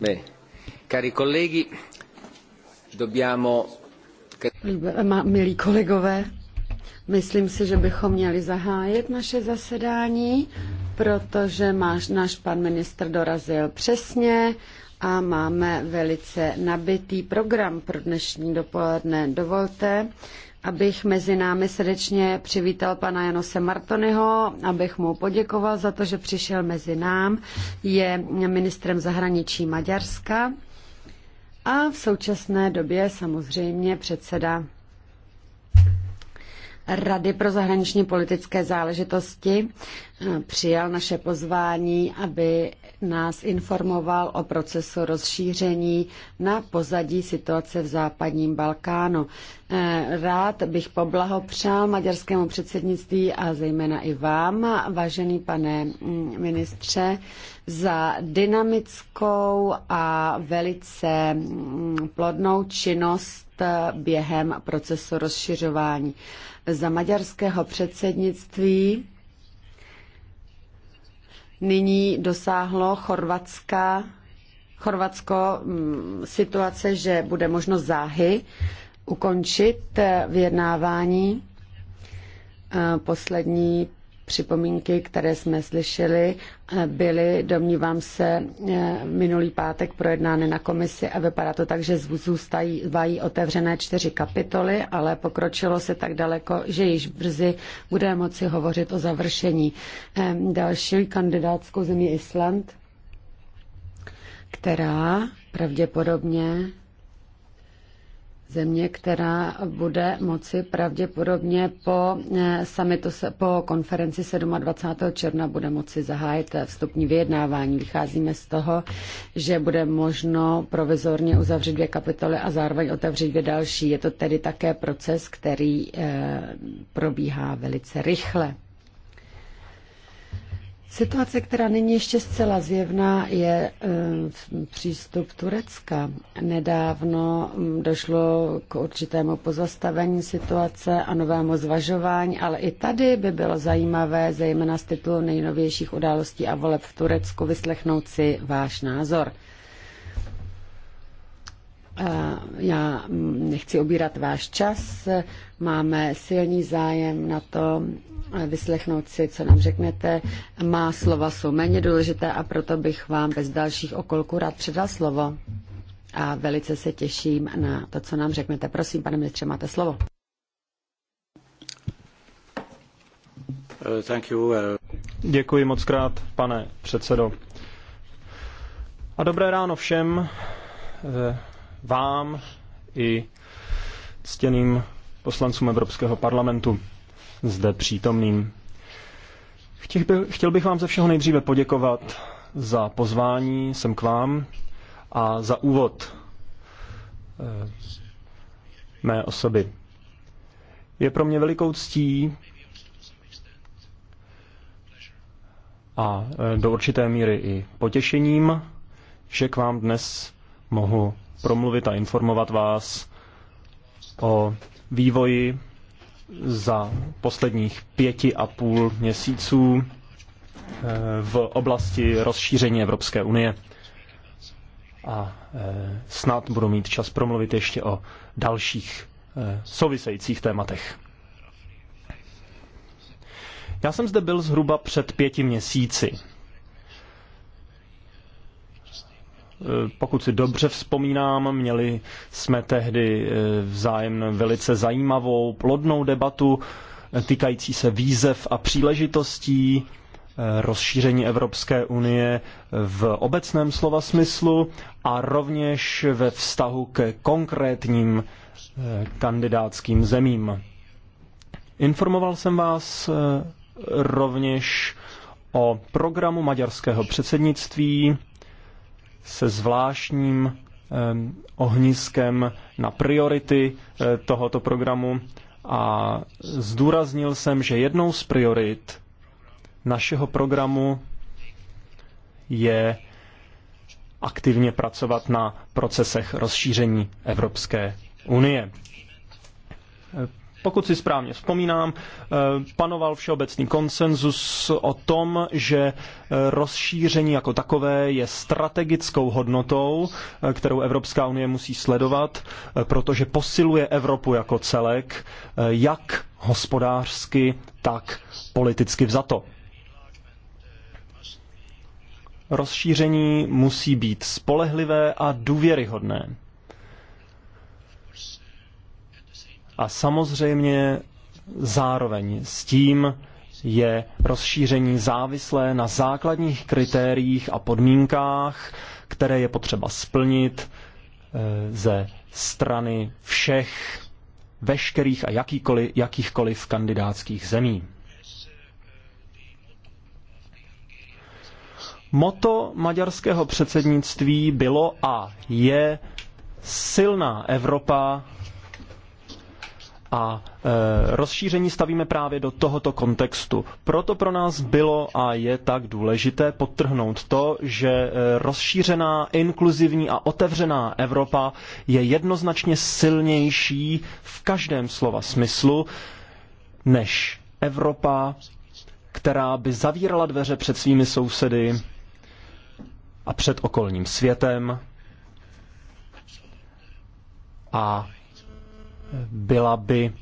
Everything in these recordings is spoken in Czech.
Milí kolegové, myslím si, že bychom měli zahájit naše zasedání, protože máš, náš pan ministr dorazil přesně a máme velice nabitý program pro dnešní dopoledne. Dovolte, abych mezi námi srdečně přivítal pana Janose Martonyho, abych mu poděkoval za to, že přišel mezi nám. Je ministrem zahraničí Maďarska a v současné době samozřejmě předseda Rady pro zahraniční politické záležitosti eh, přijal naše pozvání, aby nás informoval o procesu rozšíření na pozadí situace v západním Balkánu. Eh, rád bych poblahopřál maďarskému předsednictví a zejména i vám, vážený pane mm, ministře, za dynamickou a velice mm, plodnou činnost eh, během procesu rozšiřování za maďarského předsednictví nyní dosáhlo Chorvatska, Chorvatsko mm, situace, že bude možno záhy ukončit eh, vyjednávání. Eh, poslední Připomínky, které jsme slyšeli, eh, byly, domnívám se, eh, minulý pátek projednány na komisi a vypadá to tak, že zůstávají otevřené čtyři kapitoly, ale pokročilo se tak daleko, že již brzy budeme moci hovořit o završení. Ehm, další kandidátskou zemí Island, která pravděpodobně země, která bude moci pravděpodobně po, eh, summitu, po konferenci 27. června bude moci zahájit eh, vstupní vyjednávání. Vycházíme z toho, že bude možno provizorně uzavřít dvě kapitoly a zároveň otevřít dvě další. Je to tedy také proces, který eh, probíhá velice rychle. Situace, která není ještě zcela zjevná, je eh, přístup Turecka. Nedávno mm, došlo k určitému pozastavení situace a novému zvažování, ale i tady by bylo zajímavé, zejména z titulu nejnovějších událostí a voleb v Turecku, vyslechnout si váš názor. Eh, já mm, nechci obírat váš čas, máme silný zájem na tom, vyslechnout si, co nám řeknete. Má slova jsou méně důležité a proto bych vám bez dalších okolků rád předal slovo. A velice se těším na to, co nám řeknete. Prosím, pane ministře, máte slovo. Uh, thank you. Uh, Děkuji moc krát, pane předsedo. A dobré ráno všem, uh, vám i ctěným poslancům Evropského parlamentu zde přítomným. Chtěl bych vám ze všeho nejdříve poděkovat za pozvání sem k vám a za úvod eh, mé osoby. Je pro mě velikou ctí a eh, do určité míry i potěšením, že k vám dnes mohu promluvit a informovat vás o vývoji za posledních pěti a půl měsíců eh, v oblasti rozšíření Evropské unie. A eh, snad budu mít čas promluvit ještě o dalších eh, souvisejících tématech. Já jsem zde byl zhruba před pěti měsíci Eh, pokud si dobře vzpomínám, měli jsme tehdy eh, vzájemně velice zajímavou, plodnou debatu eh, týkající se výzev a příležitostí rozšíření Evropské unie v obecném slova smyslu a rovněž ve vztahu ke konkrétním kandidátským zemím. Informoval jsem vás rovněž o programu maďarského předsednictví se zvláštním ohniskem na priority eh, tohoto programu a zdůraznil jsem, že jednou z priorit našeho programu je aktivně pracovat na procesech rozšíření Evropské unie. Pokud si správně vzpomínám, eh, panoval všeobecný konsenzus o tom, že eh, rozšíření jako takové je strategickou hodnotou, eh, kterou Evropská unie musí sledovat, protože posiluje Evropu jako celek, jak hospodářsky, tak politicky vzato. Rozšíření musí být spolehlivé a důvěryhodné. A samozřejmě zároveň s tím je rozšíření závislé na základních kritériích a podmínkách, které je potřeba splnit eh, ze strany všech, veškerých a jakýkoliv, jakýchkoliv kandidátských zemí. Moto maďarského předsednictví bylo a je silná Evropa a e, rozšíření stavíme právě do tohoto kontextu. Proto pro nás bylo a je tak důležité podtrhnout to, že e, rozšířená, inkluzivní a otevřená Evropa je jednoznačně silnější v každém slova smyslu než Evropa, která by zavírala dveře před svými sousedy a před okolním světem a byla by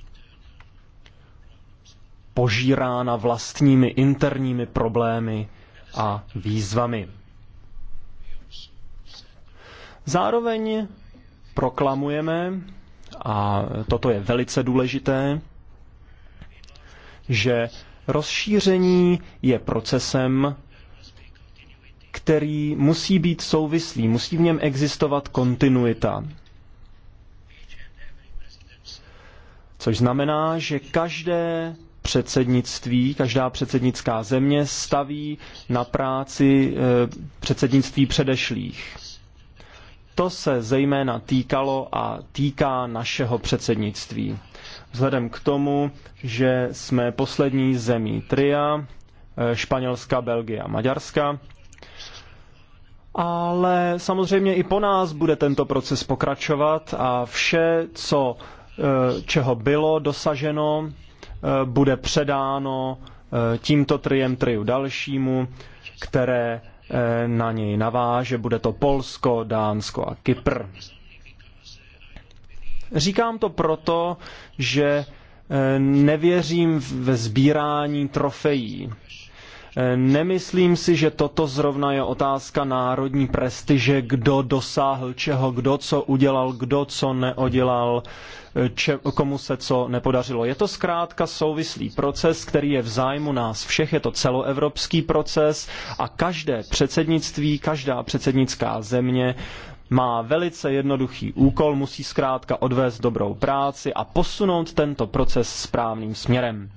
požírána vlastními interními problémy a výzvami. Zároveň proklamujeme, a toto je velice důležité, že rozšíření je procesem, který musí být souvislý, musí v něm existovat kontinuita. Což znamená, že každé předsednictví, každá předsednická země staví na práci eh, předsednictví předešlých. To se zejména týkalo a týká našeho předsednictví. Vzhledem k tomu, že jsme poslední zemí tria, eh, Španělska, Belgie a Maďarska, ale samozřejmě i po nás bude tento proces pokračovat a vše, co Eh, čeho bylo dosaženo, eh, bude předáno eh, tímto trijem triu dalšímu, které na něj naváže. Bude to Polsko, Dánsko a Kypr. Říkám to proto, že nevěřím ve sbírání trofejí. Nemyslím si, že toto zrovna je otázka národní prestiže, kdo dosáhl čeho, kdo co udělal, kdo co neudělal, če, komu se co nepodařilo. Je to zkrátka souvislý proces, který je v zájmu nás všech, je to celoevropský proces a každé předsednictví, každá předsednická země má velice jednoduchý úkol, musí zkrátka odvést dobrou práci a posunout tento proces správným směrem.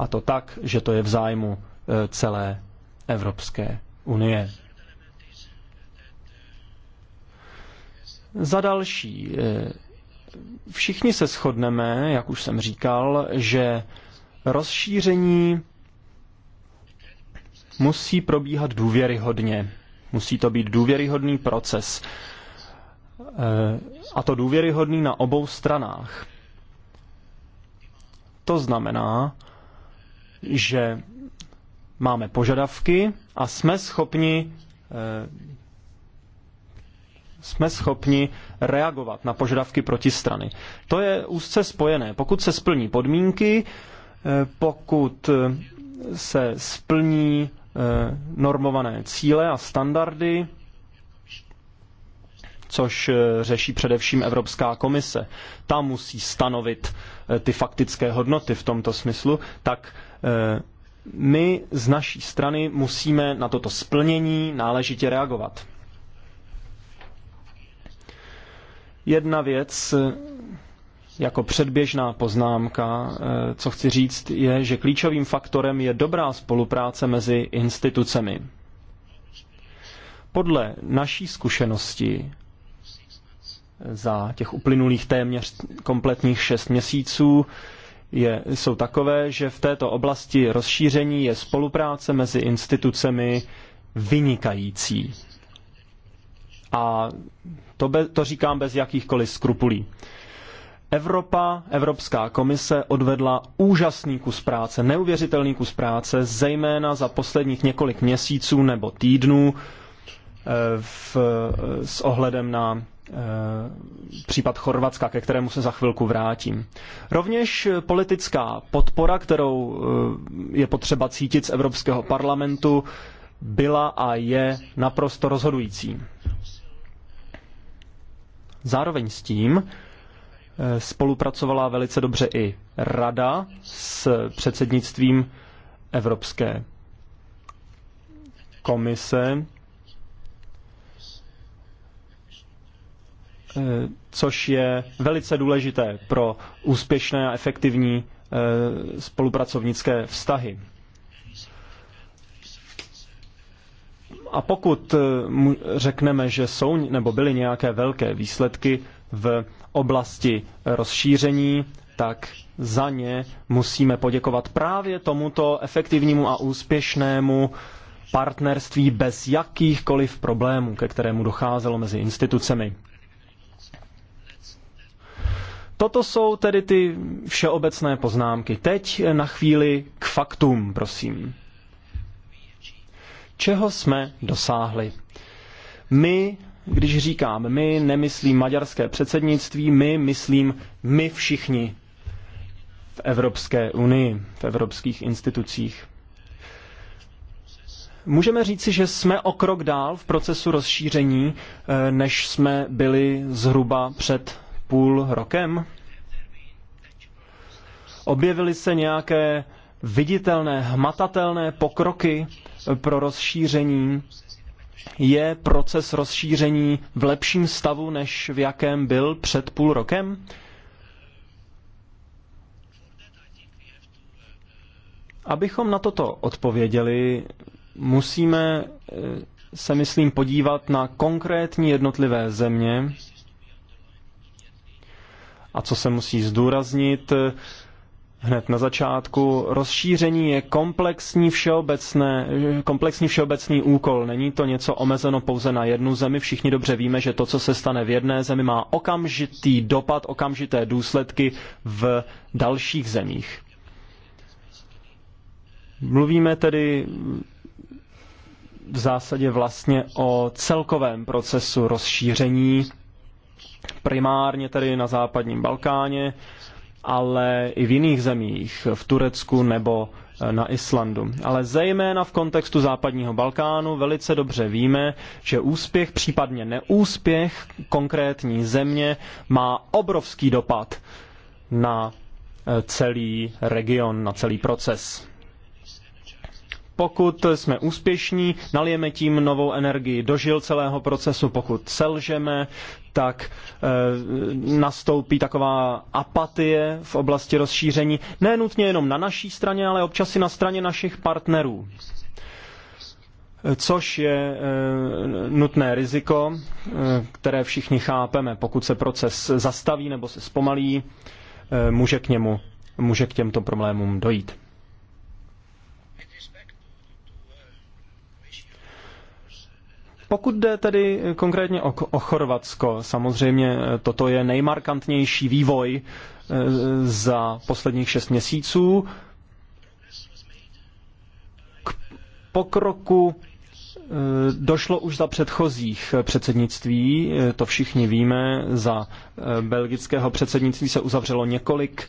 A to tak, že to je v zájmu e, celé Evropské unie. Za další, e, všichni se shodneme, jak už jsem říkal, že rozšíření musí probíhat důvěryhodně. Musí to být důvěryhodný proces. E, a to důvěryhodný na obou stranách. To znamená, že máme požadavky a jsme schopni eh, jsme schopni reagovat na požadavky protistrany. To je úzce spojené. Pokud se splní podmínky, eh, pokud se splní eh, normované cíle a standardy, což řeší především Evropská komise. Ta musí stanovit ty faktické hodnoty v tomto smyslu, tak Eh, my z naší strany musíme na toto splnění náležitě reagovat. Jedna věc, eh, jako předběžná poznámka, eh, co chci říct, je, že klíčovým faktorem je dobrá spolupráce mezi institucemi. Podle naší zkušenosti za těch uplynulých téměř kompletních šest měsíců je, jsou takové, že v této oblasti rozšíření je spolupráce mezi institucemi vynikající. A to, be, to říkám bez jakýchkoliv skrupulí. Evropa, Evropská komise odvedla úžasný kus práce, neuvěřitelný kus práce, zejména za posledních několik měsíců nebo týdnů eh, v, s ohledem na Eh, případ Chorvatska, ke kterému se za chvilku vrátím. Rovněž politická podpora, kterou eh, je potřeba cítit z Evropského parlamentu, byla a je naprosto rozhodující. Zároveň s tím eh, spolupracovala velice dobře i Rada s předsednictvím Evropské komise Eh, což je velice důležité pro úspěšné a efektivní eh, spolupracovnické vztahy. A pokud eh, řekneme, že jsou nebo byly nějaké velké výsledky v oblasti rozšíření, tak za ně musíme poděkovat právě tomuto efektivnímu a úspěšnému partnerství bez jakýchkoliv problémů, ke kterému docházelo mezi institucemi. Toto jsou tedy ty všeobecné poznámky. Teď na chvíli k faktům, prosím. Čeho jsme dosáhli? My, když říkám my, nemyslím maďarské předsednictví, my myslím my všichni v Evropské unii, v evropských institucích. Můžeme říci, že jsme o krok dál v procesu rozšíření, eh, než jsme byli zhruba před půl rokem? Objevily se nějaké viditelné, hmatatelné pokroky pro rozšíření? Je proces rozšíření v lepším stavu, než v jakém byl před půl rokem? Abychom na toto odpověděli, musíme eh, se, myslím, podívat na konkrétní jednotlivé země a co se musí zdůraznit eh, hned na začátku. Rozšíření je komplexní, všeobecné, eh, komplexní všeobecný úkol. Není to něco omezeno pouze na jednu zemi. Všichni dobře víme, že to, co se stane v jedné zemi, má okamžitý dopad, okamžité důsledky v dalších zemích. Mluvíme tedy v zásadě vlastně o celkovém procesu rozšíření primárně tedy na západním Balkáně, ale i v jiných zemích, v Turecku nebo eh, na Islandu. Ale zejména v kontextu západního Balkánu velice dobře víme, že úspěch, případně neúspěch konkrétní země má obrovský dopad na eh, celý region, na celý proces. Pokud jsme úspěšní, nalijeme tím novou energii do žil celého procesu. Pokud selžeme, tak eh, nastoupí taková apatie v oblasti rozšíření, ne nutně jenom na naší straně, ale občas i na straně našich partnerů což je eh, nutné riziko, eh, které všichni chápeme. Pokud se proces zastaví nebo se zpomalí, může k němu, může k těmto problémům dojít. Pokud jde tedy konkrétně o, o Chorvatsko, samozřejmě eh, toto je nejmarkantnější vývoj eh, za posledních šest měsíců. K pokroku eh, Došlo už za předchozích předsednictví, to všichni víme, za belgického předsednictví se uzavřelo několik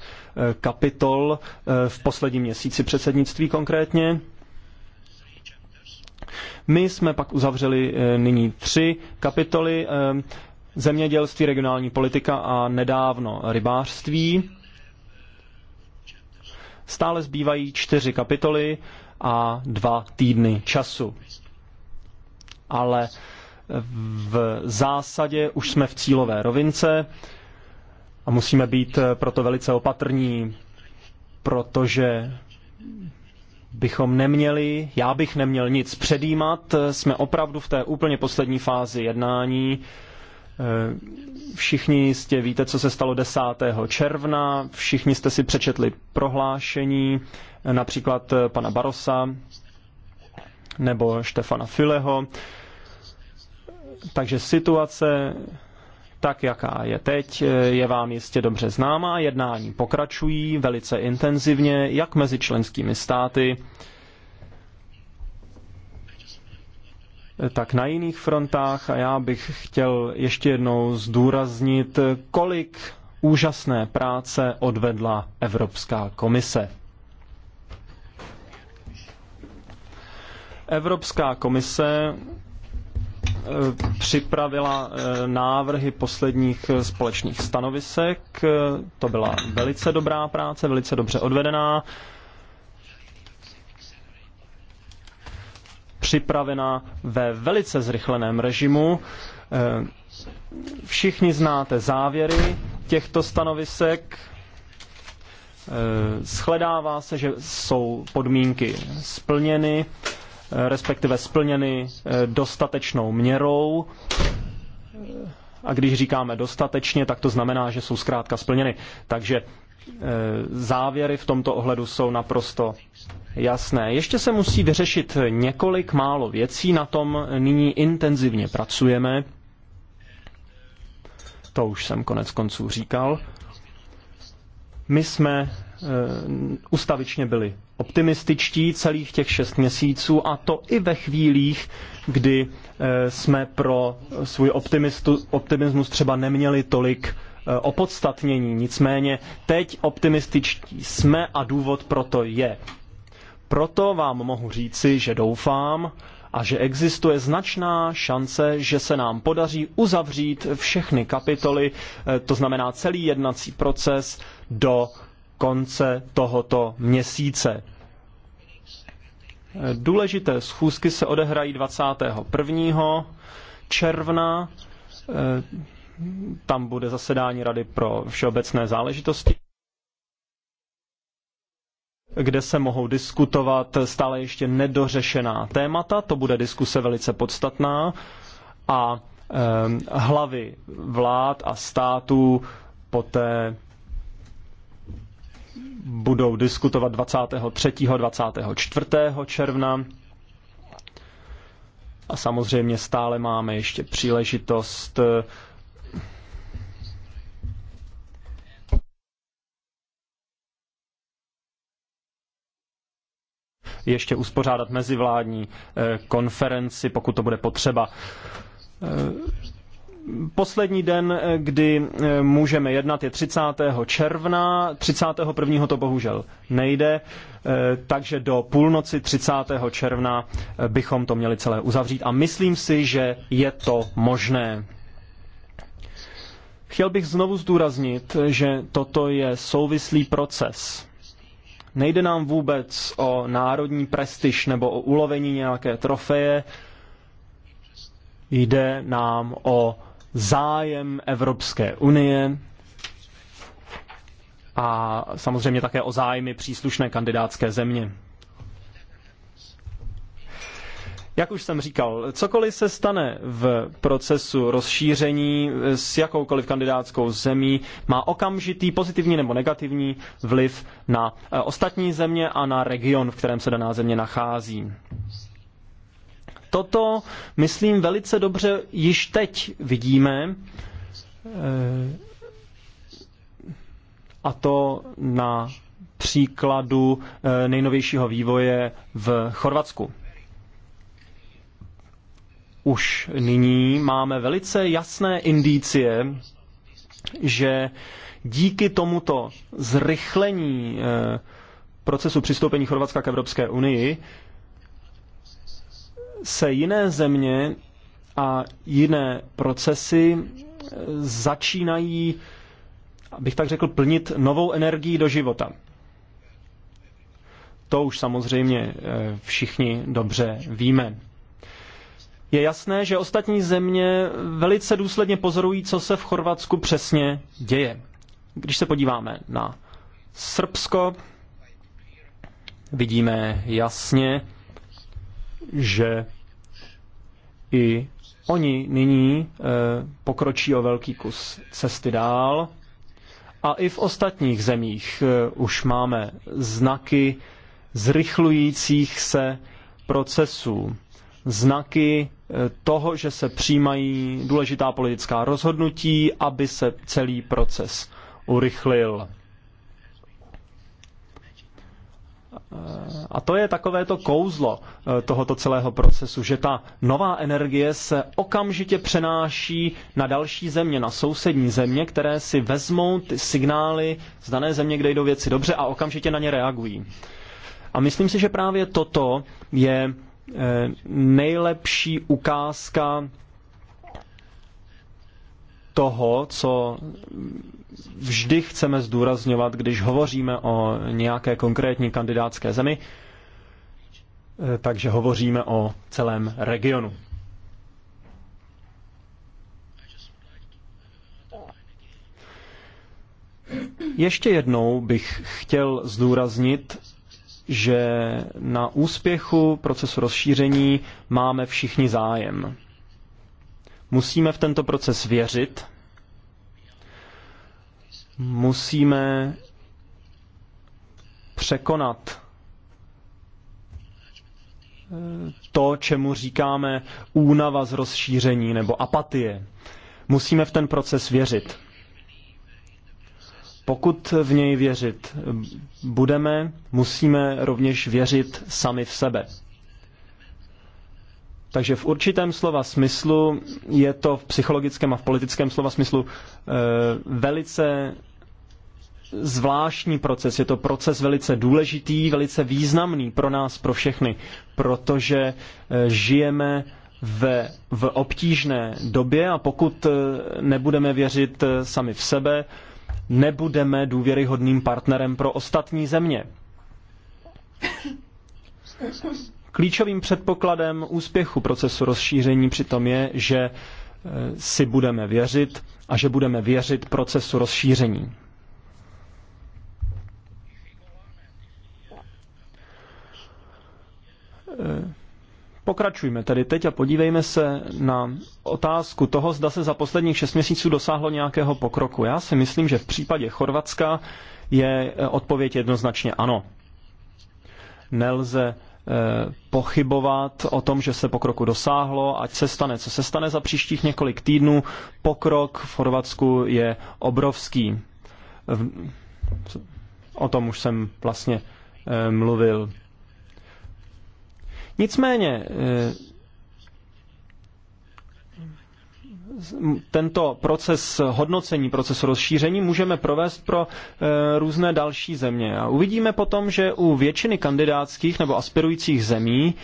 kapitol v posledním měsíci předsednictví konkrétně. My jsme pak uzavřeli eh, nyní tři kapitoly eh, zemědělství, regionální politika a nedávno rybářství. Stále zbývají čtyři kapitoly a dva týdny času. Ale v zásadě už jsme v cílové rovince a musíme být eh, proto velice opatrní, protože bychom neměli, já bych neměl nic předjímat, jsme opravdu v té úplně poslední fázi jednání. Eh, všichni jistě víte, co se stalo 10. června, všichni jste si přečetli prohlášení, eh, například eh, pana Barosa nebo Štefana Fileho. Takže situace tak jaká je teď, je vám jistě dobře známá. Jednání pokračují velice intenzivně, jak mezi členskými státy, tak na jiných frontách a já bych chtěl ještě jednou zdůraznit, kolik úžasné práce odvedla Evropská komise. Evropská komise Eh, připravila eh, návrhy posledních eh, společných stanovisek. To byla velice dobrá práce, velice dobře odvedená. Připravena ve velice zrychleném režimu. Všichni znáte závěry těchto stanovisek. Shledává se, že jsou podmínky splněny respektive splněny eh, dostatečnou měrou. A když říkáme dostatečně, tak to znamená, že jsou zkrátka splněny. Takže eh, závěry v tomto ohledu jsou naprosto jasné. Ještě se musí vyřešit několik málo věcí, na tom nyní intenzivně pracujeme. To už jsem konec konců říkal. My jsme eh, ustavičně byli optimističtí celých těch šest měsíců a to i ve chvílích, kdy eh, jsme pro svůj optimismus třeba neměli tolik eh, opodstatnění. Nicméně teď optimističtí jsme a důvod proto je. Proto vám mohu říci, že doufám a že existuje značná šance, že se nám podaří uzavřít všechny kapitoly, eh, to znamená celý jednací proces do konce tohoto měsíce. Důležité schůzky se odehrají 21. června. Eh, tam bude zasedání Rady pro všeobecné záležitosti kde se mohou diskutovat stále ještě nedořešená témata. To bude diskuse velice podstatná a eh, hlavy vlád a států poté budou diskutovat 23. 24. června. A samozřejmě stále máme ještě příležitost eh, ještě uspořádat mezivládní eh, konferenci, pokud to bude potřeba. Eh, Poslední den, eh, kdy eh, můžeme jednat, je 30. června. 31. to bohužel nejde, eh, takže do půlnoci 30. června bychom to měli celé uzavřít a myslím si, že je to možné. Chtěl bych znovu zdůraznit, že toto je souvislý proces. Nejde nám vůbec o národní prestiž nebo o ulovení nějaké trofeje, jde nám o zájem Evropské unie a samozřejmě také o zájmy příslušné kandidátské země. Jak už jsem říkal, cokoliv se stane v procesu rozšíření s jakoukoliv kandidátskou zemí, má okamžitý pozitivní nebo negativní vliv na eh, ostatní země a na region, v kterém se daná země nachází. Toto, myslím, velice dobře již teď vidíme, eh, a to na příkladu eh, nejnovějšího vývoje v Chorvatsku. Už nyní máme velice jasné indicie, že díky tomuto zrychlení eh, procesu přistoupení Chorvatska k Evropské unii se jiné země a jiné procesy eh, začínají, abych tak řekl, plnit novou energii do života. To už samozřejmě eh, všichni dobře víme. Je jasné, že ostatní země velice důsledně pozorují, co se v Chorvatsku přesně děje. Když se podíváme na Srbsko, vidíme jasně, že i oni nyní eh, pokročí o velký kus cesty dál. A i v ostatních zemích eh, už máme znaky zrychlujících se procesů, znaky eh, toho, že se přijímají důležitá politická rozhodnutí, aby se celý proces urychlil. A to je takové to kouzlo eh, tohoto celého procesu, že ta nová energie se okamžitě přenáší na další země, na sousední země, které si vezmou ty signály z dané země, kde jdou věci dobře a okamžitě na ně reagují. A myslím si, že právě toto je eh, nejlepší ukázka toho, co vždy chceme zdůrazňovat, když hovoříme o nějaké konkrétní kandidátské zemi, eh, takže hovoříme o celém regionu. Ještě jednou bych chtěl zdůraznit, že na úspěchu procesu rozšíření máme všichni zájem. Musíme v tento proces věřit, musíme překonat eh, to, čemu říkáme únava z rozšíření nebo apatie. Musíme v ten proces věřit. Pokud v něj věřit eh, budeme, musíme rovněž věřit sami v sebe. Takže v určitém slova smyslu je to v psychologickém a v politickém slova smyslu eh, velice zvláštní proces. Je to proces velice důležitý, velice významný pro nás, pro všechny, protože eh, žijeme ve, v obtížné době a pokud eh, nebudeme věřit sami v sebe, nebudeme důvěryhodným partnerem pro ostatní země. Klíčovým předpokladem úspěchu procesu rozšíření přitom je, že eh, si budeme věřit a že budeme věřit procesu rozšíření. Eh, pokračujme tedy teď a podívejme se na otázku toho, zda se za posledních šest měsíců dosáhlo nějakého pokroku. Já si myslím, že v případě Chorvatska je eh, odpověď jednoznačně ano. Nelze pochybovat o tom, že se pokroku dosáhlo, ať se stane, co se stane za příštích několik týdnů. Pokrok v Chorvatsku je obrovský. O tom už jsem vlastně eh, mluvil. Nicméně eh, tento proces hodnocení, proces rozšíření můžeme provést pro e, různé další země. A uvidíme potom, že u většiny kandidátských nebo aspirujících zemí e,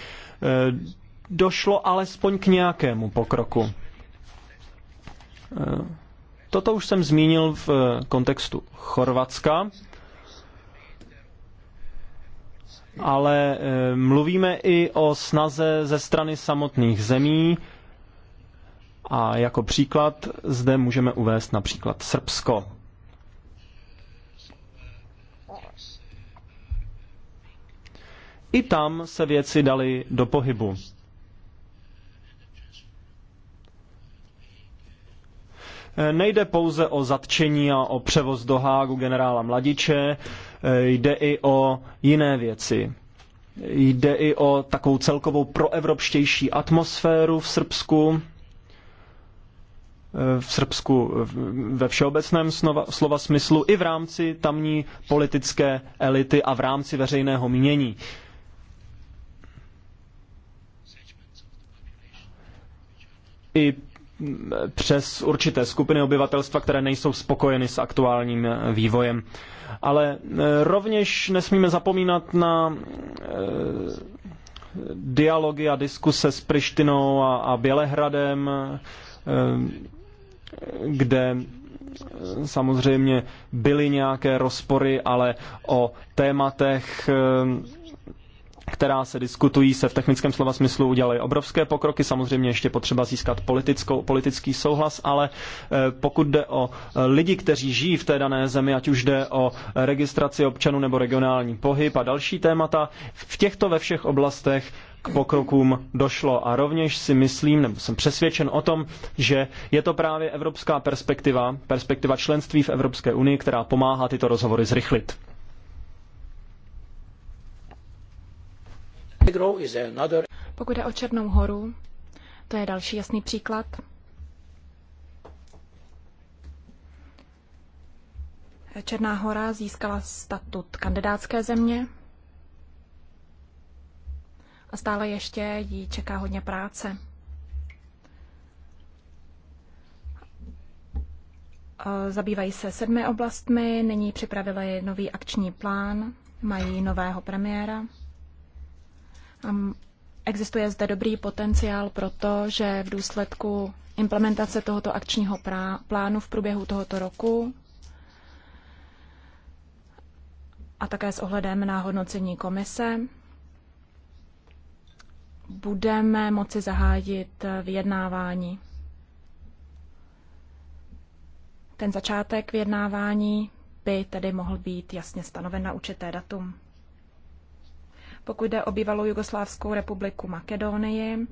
došlo alespoň k nějakému pokroku. E, toto už jsem zmínil v kontextu Chorvatska, ale mluvíme i o snaze ze strany samotných zemí, a jako příklad zde můžeme uvést například Srbsko. I tam se věci daly do pohybu. Nejde pouze o zatčení a o převoz do Hágu generála Mladiče, jde i o jiné věci. Jde i o takovou celkovou proevropštější atmosféru v Srbsku, v Srbsku ve všeobecném slova, slova smyslu i v rámci tamní politické elity a v rámci veřejného mínění. I přes určité skupiny obyvatelstva, které nejsou spokojeny s aktuálním eh, vývojem. Ale eh, rovněž nesmíme zapomínat na eh, dialogy a diskuse s Prištinou a, a Bělehradem, kde eh, samozřejmě byly nějaké rozpory, ale o tématech eh, která se diskutují, se v technickém slova smyslu udělaly obrovské pokroky. Samozřejmě ještě potřeba získat politickou, politický souhlas, ale eh, pokud jde o eh, lidi, kteří žijí v té dané zemi, ať už jde o eh, registraci občanů nebo regionální pohyb a další témata, v těchto ve všech oblastech k pokrokům došlo. A rovněž si myslím, nebo jsem přesvědčen o tom, že je to právě evropská perspektiva, perspektiva členství v Evropské unii, která pomáhá tyto rozhovory zrychlit. Pokud jde o Černou horu, to je další jasný příklad. Černá hora získala statut kandidátské země a stále ještě jí čeká hodně práce. Zabývají se sedmi oblastmi, nyní připravili nový akční plán, mají nového premiéra. Existuje zde dobrý potenciál pro to, že v důsledku implementace tohoto akčního plánu v průběhu tohoto roku a také s ohledem na hodnocení komise budeme moci zahájit vyjednávání. Ten začátek vyjednávání by tedy mohl být jasně stanoven na určité datum. Pokud jde o bývalou Jugoslávskou republiku Makedonii,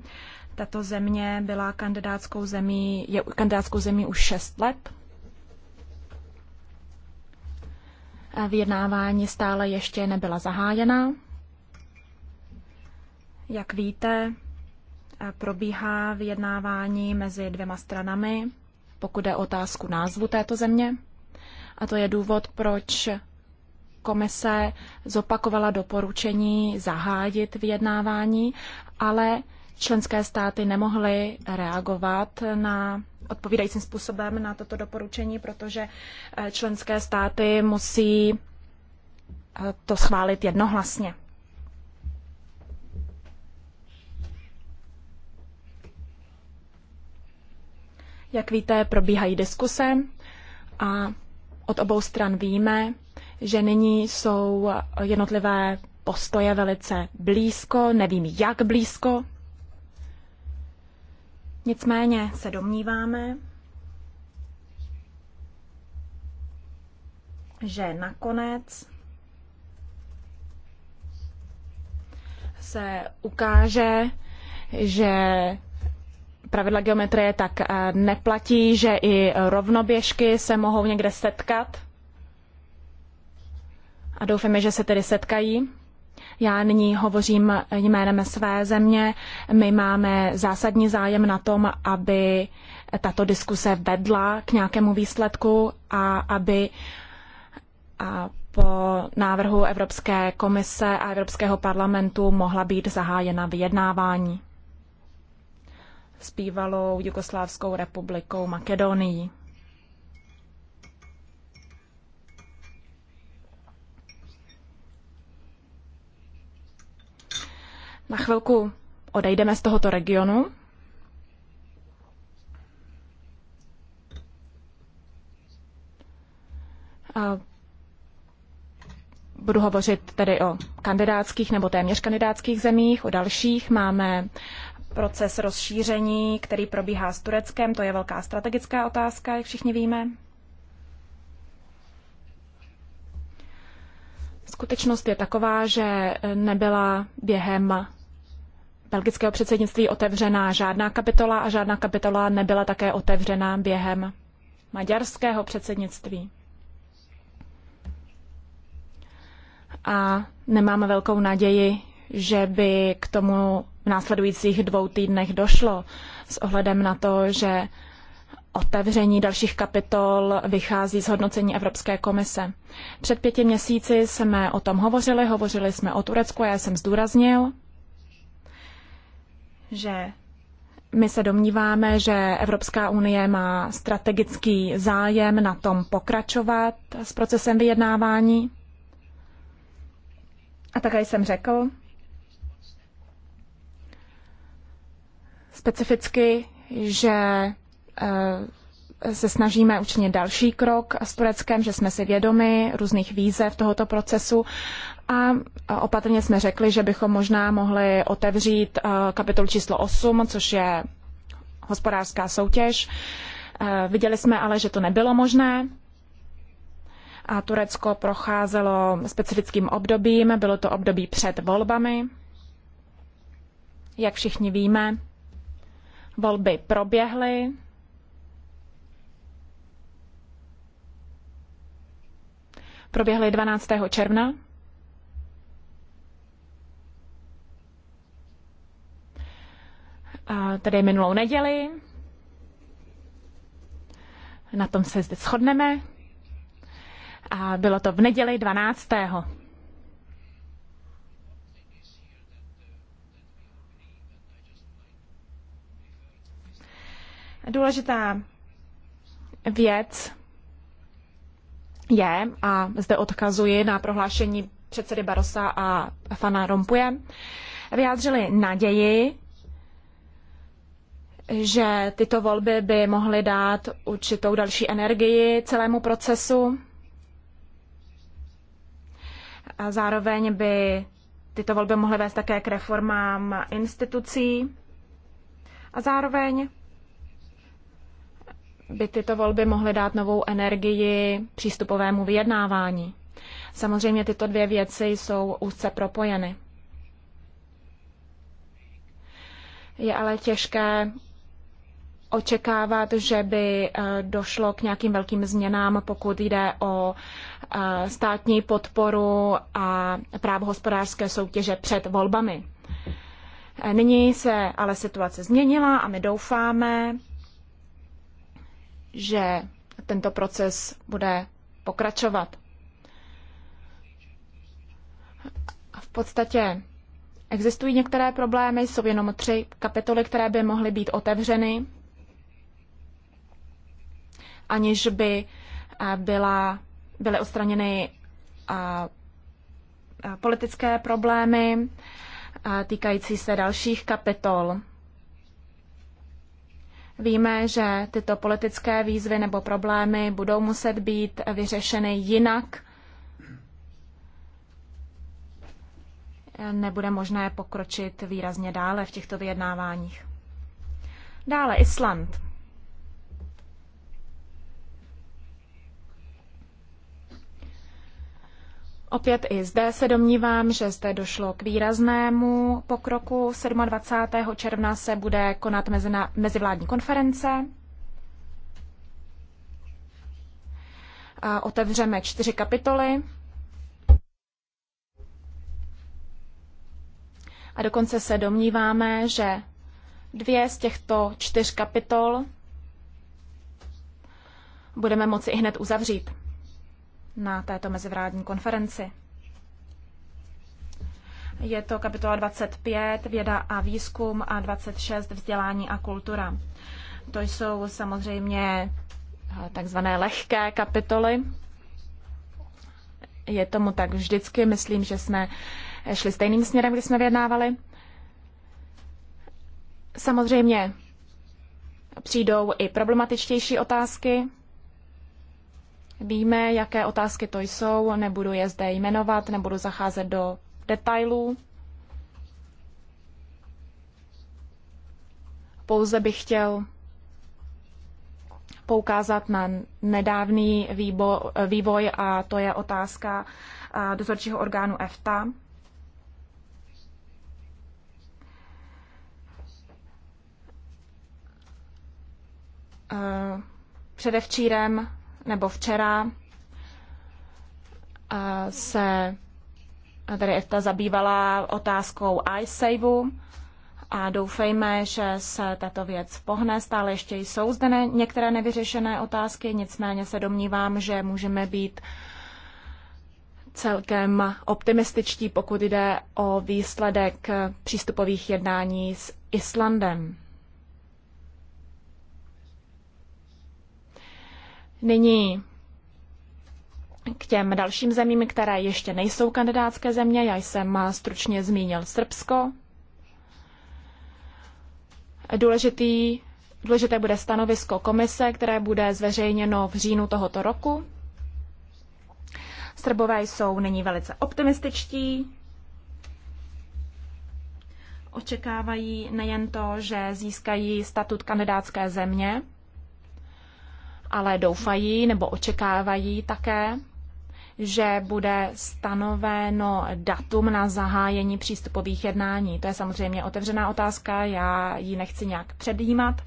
tato země byla kandidátskou zemí, je kandidátskou zemí už 6 let. Vyjednávání stále ještě nebyla zahájena. Jak víte, probíhá vyjednávání mezi dvěma stranami, pokud je otázku názvu této země. A to je důvod, proč komise zopakovala doporučení zahájit vyjednávání, ale členské státy nemohly reagovat na odpovídajícím způsobem na toto doporučení, protože eh, členské státy musí eh, to schválit jednohlasně. Jak víte, probíhají diskuse a od obou stran víme, že nyní jsou jednotlivé postoje velice blízko, nevím jak blízko. Nicméně se domníváme, že nakonec se ukáže, že pravidla geometrie tak eh, neplatí, že i rovnoběžky se mohou někde setkat a doufáme, že se tedy setkají. Já nyní hovořím jménem své země. My máme zásadní zájem na tom, aby tato diskuse vedla k nějakému výsledku a aby a po návrhu Evropské komise a Evropského parlamentu mohla být zahájena vyjednávání s bývalou Jugoslávskou republikou Makedonii. Na chvilku odejdeme z tohoto regionu. A budu hovořit tedy o kandidátských nebo téměř kandidátských zemích, o dalších. Máme proces rozšíření, který probíhá s Tureckem, to je velká strategická otázka, jak všichni víme. Skutečnost je taková, že nebyla během belgického předsednictví otevřená žádná kapitola a žádná kapitola nebyla také otevřená během maďarského předsednictví. A nemáme velkou naději, že by k tomu v následujících dvou týdnech došlo s ohledem na to, že otevření dalších kapitol vychází z hodnocení Evropské komise. Před pěti měsíci jsme o tom hovořili, hovořili jsme o Turecku, já jsem zdůraznil, že my se domníváme, že Evropská unie má strategický zájem na tom pokračovat s procesem vyjednávání. A také jsem řekl, specificky, že eh, se snažíme učinit další krok s Tureckem, že jsme si vědomi různých výzev tohoto procesu a opatrně jsme řekli, že bychom možná mohli otevřít eh, kapitol číslo 8, což je hospodářská soutěž. Eh, viděli jsme ale, že to nebylo možné. A Turecko procházelo specifickým obdobím, bylo to období před volbami. Jak všichni víme, volby proběhly, proběhly 12. června. A tedy minulou neděli. Na tom se zde shodneme. A bylo to v neděli 12. Důležitá věc je, a zde odkazuji na prohlášení předsedy Barosa a Fana Rompuje, vyjádřili naději, že tyto volby by mohly dát určitou další energii celému procesu. A zároveň by tyto volby mohly vést také k reformám institucí. A zároveň by tyto volby mohly dát novou energii přístupovému vyjednávání. Samozřejmě tyto dvě věci jsou úzce propojeny. Je ale těžké očekávat, že by eh, došlo k nějakým velkým změnám, pokud jde o eh, státní podporu a právo hospodářské soutěže před volbami. Eh, nyní se ale situace změnila a my doufáme, že tento proces bude pokračovat. V podstatě existují některé problémy, jsou jenom tři kapitoly, které by mohly být otevřeny, aniž by eh, byla, byly odstraněny eh, eh, politické problémy týkající se dalších kapitol Víme, že tyto politické výzvy nebo problémy budou muset být vyřešeny jinak. Nebude možné pokročit výrazně dále v těchto vyjednáváních. Dále Island. Opět i zde se domnívám, že zde došlo k výraznému pokroku. 27. června se bude konat mezivládní konference. A otevřeme čtyři kapitoly. A dokonce se domníváme, že dvě z těchto čtyř kapitol budeme moci i hned uzavřít na této mezivládní konferenci. Je to kapitola 25 věda a výzkum a 26 vzdělání a kultura. To jsou samozřejmě eh, takzvané lehké kapitoly. Je tomu tak vždycky. Myslím, že jsme šli stejným směrem, kdy jsme vyjednávali. Samozřejmě přijdou i problematičtější otázky, Víme, jaké otázky to jsou, nebudu je zde jmenovat, nebudu zacházet do detailů. Pouze bych chtěl poukázat na nedávný vývoj a to je otázka dozorčího orgánu EFTA. Předevčírem nebo včera eh, se tady EFTA zabývala otázkou iSaveu a doufejme, že se tato věc pohne. Stále ještě jsou zde ne, některé nevyřešené otázky, nicméně se domnívám, že můžeme být celkem optimističtí, pokud jde o výsledek přístupových jednání s Islandem. Nyní k těm dalším zemím, které ještě nejsou kandidátské země. Já jsem stručně zmínil Srbsko. Důležitý, důležité bude stanovisko komise, které bude zveřejněno v říjnu tohoto roku. Srbové jsou nyní velice optimističtí. Očekávají nejen to, že získají statut kandidátské země, ale doufají nebo očekávají také, že bude stanoveno datum na zahájení přístupových jednání. To je samozřejmě otevřená otázka, já ji nechci nějak předjímat.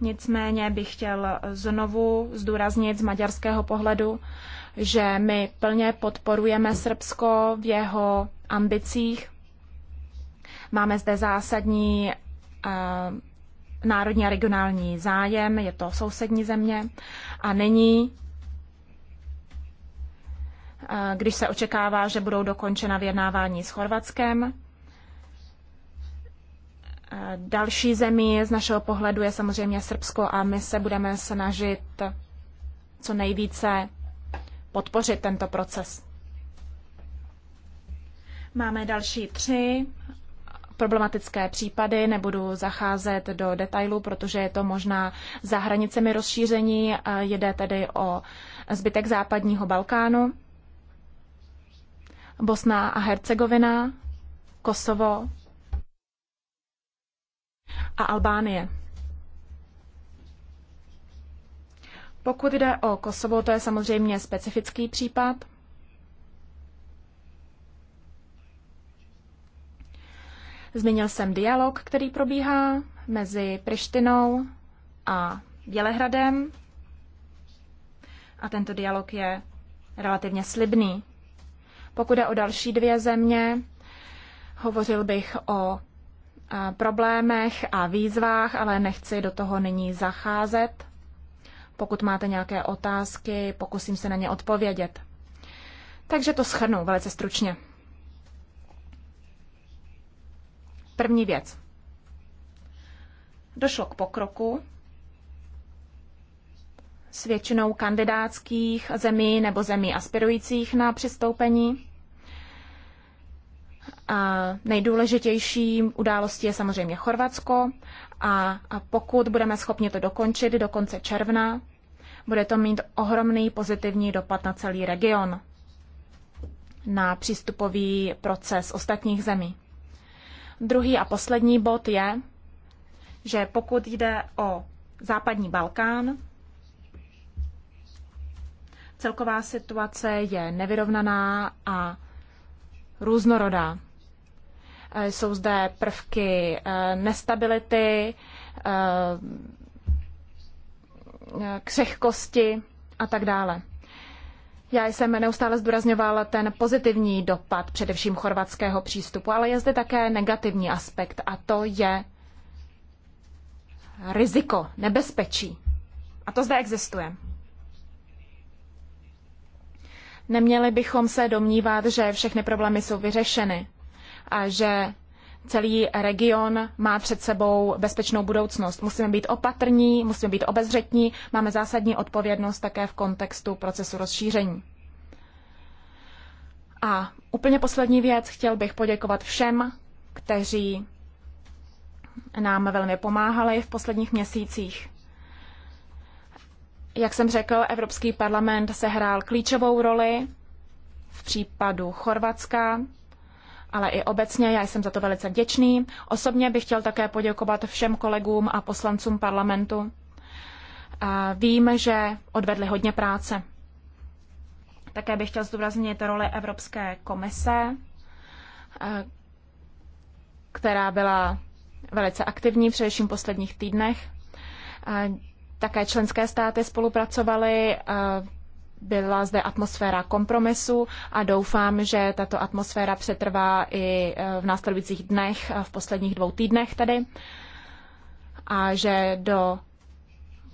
Nicméně bych chtěl znovu zdůraznit z maďarského pohledu, že my plně podporujeme Srbsko v jeho ambicích. Máme zde zásadní eh, národní a regionální zájem, je to sousední země a není eh, když se očekává, že budou dokončena vyjednávání s Chorvatskem. Eh, další zemí z našeho pohledu je samozřejmě Srbsko a my se budeme snažit co nejvíce podpořit tento proces. Máme další tři problematické případy, nebudu zacházet do detailů, protože je to možná za hranicemi rozšíření, jde tedy o zbytek západního Balkánu, Bosna a Hercegovina, Kosovo a Albánie. Pokud jde o Kosovo, to je samozřejmě specifický případ. Zmínil jsem dialog, který probíhá mezi Prištinou a Bělehradem. A tento dialog je relativně slibný. Pokud je o další dvě země, hovořil bych o problémech a výzvách, ale nechci do toho nyní zacházet. Pokud máte nějaké otázky, pokusím se na ně odpovědět. Takže to schrnu velice stručně. První věc. Došlo k pokroku s většinou kandidátských zemí nebo zemí aspirujících na přistoupení. A nejdůležitější událostí je samozřejmě Chorvatsko a, a pokud budeme schopni to dokončit do konce června, bude to mít ohromný pozitivní dopad na celý region, na přístupový proces ostatních zemí. Druhý a poslední bod je, že pokud jde o západní Balkán, celková situace je nevyrovnaná a různorodá. Eh, jsou zde prvky eh, nestability, eh, křehkosti a tak dále. Já jsem neustále zdůrazňoval ten pozitivní dopad především chorvatského přístupu, ale je zde také negativní aspekt a to je riziko, nebezpečí. A to zde existuje. Neměli bychom se domnívat, že všechny problémy jsou vyřešeny a že celý region má před sebou bezpečnou budoucnost. Musíme být opatrní, musíme být obezřetní, máme zásadní odpovědnost také v kontextu procesu rozšíření. A úplně poslední věc, chtěl bych poděkovat všem, kteří nám velmi pomáhali v posledních měsících. Jak jsem řekl, Evropský parlament sehrál klíčovou roli v případu Chorvatska ale i obecně já jsem za to velice vděčný. Osobně bych chtěl také poděkovat všem kolegům a poslancům parlamentu. Vím, že odvedli hodně práce. Také bych chtěl zdůraznit roli Evropské komise, která byla velice aktivní, především v posledních týdnech. Také členské státy spolupracovaly, byla zde atmosféra kompromisu a doufám, že tato atmosféra přetrvá i e, v následujících dnech, e, v posledních dvou týdnech tedy, a že do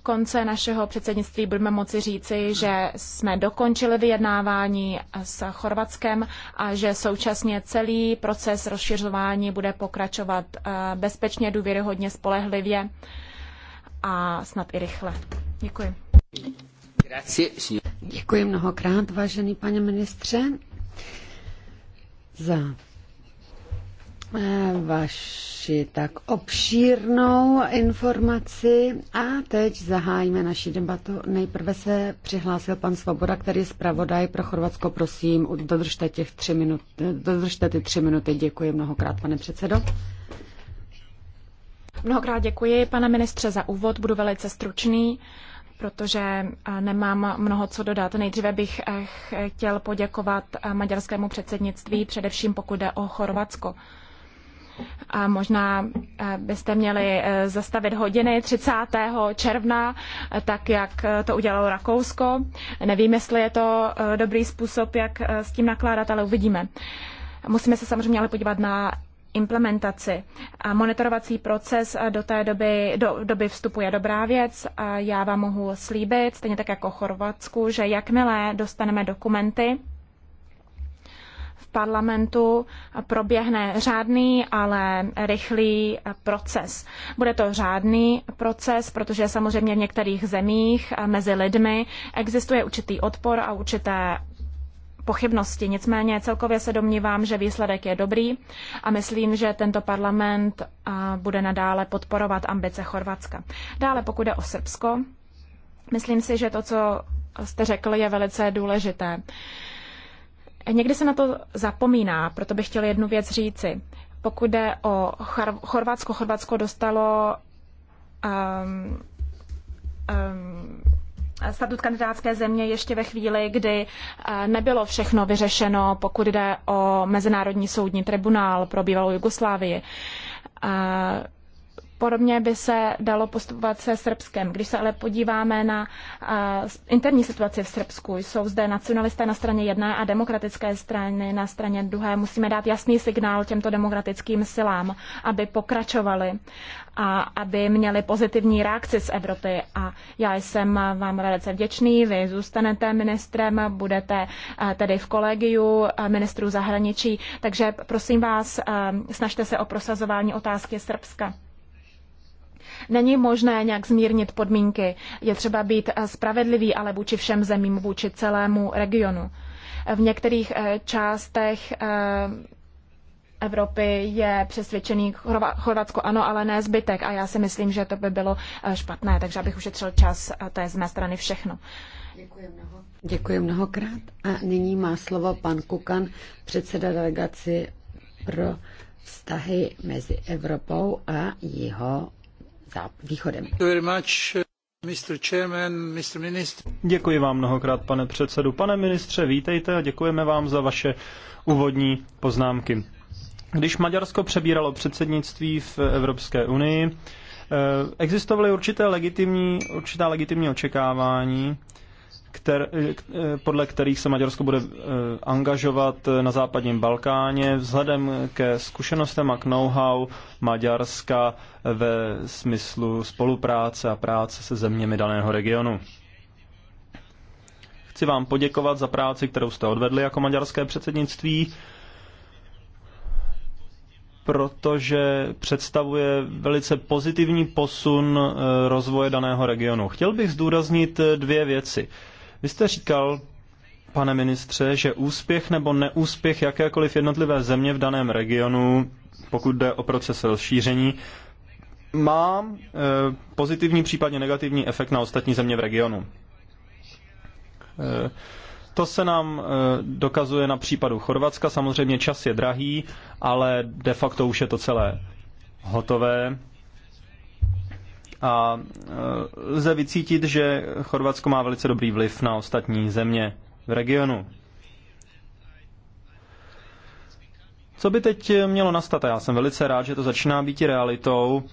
konce našeho předsednictví budeme moci říci, že jsme dokončili vyjednávání s Chorvatskem a že současně celý proces rozšiřování bude pokračovat e, bezpečně, důvěryhodně, spolehlivě a snad i rychle. Děkuji. Děkuji mnohokrát, vážený pane ministře, za eh, vaši tak obšírnou informaci a teď zahájíme naši debatu. Nejprve se přihlásil pan Svoboda, který je zpravodaj pro Chorvatsko. Prosím, dodržte, těch tři minut, dodržte ty tři minuty. Děkuji mnohokrát, pane předsedo. Mnohokrát děkuji, pane ministře, za úvod. Budu velice stručný protože eh, nemám mnoho co dodat. Nejdříve bych eh, chtěl poděkovat eh, maďarskému předsednictví, především pokud jde o Chorvatsko. A možná byste měli zastavit hodiny 30. června, tak jak to udělalo Rakousko. Nevím, jestli je to dobrý způsob, jak s tím nakládat, ale uvidíme. Musíme se samozřejmě ale podívat na implementaci. A monitorovací proces do té doby, do doby vstupu je dobrá věc. A já vám mohu slíbit, stejně tak jako Chorvatsku, že jakmile dostaneme dokumenty, v parlamentu proběhne řádný, ale rychlý proces. Bude to řádný proces, protože samozřejmě v některých zemích mezi lidmi existuje určitý odpor a určité pochybnosti. Nicméně celkově se domnívám, že výsledek je dobrý a myslím, že tento parlament bude nadále podporovat ambice Chorvatska. Dále, pokud jde o Srbsko, myslím si, že to, co jste řekl, je velice důležité. Někdy se na to zapomíná, proto bych chtěl jednu věc říci. Pokud jde o Chorvatsko, Chorvatsko dostalo um, um, statut kandidátské země ještě ve chvíli, kdy eh, nebylo všechno vyřešeno, pokud jde o Mezinárodní soudní tribunál pro bývalou Jugoslávii. Eh, Podobně by se dalo postupovat se Srbskem. Když se ale podíváme na interní situaci v Srbsku, jsou zde nacionalisté na straně jedné a demokratické strany na straně druhé. Musíme dát jasný signál těmto demokratickým silám, aby pokračovali a aby měli pozitivní reakci z Evropy. A já jsem vám velice vděčný, vy zůstanete ministrem, budete tedy v kolegiu ministrů zahraničí, takže prosím vás, snažte se o prosazování otázky Srbska. Není možné nějak zmírnit podmínky. Je třeba být eh, spravedlivý, ale vůči všem zemím, vůči celému regionu. V některých eh, částech eh, Evropy je přesvědčený Chorvatsko ano, ale ne zbytek. A já si myslím, že to by bylo špatné, takže abych ušetřil čas, to je z mé strany všechno. Děkuji, mnoho. Děkuji mnohokrát. A nyní má slovo pan Kukan, předseda delegaci pro vztahy mezi Evropou a jeho východem. Děkuji vám mnohokrát, pane předsedu. Pane ministře, vítejte a děkujeme vám za vaše úvodní poznámky. Když Maďarsko přebíralo předsednictví v Evropské unii, eh, existovaly určité legitimní, určitá legitimní očekávání, kter, podle kterých se Maďarsko bude eh, angažovat na západním Balkáně vzhledem ke zkušenostem a k know-how Maďarska ve smyslu spolupráce a práce se zeměmi daného regionu. Chci vám poděkovat za práci, kterou jste odvedli jako maďarské předsednictví protože představuje velice pozitivní posun eh, rozvoje daného regionu. Chtěl bych zdůraznit dvě věci. Vy jste říkal, pane ministře, že úspěch nebo neúspěch jakékoliv jednotlivé země v daném regionu, pokud jde o proces rozšíření, má eh, pozitivní, případně negativní efekt na ostatní země v regionu. Eh, to se nám eh, dokazuje na případu Chorvatska. Samozřejmě čas je drahý, ale de facto už je to celé hotové. A e, lze vycítit, že Chorvatsko má velice dobrý vliv na ostatní země v regionu. Co by teď mělo nastat, a já jsem velice rád, že to začíná být realitou,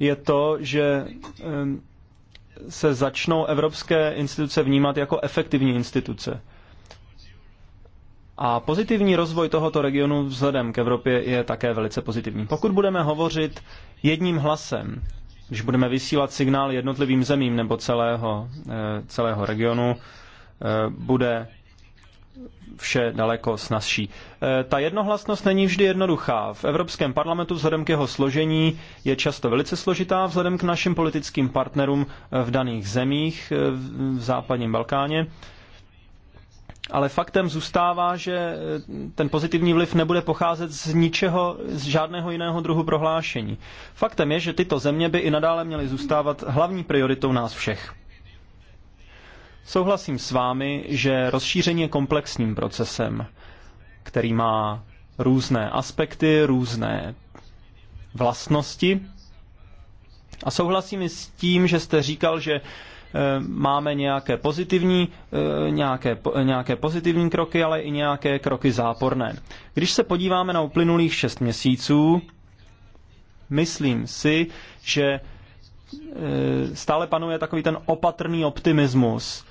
je to, že e, se začnou evropské instituce vnímat jako efektivní instituce. A pozitivní rozvoj tohoto regionu vzhledem k Evropě je také velice pozitivní. Pokud budeme hovořit jedním hlasem, když budeme vysílat signál jednotlivým zemím nebo celého, eh, celého regionu, eh, bude vše daleko snazší. Eh, ta jednohlasnost není vždy jednoduchá. V Evropském parlamentu vzhledem k jeho složení je často velice složitá vzhledem k našim politickým partnerům v daných zemích v západním Balkáně ale faktem zůstává, že eh, ten pozitivní vliv nebude pocházet z ničeho, z žádného jiného druhu prohlášení. Faktem je, že tyto země by i nadále měly zůstávat hlavní prioritou nás všech. Souhlasím s vámi, že rozšíření je komplexním procesem, který má různé aspekty, různé vlastnosti. A souhlasím i s tím, že jste říkal, že Eh, máme nějaké pozitivní, eh, nějaké, nějaké pozitivní kroky, ale i nějaké kroky záporné. Když se podíváme na uplynulých šest měsíců, myslím si, že eh, stále panuje takový ten opatrný optimismus,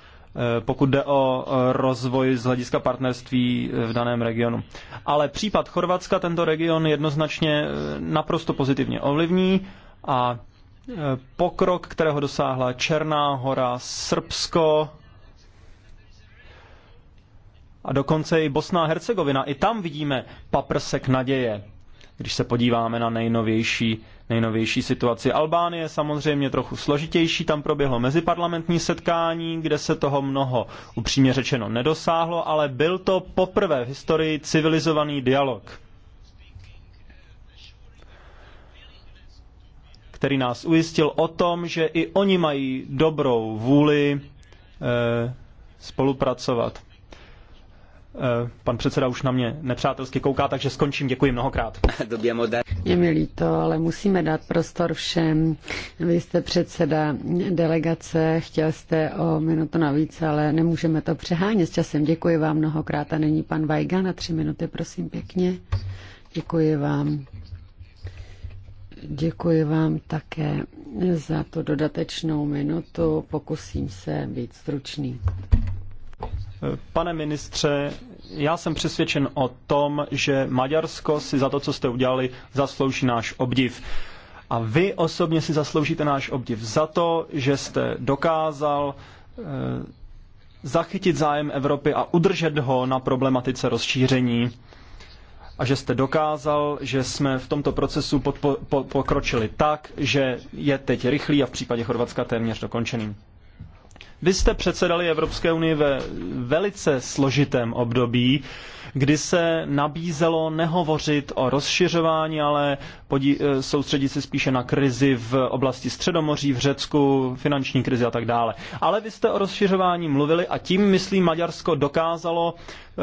pokud jde o rozvoj z hlediska partnerství v daném regionu. Ale případ Chorvatska tento region jednoznačně naprosto pozitivně ovlivní a pokrok, kterého dosáhla Černá hora, Srbsko a dokonce i Bosna Hercegovina. I tam vidíme paprsek naděje, když se podíváme na nejnovější, nejnovější situaci. Albánie je samozřejmě trochu složitější, tam proběhlo meziparlamentní setkání, kde se toho mnoho upřímně řečeno nedosáhlo, ale byl to poprvé v historii civilizovaný dialog který nás ujistil o tom, že i oni mají dobrou vůli eh, spolupracovat. Eh, pan předseda už na mě nepřátelsky kouká, takže skončím. Děkuji mnohokrát. Je mi líto, ale musíme dát prostor všem. Vy jste předseda delegace, chtěl jste o minutu navíc, ale nemůžeme to přehánět s časem. Děkuji vám mnohokrát a není pan Vajga na tři minuty, prosím pěkně. Děkuji vám. Děkuji vám také za tu dodatečnou minutu. Pokusím se být stručný. Pane ministře, já jsem přesvědčen o tom, že Maďarsko si za to, co jste udělali, zaslouží náš obdiv. A vy osobně si zasloužíte náš obdiv za to, že jste dokázal eh, zachytit zájem Evropy a udržet ho na problematice rozšíření a že jste dokázal, že jsme v tomto procesu podpo- po- pokročili tak, že je teď rychlý a v případě Chorvatska téměř dokončený. Vy jste předsedali Evropské unii ve velice složitém období, kdy se nabízelo nehovořit o rozšiřování, ale podí- eh, soustředit se spíše na krizi v oblasti Středomoří, v Řecku, finanční krizi a tak dále. Ale vy jste o rozšiřování mluvili a tím, myslím, Maďarsko dokázalo eh,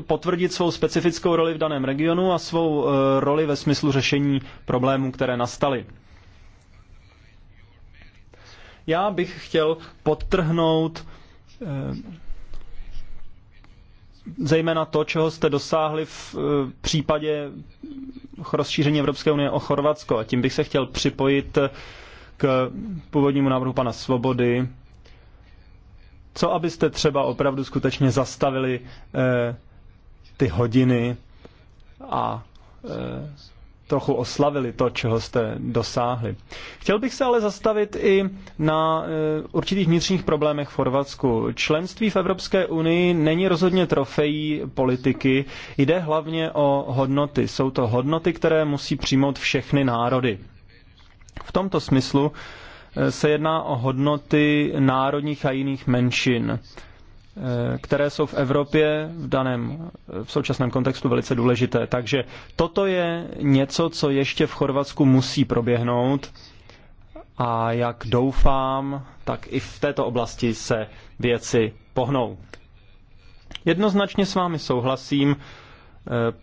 potvrdit svou specifickou roli v daném regionu a svou eh, roli ve smyslu řešení problémů, které nastaly. Já bych chtěl podtrhnout eh, zejména to, čeho jste dosáhli v eh, případě rozšíření Evropské unie o Chorvatsko. A tím bych se chtěl připojit eh, k původnímu návrhu pana Svobody. Co abyste třeba opravdu skutečně zastavili ty hodiny a trochu oslavili to, čeho jste dosáhli. Chtěl bych se ale zastavit i na e, určitých vnitřních problémech v Chorvatsku. Členství v Evropské unii není rozhodně trofejí politiky, jde hlavně o hodnoty. Jsou to hodnoty, které musí přijmout všechny národy. V tomto smyslu e, se jedná o hodnoty národních a jiných menšin. Eh, které jsou v Evropě v daném eh, v současném kontextu velice důležité. Takže toto je něco, co ještě v Chorvatsku musí proběhnout a jak doufám, tak i v této oblasti se věci pohnou. Jednoznačně s vámi souhlasím, eh,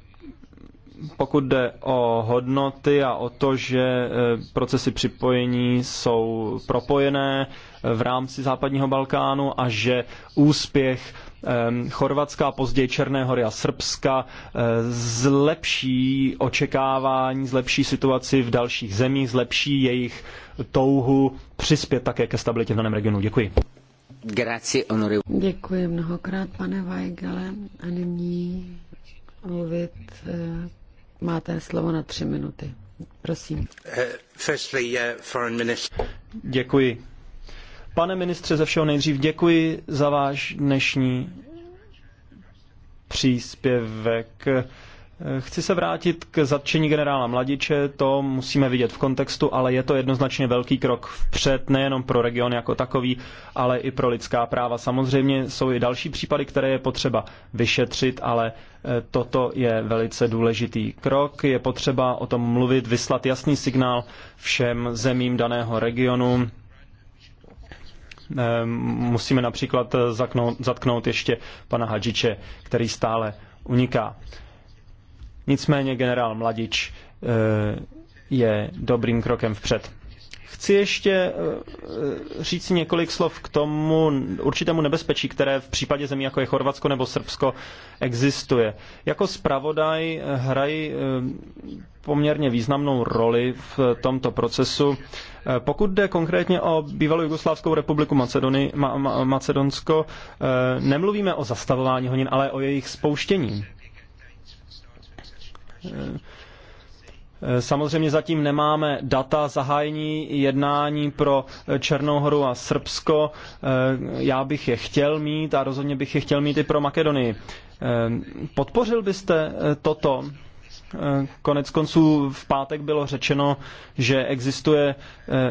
pokud jde o hodnoty a o to, že procesy připojení jsou propojené, v rámci západního Balkánu a že úspěch Chorvatska a později Černé hory a Srbska eh, zlepší očekávání, zlepší situaci v dalších zemích, zlepší jejich touhu přispět také ke stabilitě v daném regionu. Děkuji. Děkuji mnohokrát, pane Weigele. A nyní mluvit eh, máte slovo na tři minuty. Prosím. Eh, Děkuji. Pane ministře, ze všeho nejdřív děkuji za váš dnešní příspěvek. Chci se vrátit k zatčení generála Mladiče, to musíme vidět v kontextu, ale je to jednoznačně velký krok vpřed, nejenom pro region jako takový, ale i pro lidská práva. Samozřejmě jsou i další případy, které je potřeba vyšetřit, ale eh, toto je velice důležitý krok. Je potřeba o tom mluvit, vyslat jasný signál všem zemím daného regionu, Eh, musíme například eh, zaknout, zatknout ještě pana Hadžiče, který stále uniká. Nicméně generál Mladič eh, je dobrým krokem vpřed. Chci ještě eh, eh, říct několik slov k tomu určitému nebezpečí, které v případě zemí jako je Chorvatsko nebo Srbsko existuje. Jako zpravodaj eh, hrají poměrně významnou roli v tomto procesu. Pokud jde konkrétně o bývalou Jugoslávskou republiku Macedony, Ma- Ma- Macedonsko, nemluvíme o zastavování honin, ale o jejich spouštění Eh, samozřejmě zatím nemáme data zahájení jednání pro eh, Černou horu a Srbsko. Eh, já bych je chtěl mít a rozhodně bych je chtěl mít i pro Makedonii. Podpořil byste toto? Konec konců v pátek bylo řečeno, že existuje,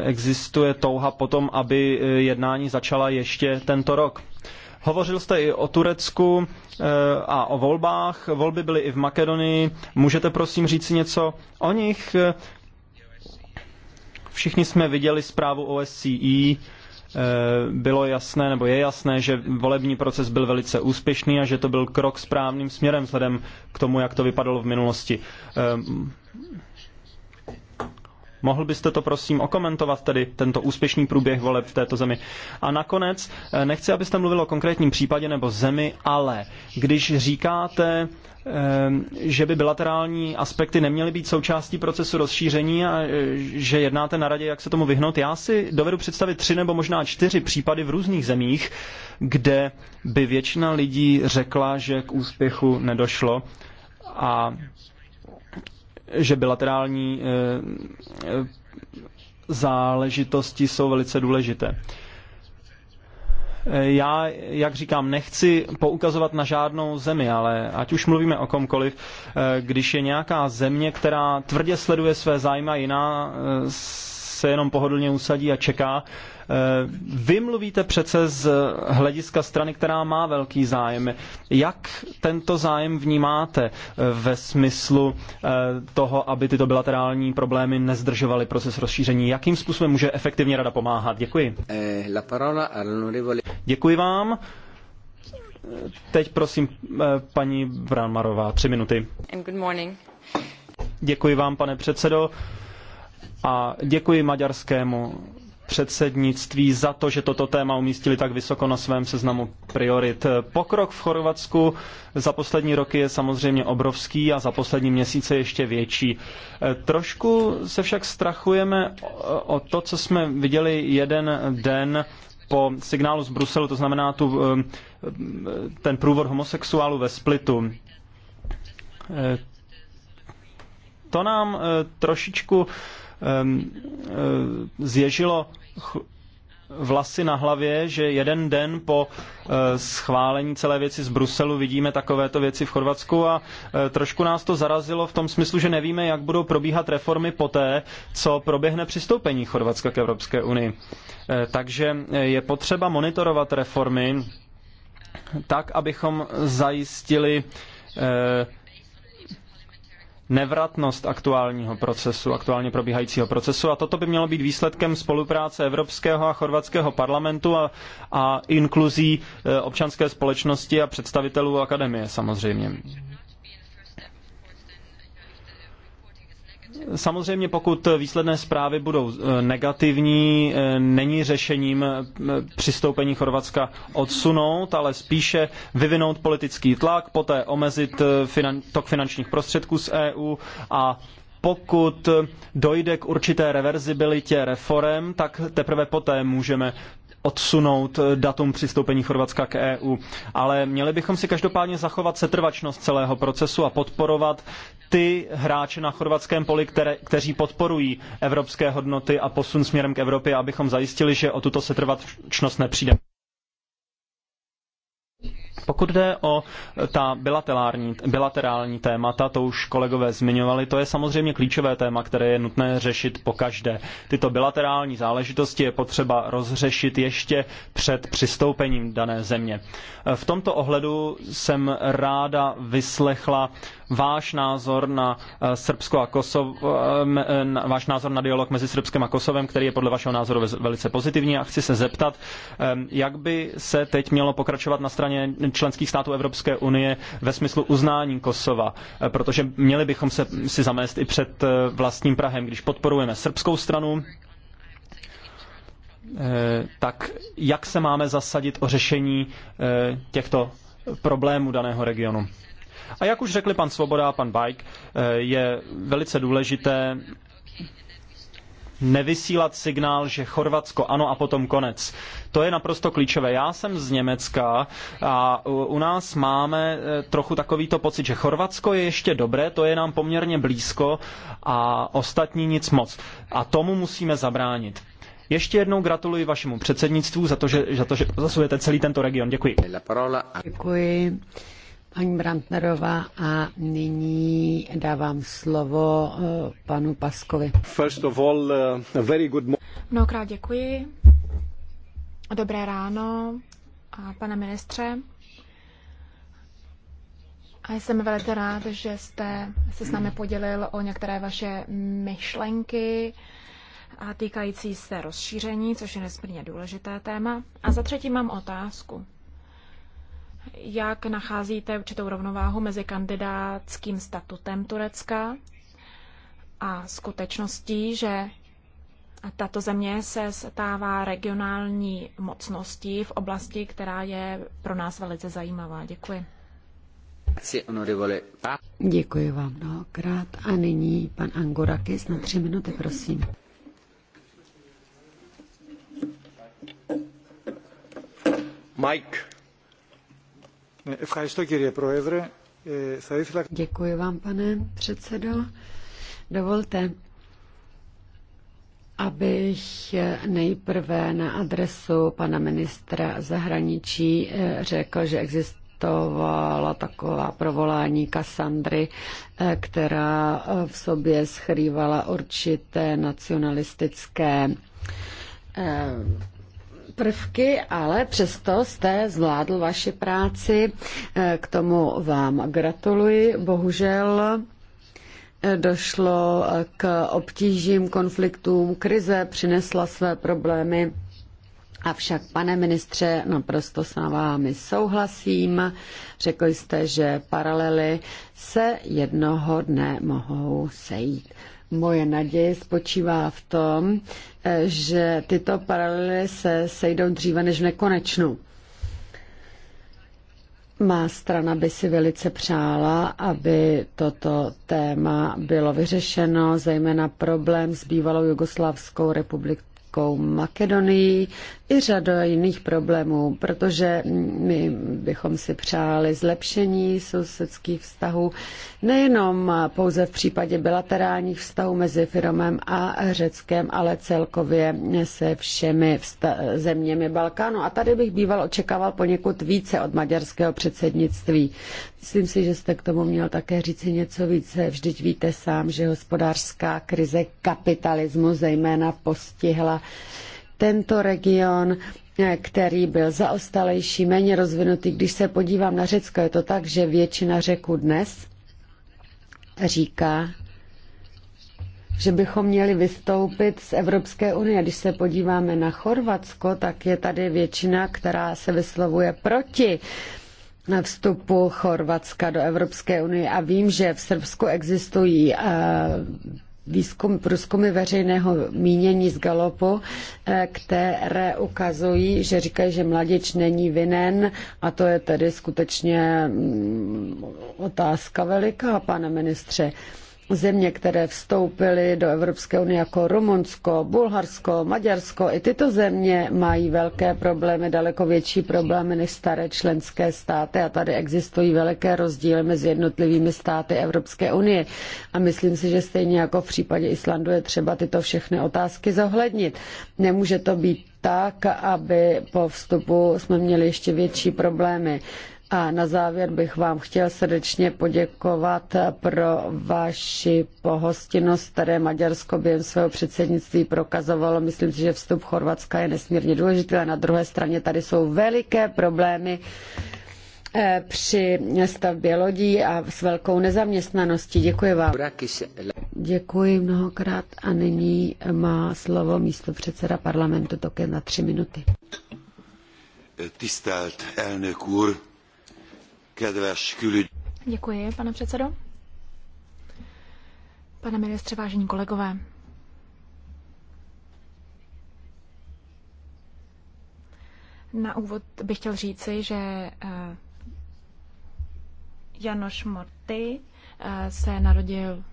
existuje touha potom, aby jednání začala ještě tento rok. Hovořil jste i o Turecku eh, a o volbách. Volby byly i v Makedonii. Můžete prosím říct něco o nich? Všichni jsme viděli zprávu OSCE, eh, bylo jasné, nebo je jasné, že volební proces byl velice úspěšný a že to byl krok správným směrem vzhledem k tomu, jak to vypadalo v minulosti. Eh, Mohl byste to prosím okomentovat, tedy tento úspěšný průběh voleb v této zemi? A nakonec, eh, nechci, abyste mluvil o konkrétním případě nebo zemi, ale když říkáte, eh, že by bilaterální aspekty neměly být součástí procesu rozšíření a eh, že jednáte na radě, jak se tomu vyhnout. Já si dovedu představit tři nebo možná čtyři případy v různých zemích, kde by většina lidí řekla, že k úspěchu nedošlo a že bilaterální eh, záležitosti jsou velice důležité. Eh, já, jak říkám, nechci poukazovat na žádnou zemi, ale ať už mluvíme o komkoliv, eh, když je nějaká země, která tvrdě sleduje své zájmy a jiná se jenom pohodlně usadí a čeká, Eh, vy mluvíte přece z hlediska strany, která má velký zájem. Jak tento zájem vnímáte eh, ve smyslu eh, toho, aby tyto bilaterální problémy nezdržovaly proces rozšíření? Jakým způsobem může efektivně rada pomáhat? Děkuji. Děkuji vám. Teď prosím paní Branmarová, tři minuty. Děkuji vám, pane předsedo, a děkuji maďarskému předsednictví za to, že toto téma umístili tak vysoko na svém seznamu priorit. Pokrok v Chorvatsku za poslední roky je samozřejmě obrovský a za poslední měsíce ještě větší. Trošku se však strachujeme o to, co jsme viděli jeden den po signálu z Bruselu, to znamená tu, ten průvod homosexuálu ve Splitu. To nám trošičku Ehm, eh, zježilo vlasy na hlavě, že jeden den po eh, schválení celé věci z Bruselu vidíme takovéto věci v Chorvatsku a eh, trošku nás to zarazilo v tom smyslu, že nevíme, jak budou probíhat reformy poté, co proběhne přistoupení Chorvatska k Evropské unii. Takže je potřeba monitorovat reformy tak, abychom zajistili nevratnost aktuálního procesu, aktuálně probíhajícího procesu a toto by mělo být výsledkem spolupráce Evropského a Chorvatského parlamentu a, a inkluzí eh, občanské společnosti a představitelů akademie samozřejmě. Samozřejmě, pokud výsledné zprávy budou eh, negativní, eh, není řešením eh, přistoupení Chorvatska odsunout, ale spíše vyvinout politický tlak, poté omezit finan- tok finančních prostředků z EU a pokud dojde k určité reverzibilitě reform, tak teprve poté můžeme odsunout eh, datum přistoupení Chorvatska k EU. Ale měli bychom si každopádně zachovat setrvačnost celého procesu a podporovat ty hráče na chorvatském poli, které, kteří podporují evropské hodnoty a posun směrem k Evropě, abychom zajistili, že o tuto setrvačnost nepřijdeme. Pokud jde o ta bilaterální, bilaterální témata, to už kolegové zmiňovali, to je samozřejmě klíčové téma, které je nutné řešit po každé. Tyto bilaterální záležitosti je potřeba rozřešit ještě před přistoupením dané země. V tomto ohledu jsem ráda vyslechla váš názor na eh, Srbsko a Kosovo, eh, eh, váš názor na dialog mezi Srbskem a Kosovem, který je podle vašeho názoru velice pozitivní a chci se zeptat, ehm, jak by se teď mělo pokračovat na straně členských států Evropské unie ve smyslu uznání Kosova, protože měli bychom se si zamést i před vlastním Prahem, když podporujeme srbskou stranu, tak jak se máme zasadit o řešení těchto problémů daného regionu? A jak už řekli pan Svoboda a pan Bajk, eh, je velice důležité nevysílat signál, že Chorvatsko ano a potom konec. To je naprosto klíčové. Já jsem z Německa a u nás máme eh, trochu takovýto pocit, že Chorvatsko je ještě dobré, to je nám poměrně blízko a ostatní nic moc. A tomu musíme zabránit. Ještě jednou gratuluji vašemu předsednictvu za to, že, za to, že zasujete celý tento region. Děkuji. Děkuji paní Brantnerová a nyní dávám slovo eh, panu Paskovi. First of all, eh, very good Mnohokrát děkuji. Dobré ráno, a pane ministře. A jsem velice rád, že jste se s námi podělil o některé vaše myšlenky a týkající se rozšíření, což je nesmírně důležité téma. A za třetí mám otázku jak nacházíte určitou rovnováhu mezi kandidátským statutem Turecka a skutečností, že tato země se stává regionální mocností v oblasti, která je pro nás velice zajímavá. Děkuji. Děkuji vám mnohokrát. A nyní pan Angorakis na tři minuty, prosím. Mike. Děkuji vám, pane předsedo. Dovolte, abych nejprve na adresu pana ministra zahraničí eh, řekl, že existovala taková provolání Kassandry, eh, která eh, v sobě schrývala určité nacionalistické prvky, ale přesto jste zvládl vaši práci. Eh, k tomu vám gratuluji. Bohužel eh, došlo eh, k obtížím, konfliktům, krize přinesla své problémy. Avšak, pane ministře, naprosto s vámi souhlasím. Řekl jste, že paralely se jednoho dne mohou sejít. Moje naděje spočívá v tom, eh, že tyto paralely se sejdou dříve než v nekonečnu. Má strana by si velice přála, aby toto téma bylo vyřešeno, zejména problém s bývalou Jugoslávskou republikou Makedonii, i řada jiných problémů, protože my bychom si přáli zlepšení sousedských vztahů, nejenom pouze v případě bilaterálních vztahů mezi Firomem a Řeckem, ale celkově se všemi zeměmi Balkánu. A tady bych býval očekával poněkud více od maďarského předsednictví. Myslím si, že jste k tomu měl také říci něco více. Vždyť víte sám, že hospodářská krize kapitalismu zejména postihla tento region eh, který byl zaostalejší, méně rozvinutý. Když se podívám na Řecko, je to tak, že většina řeků dnes říká, že bychom měli vystoupit z Evropské unie. Když se podíváme na Chorvatsko, tak je tady většina, která se vyslovuje proti vstupu Chorvatska do Evropské unie. A vím, že v Srbsku existují eh, výzkum, průzkumy veřejného mínění z Galopu, eh, které ukazují, že říkají, že mladič není vinen a to je tedy skutečně mm, otázka veliká, pane ministře země, které vstoupily do Evropské unie jako Rumunsko, Bulharsko, Maďarsko, i tyto země mají velké problémy, daleko větší problémy než staré členské státy a tady existují veliké rozdíly mezi jednotlivými státy Evropské unie. A myslím si, že stejně jako v případě Islandu je třeba tyto všechny otázky zohlednit. Nemůže to být tak, aby po vstupu jsme měli ještě větší problémy. A na závěr bych vám chtěl srdečně poděkovat pro vaši pohostinnost, které Maďarsko během svého předsednictví prokazovalo. Myslím si, že vstup Chorvatska je nesmírně důležitý, ale na druhé straně tady jsou veliké problémy eh, při stavbě lodí a s velkou nezaměstnaností. Děkuji vám. Děkuji mnohokrát a nyní má slovo místo předseda parlamentu Token na tři minuty. Tisztelt elnök úr, Děkuji, pane předsedo. Pane ministře, vážení kolegové. Na úvod bych chtěl říci, že eh, Janoš Morty eh, se narodil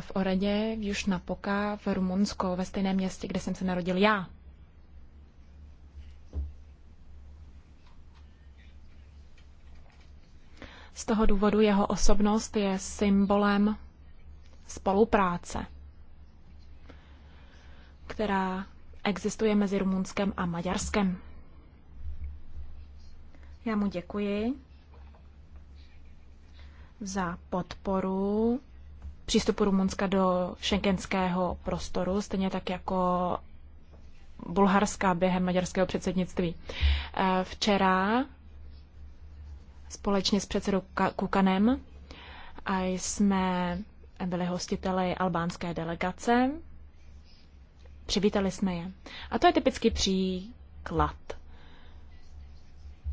v Oradě, v Jušna v Rumunsko, ve stejném městě, kde jsem se narodil já. Z toho důvodu jeho osobnost je symbolem spolupráce, která existuje mezi Rumunskem a Maďarskem. Já mu děkuji za podporu přístupu Rumunska do šengenského prostoru, stejně tak jako bulharská během maďarského předsednictví. Eh, včera Společně s předsedou Kukanem a jsme byli hostiteli albánské delegace. Přivítali jsme je. A to je typický příklad.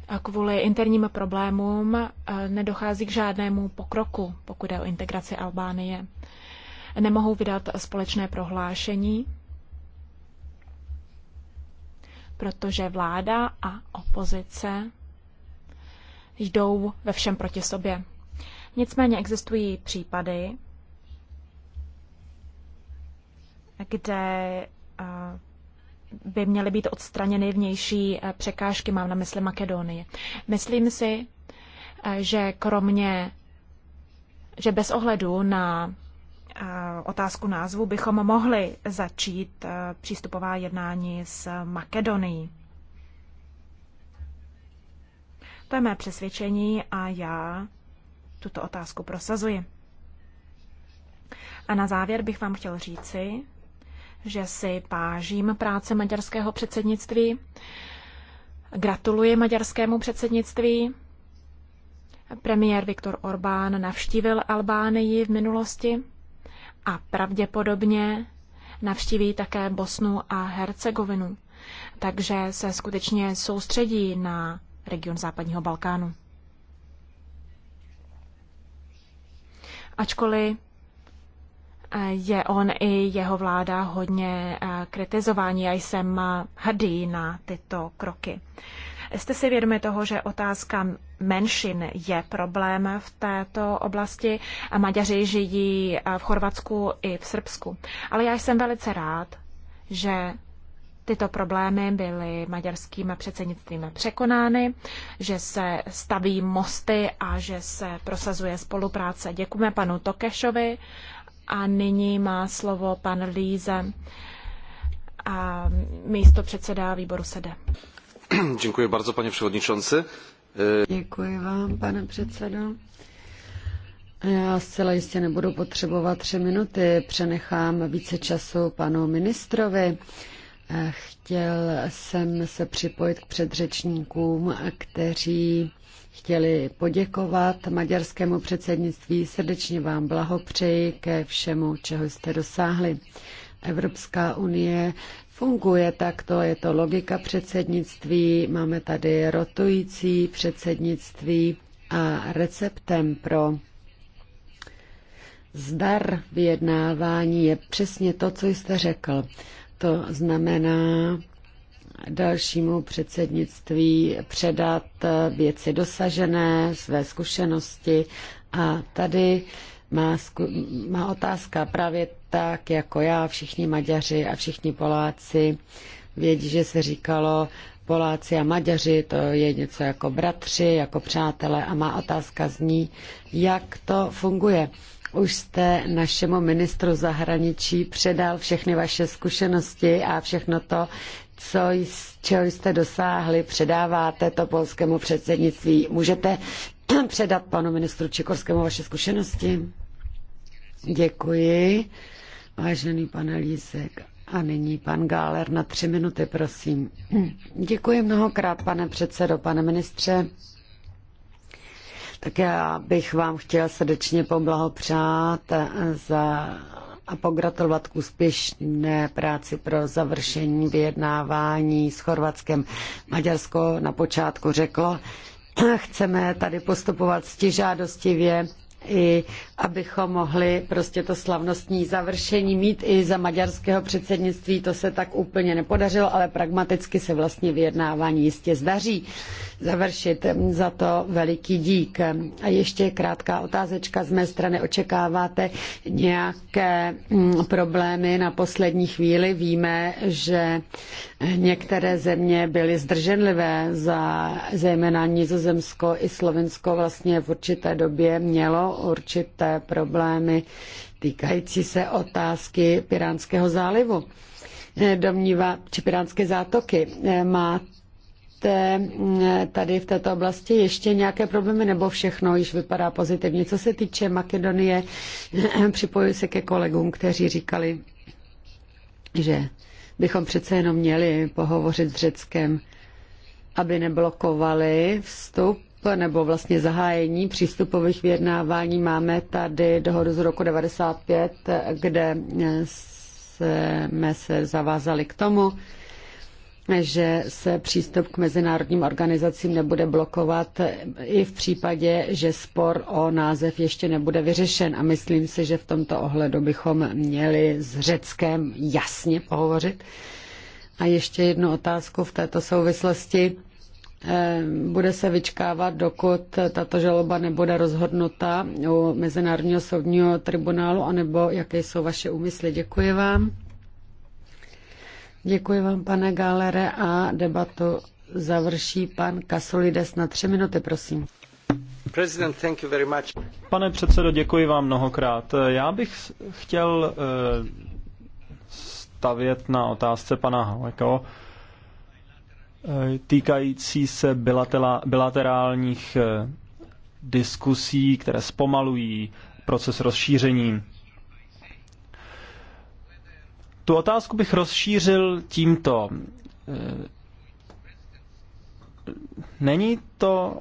A kvůli interním problémům eh, nedochází k žádnému pokroku, pokud je o integraci Albánie. Nemohou vydat společné prohlášení, protože vláda a opozice jdou ve všem proti sobě. Nicméně existují případy, kde eh, by měly být odstraněny vnější eh, překážky, mám na mysli Makedonii. Myslím si, eh, že kromě, že bez ohledu na otázku názvu bychom mohli začít přístupová jednání s Makedonií. To je mé přesvědčení a já tuto otázku prosazuji. A na závěr bych vám chtěl říci, že si pážím práce maďarského předsednictví. Gratuluji maďarskému předsednictví. Premiér Viktor Orbán navštívil Albánii v minulosti a pravděpodobně navštíví také Bosnu a Hercegovinu. Takže se skutečně soustředí na region západního Balkánu. Ačkoliv eh, je on i jeho vláda hodně eh, kritizování Já jsem eh, hrdý na tyto kroky. Jste si vědomi toho, že otázka menšin je problém v této oblasti. Maďaři žijí v Chorvatsku i v Srbsku. Ale já jsem velice rád, že tyto problémy byly maďarským předsednictvím překonány, že se staví mosty a že se prosazuje spolupráce. Děkujeme panu Tokešovi a nyní má slovo pan Líze a místo předseda výboru SEDE. Děkuji bardzo, pane předsedající. Děkuji vám, pane předsedo. Já zcela jistě nebudu potřebovat tři minuty, přenechám více času panu ministrovi. Chtěl jsem se připojit k předřečníkům, kteří chtěli poděkovat maďarskému předsednictví. Srdečně vám blahopřeji ke všemu, čeho jste dosáhli. Evropská unie funguje takto, je to logika předsednictví, máme tady rotující předsednictví a receptem pro zdar vyjednávání je přesně to, co jste řekl. To znamená dalšímu předsednictví předat věci dosažené, své zkušenosti a tady má, zku, má otázka právě tak, jako já, všichni Maďaři a všichni Poláci vědí, že se říkalo Poláci a Maďaři, to je něco jako bratři, jako přátelé a má otázka zní, jak to funguje už jste našemu ministru zahraničí předal všechny vaše zkušenosti a všechno to, co čeho jste dosáhli, předáváte to polskému předsednictví. Můžete předat panu ministru Čikorskému vaše zkušenosti? Děkuji. Vážený pane Lísek. A nyní pan Gáler na tři minuty, prosím. Děkuji mnohokrát, pane předsedo, pane ministře. Tak já bych vám chtěla srdečně poblahopřát za a pogratulovat k úspěšné práci pro završení vyjednávání s Chorvatskem. Maďarsko na počátku řeklo, chceme tady postupovat stižádostivě i abychom mohli prostě to slavnostní završení mít i za maďarského předsednictví. To se tak úplně nepodařilo, ale pragmaticky se vlastně vyjednávání jistě zdaří završit. Za to veliký dík. A ještě krátká otázečka z mé strany. Očekáváte nějaké mm, problémy na poslední chvíli? Víme, že některé země byly zdrženlivé, za, zejména Nizozemsko i Slovensko vlastně v určité době mělo určité problémy týkající se otázky Piránského zálivu. Eh, domnívá, či Piránské zátoky. Eh, máte eh, tady v této oblasti ještě nějaké problémy, nebo všechno již vypadá pozitivně? Co se týče Makedonie, připojuji se ke kolegům, kteří říkali, že bychom přece jenom měli pohovořit s Řeckem, aby neblokovali vstup nebo vlastně zahájení přístupových vyjednávání máme tady dohodu z roku 95, kde jsme se zavázali k tomu, že se přístup k mezinárodním organizacím nebude blokovat i v případě, že spor o název ještě nebude vyřešen. A myslím si, že v tomto ohledu bychom měli s Řeckem jasně pohovořit. A ještě jednu otázku v této souvislosti Eh, bude se vyčkávat, dokud tato žaloba nebude rozhodnuta u Mezinárodního soudního tribunálu, anebo jaké jsou vaše úmysly. Děkuji vám. Děkuji vám, pane Galere, a debatu završí pan Kasolides na tři minuty, prosím. Pane předsedo, děkuji vám mnohokrát. Já bych chtěl eh, stavět na otázce pana Haleko. Eh, týkající se bilaterálních eh, diskusí, které zpomalují proces rozšíření. Tu otázku bych rozšířil tímto. Eh, není to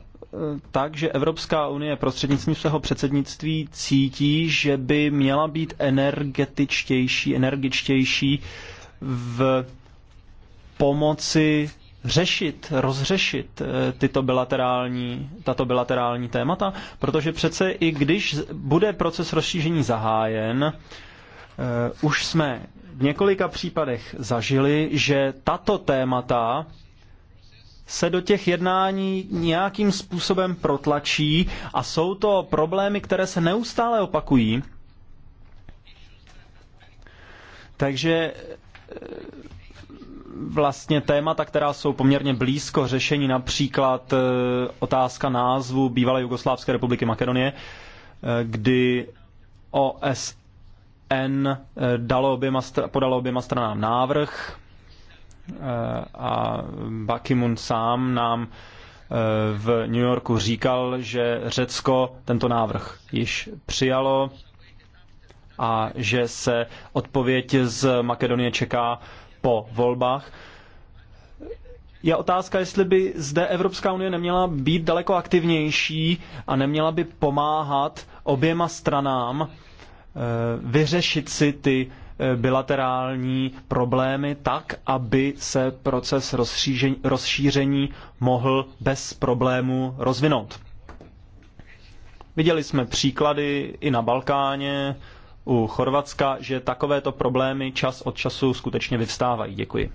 tak, že Evropská unie prostřednictvím svého předsednictví cítí, že by měla být energetičtější, energičtější v pomoci řešit, rozřešit eh, tyto bilaterální, tato bilaterální témata, protože přece i když bude proces rozšíření zahájen, eh, už jsme v několika případech zažili, že tato témata se do těch jednání nějakým způsobem protlačí a jsou to problémy, které se neustále opakují. Takže eh, vlastně témata, která jsou poměrně blízko řešení, například e, otázka názvu bývalé Jugoslávské republiky Makedonie, e, kdy OSN e, dalo oběma, podalo oběma stranám návrh a Bakimun sám nám v New Yorku říkal, že Řecko tento návrh již přijalo a že se odpověď z Makedonie čeká po volbách, je otázka, jestli by zde Evropská unie neměla být daleko aktivnější a neměla by pomáhat oběma stranám eh, vyřešit si ty eh, bilaterální problémy tak, aby se proces rozšíření, rozšíření mohl bez problému rozvinout. Viděli jsme příklady i na Balkáně, u Chorvatska, že takovéto problémy čas od času skutečně vyvstávají. Děkuji.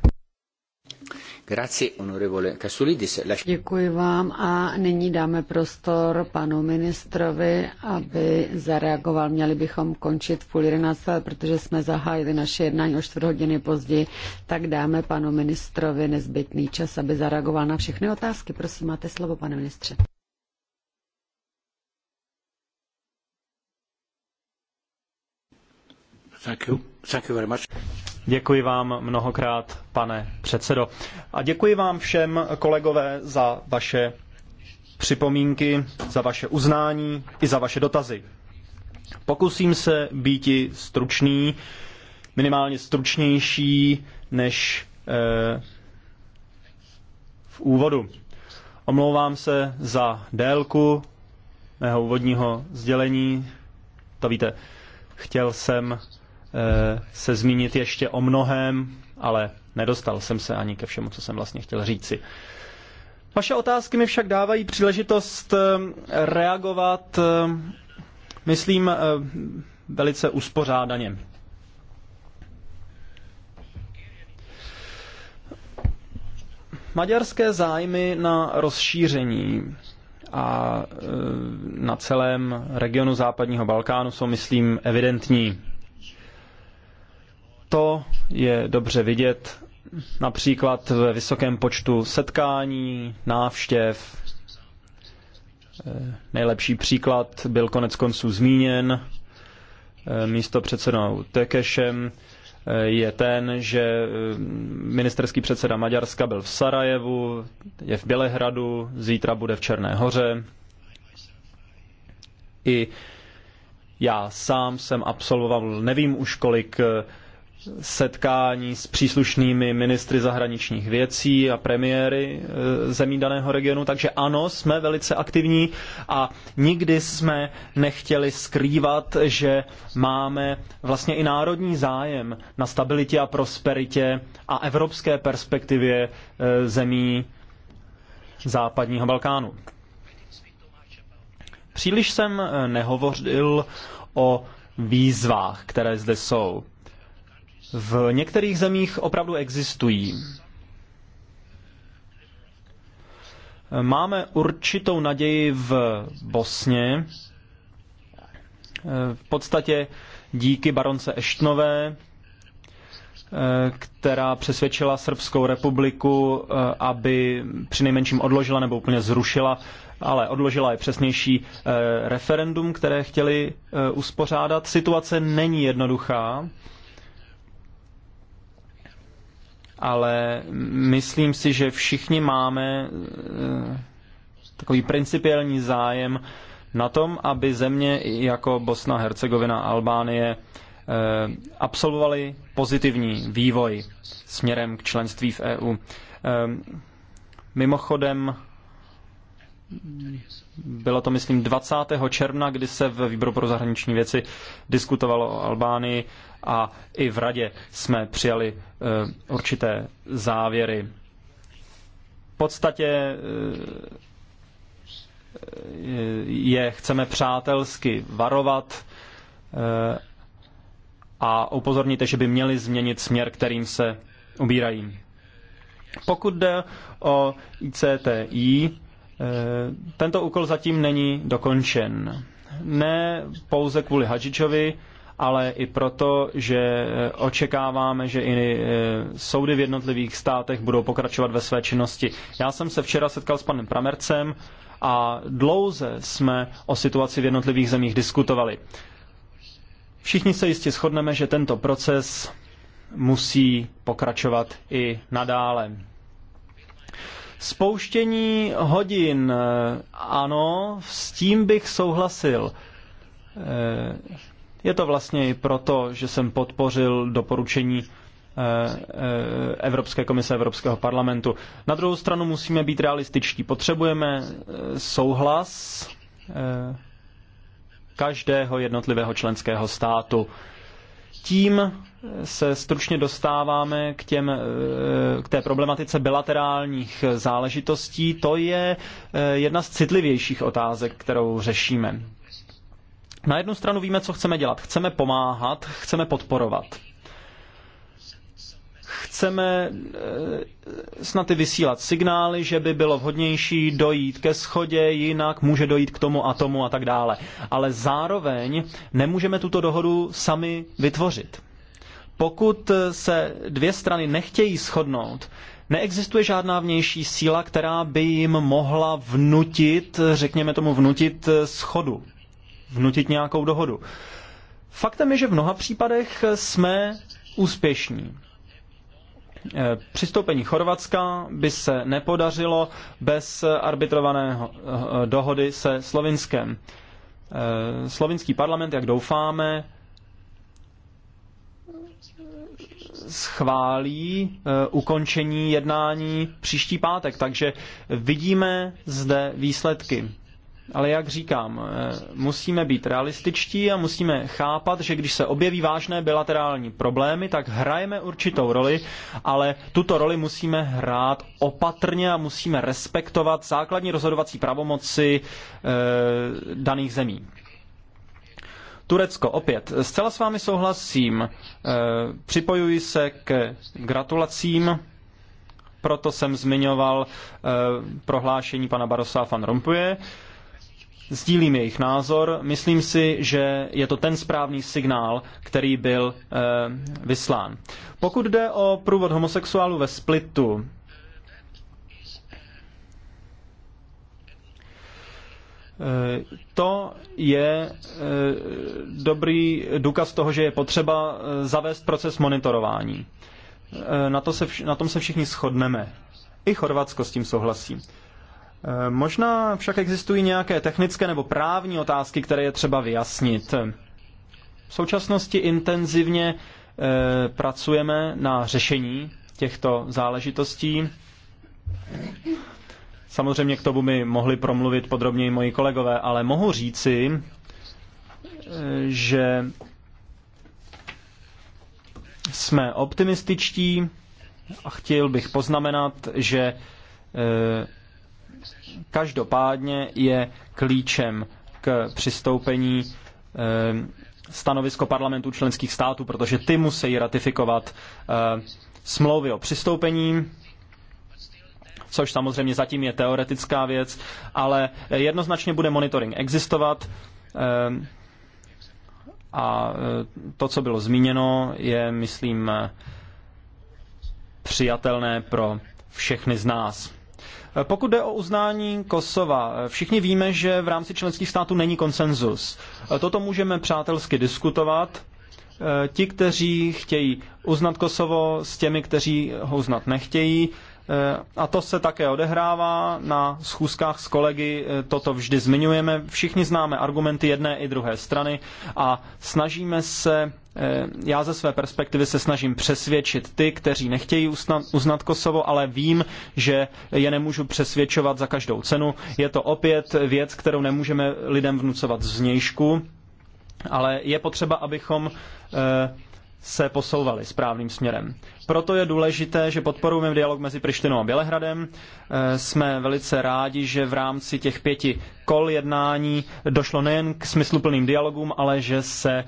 Děkuji vám a nyní dáme prostor panu ministrovi, aby zareagoval. Měli bychom končit v půl jedenácté, protože jsme zahájili naše jednání o čtvrt hodiny později, tak dáme panu ministrovi nezbytný čas, aby zareagoval na všechny otázky. Prosím, máte slovo, pane ministře. Děkuji vám mnohokrát, pane předsedo. A děkuji vám všem, kolegové, za vaše připomínky, za vaše uznání i za vaše dotazy. Pokusím se být stručný, minimálně stručnější než eh, v úvodu. Omlouvám se za délku mého úvodního sdělení. To víte, chtěl jsem Eh, se zmínit ještě o mnohem, ale nedostal jsem se ani ke všemu, co jsem vlastně chtěl říci. Vaše otázky mi však dávají příležitost eh, reagovat, eh, myslím, velice uspořádaně. Maďarské zájmy na rozšíření a na celém regionu západního Balkánu jsou, myslím, evidentní to je dobře vidět například ve vysokém počtu setkání, návštěv. Eh, nejlepší příklad byl konec konců zmíněn eh, místo předsedou Tekešem eh, je ten, že ministerský předseda Maďarska byl v Sarajevu, je v Bělehradu, zítra bude v Černé hoře. I já sám jsem absolvoval, nevím už kolik setkání s příslušnými ministry zahraničních věcí a premiéry e, zemí daného regionu. Takže ano, jsme velice aktivní a nikdy jsme nechtěli skrývat, že máme vlastně i národní zájem na stabilitě a prosperitě a evropské perspektivě e, zemí západního Balkánu. Příliš jsem e, nehovořil o výzvách, které zde jsou. V některých zemích opravdu existují. Máme určitou naději v Bosně. V podstatě díky baronce Eštnové, která přesvědčila Srbskou republiku, aby přinejmenším odložila nebo úplně zrušila, ale odložila je přesnější eh, referendum, které chtěli eh, uspořádat. Situace není jednoduchá ale myslím si, že všichni máme eh, takový principiální zájem na tom, aby země jako Bosna, Hercegovina, Albánie eh, absolvovaly pozitivní vývoj směrem k členství v EU. Eh, mimochodem, bylo to, myslím, 20. června, kdy se v výboru pro zahraniční věci diskutovalo o Albánii a i v radě jsme přijali eh, určité závěry. V podstatě eh, je chceme přátelsky varovat eh, a upozornit, že by měli změnit směr, kterým se ubírají. Pokud jde o ICTI, tento úkol zatím není dokončen. Ne pouze kvůli Hadžičovi, ale i proto, že eh, očekáváme, že i eh, soudy v jednotlivých státech budou pokračovat ve své činnosti. Já jsem se včera setkal s panem Pramercem a dlouze jsme o situaci v jednotlivých zemích diskutovali. Všichni se jistě shodneme, že tento proces musí pokračovat i nadále. Spouštění hodin, eh, ano, s tím bych souhlasil. Je to vlastně i proto, že jsem podpořil doporučení eh, eh, Evropské komise Evropského parlamentu. Na druhou stranu musíme být realističtí. Potřebujeme eh, souhlas každého jednotlivého členského státu. Tím se stručně dostáváme k, těm, k té problematice bilaterálních záležitostí. To je jedna z citlivějších otázek, kterou řešíme. Na jednu stranu víme, co chceme dělat. Chceme pomáhat, chceme podporovat. Chceme eh, snad i vysílat signály, že by bylo vhodnější dojít ke schodě, jinak může dojít k tomu a tomu a tak dále. Ale zároveň nemůžeme tuto dohodu sami vytvořit. Pokud eh, se dvě strany nechtějí shodnout, Neexistuje žádná vnější síla, která by jim mohla vnutit, eh, řekněme tomu vnutit schodu vnutit nějakou dohodu. Faktem je, že v mnoha případech jsme úspěšní. Eh, přistoupení Chorvatska by se nepodařilo bez arbitrované eh, dohody se Slovinskem. Eh, slovinský parlament, jak doufáme, schválí ukončení jednání příští pátek. Takže vidíme zde výsledky. Ale jak říkám, eh, musíme být realističtí a musíme chápat, že když se objeví vážné bilaterální problémy, tak hrajeme určitou roli, ale tuto roli musíme hrát opatrně a musíme respektovat základní rozhodovací pravomoci e, daných zemí. Turecko, opět, zcela s vámi souhlasím. E, připojuji se k gratulacím proto jsem zmiňoval e, prohlášení pana Barosa van Rompuje. E, sdílím jejich názor. Myslím si, že je to ten správný signál, který byl e, vyslán. Pokud jde o průvod homosexuálu ve Splitu, eh, To je eh, dobrý důkaz toho, že je potřeba zavést proces monitorování. Na, to se na tom se všichni shodneme. I Chorvatsko s tím souhlasí. Eh, možná však existují nějaké technické nebo právní otázky, které je třeba vyjasnit. V současnosti intenzivně eh, pracujeme na řešení těchto záležitostí. Samozřejmě k tomu by mohli promluvit podrobněji moji kolegové, ale mohu říci, eh, že jsme optimističtí a chtěl bych poznamenat, že Každopádně je klíčem k přistoupení ehm, stanovisko parlamentů členských států, protože ty musí ratifikovat ehm, smlouvy o přistoupení, což samozřejmě zatím je teoretická věc, ale jednoznačně bude monitoring existovat. Ehm, a e, to, co bylo zmíněno, je, myslím, e, přijatelné pro všechny z nás. Pokud jde o uznání Kosova, všichni víme, že v rámci členských států není konsenzus. Toto můžeme přátelsky diskutovat. Ti, kteří chtějí uznat Kosovo s těmi, kteří ho uznat nechtějí, a to se také odehrává na schůzkách s kolegy, toto vždy zmiňujeme. Všichni známe argumenty jedné i druhé strany a snažíme se Eh, já ze své perspektivy se snažím přesvědčit ty, kteří nechtějí uznat, uznat Kosovo, ale vím, že je nemůžu přesvědčovat za každou cenu. Je to opět věc, kterou nemůžeme lidem vnucovat zvnějšku, ale je potřeba, abychom eh, se posouvaly správným směrem. Proto je důležité, že podporujeme dialog mezi Prištinou a Bělehradem. Eh, jsme velice rádi, že v rámci těch pěti kol jednání došlo nejen k smysluplným dialogům, ale že se eh,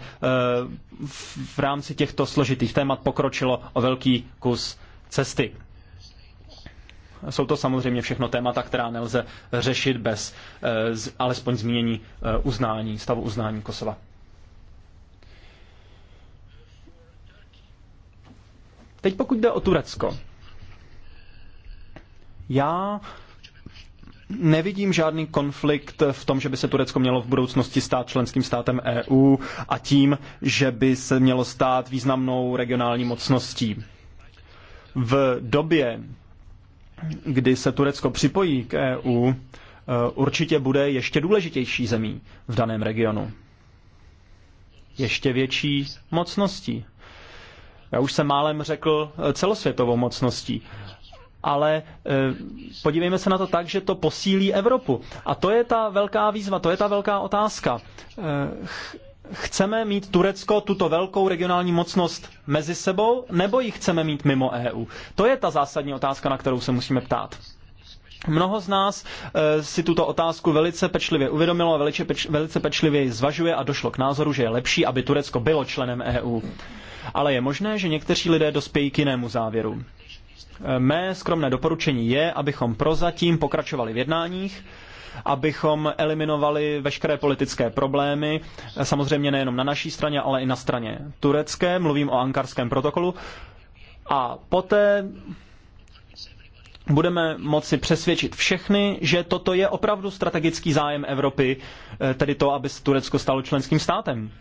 v rámci těchto složitých témat pokročilo o velký kus cesty. Jsou to samozřejmě všechno témata, která nelze řešit bez eh, alespoň zmínění uznání, stavu uznání Kosova. Teď pokud jde o Turecko. Já nevidím žádný konflikt v tom, že by se Turecko mělo v budoucnosti stát členským státem EU a tím, že by se mělo stát významnou regionální mocností. V době, kdy se Turecko připojí k EU, eh, určitě bude ještě důležitější zemí v daném regionu. Ještě větší mocností já už jsem málem řekl, eh, celosvětovou mocností. Ale eh, podívejme se na to tak, že to posílí Evropu. A to je ta velká výzva, to je ta velká otázka. Eh, chceme mít Turecko, tuto velkou regionální mocnost, mezi sebou, nebo ji chceme mít mimo EU? To je ta zásadní otázka, na kterou se musíme ptát. Mnoho z nás eh, si tuto otázku velice pečlivě uvědomilo a velice, peč, velice pečlivě ji zvažuje a došlo k názoru, že je lepší, aby Turecko bylo členem EU. Ale je možné, že někteří lidé dospějí k jinému závěru. Eh, mé skromné doporučení je, abychom prozatím pokračovali v jednáních, abychom eliminovali veškeré politické problémy, eh, samozřejmě nejenom na naší straně, ale i na straně turecké, mluvím o ankarském protokolu, a poté budeme moci přesvědčit všechny, že toto je opravdu strategický zájem Evropy, eh, tedy to, aby se Turecko stalo členským státem.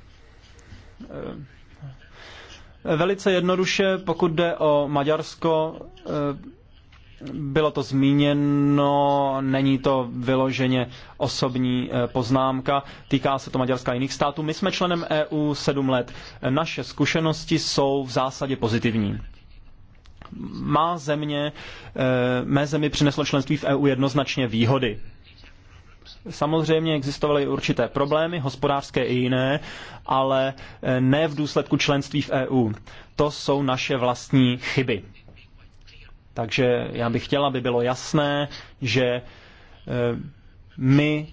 Eh, velice jednoduše, pokud jde o Maďarsko, eh, bylo to zmíněno, není to vyloženě osobní poznámka, týká se to Maďarska a jiných států. My jsme členem EU sedm let. Naše zkušenosti jsou v zásadě pozitivní má země, eh, mé zemi přineslo členství v EU jednoznačně výhody. Samozřejmě existovaly určité problémy, hospodářské i jiné, ale eh, ne v důsledku členství v EU. To jsou naše vlastní chyby. Takže já bych chtěla, aby bylo jasné, že eh, my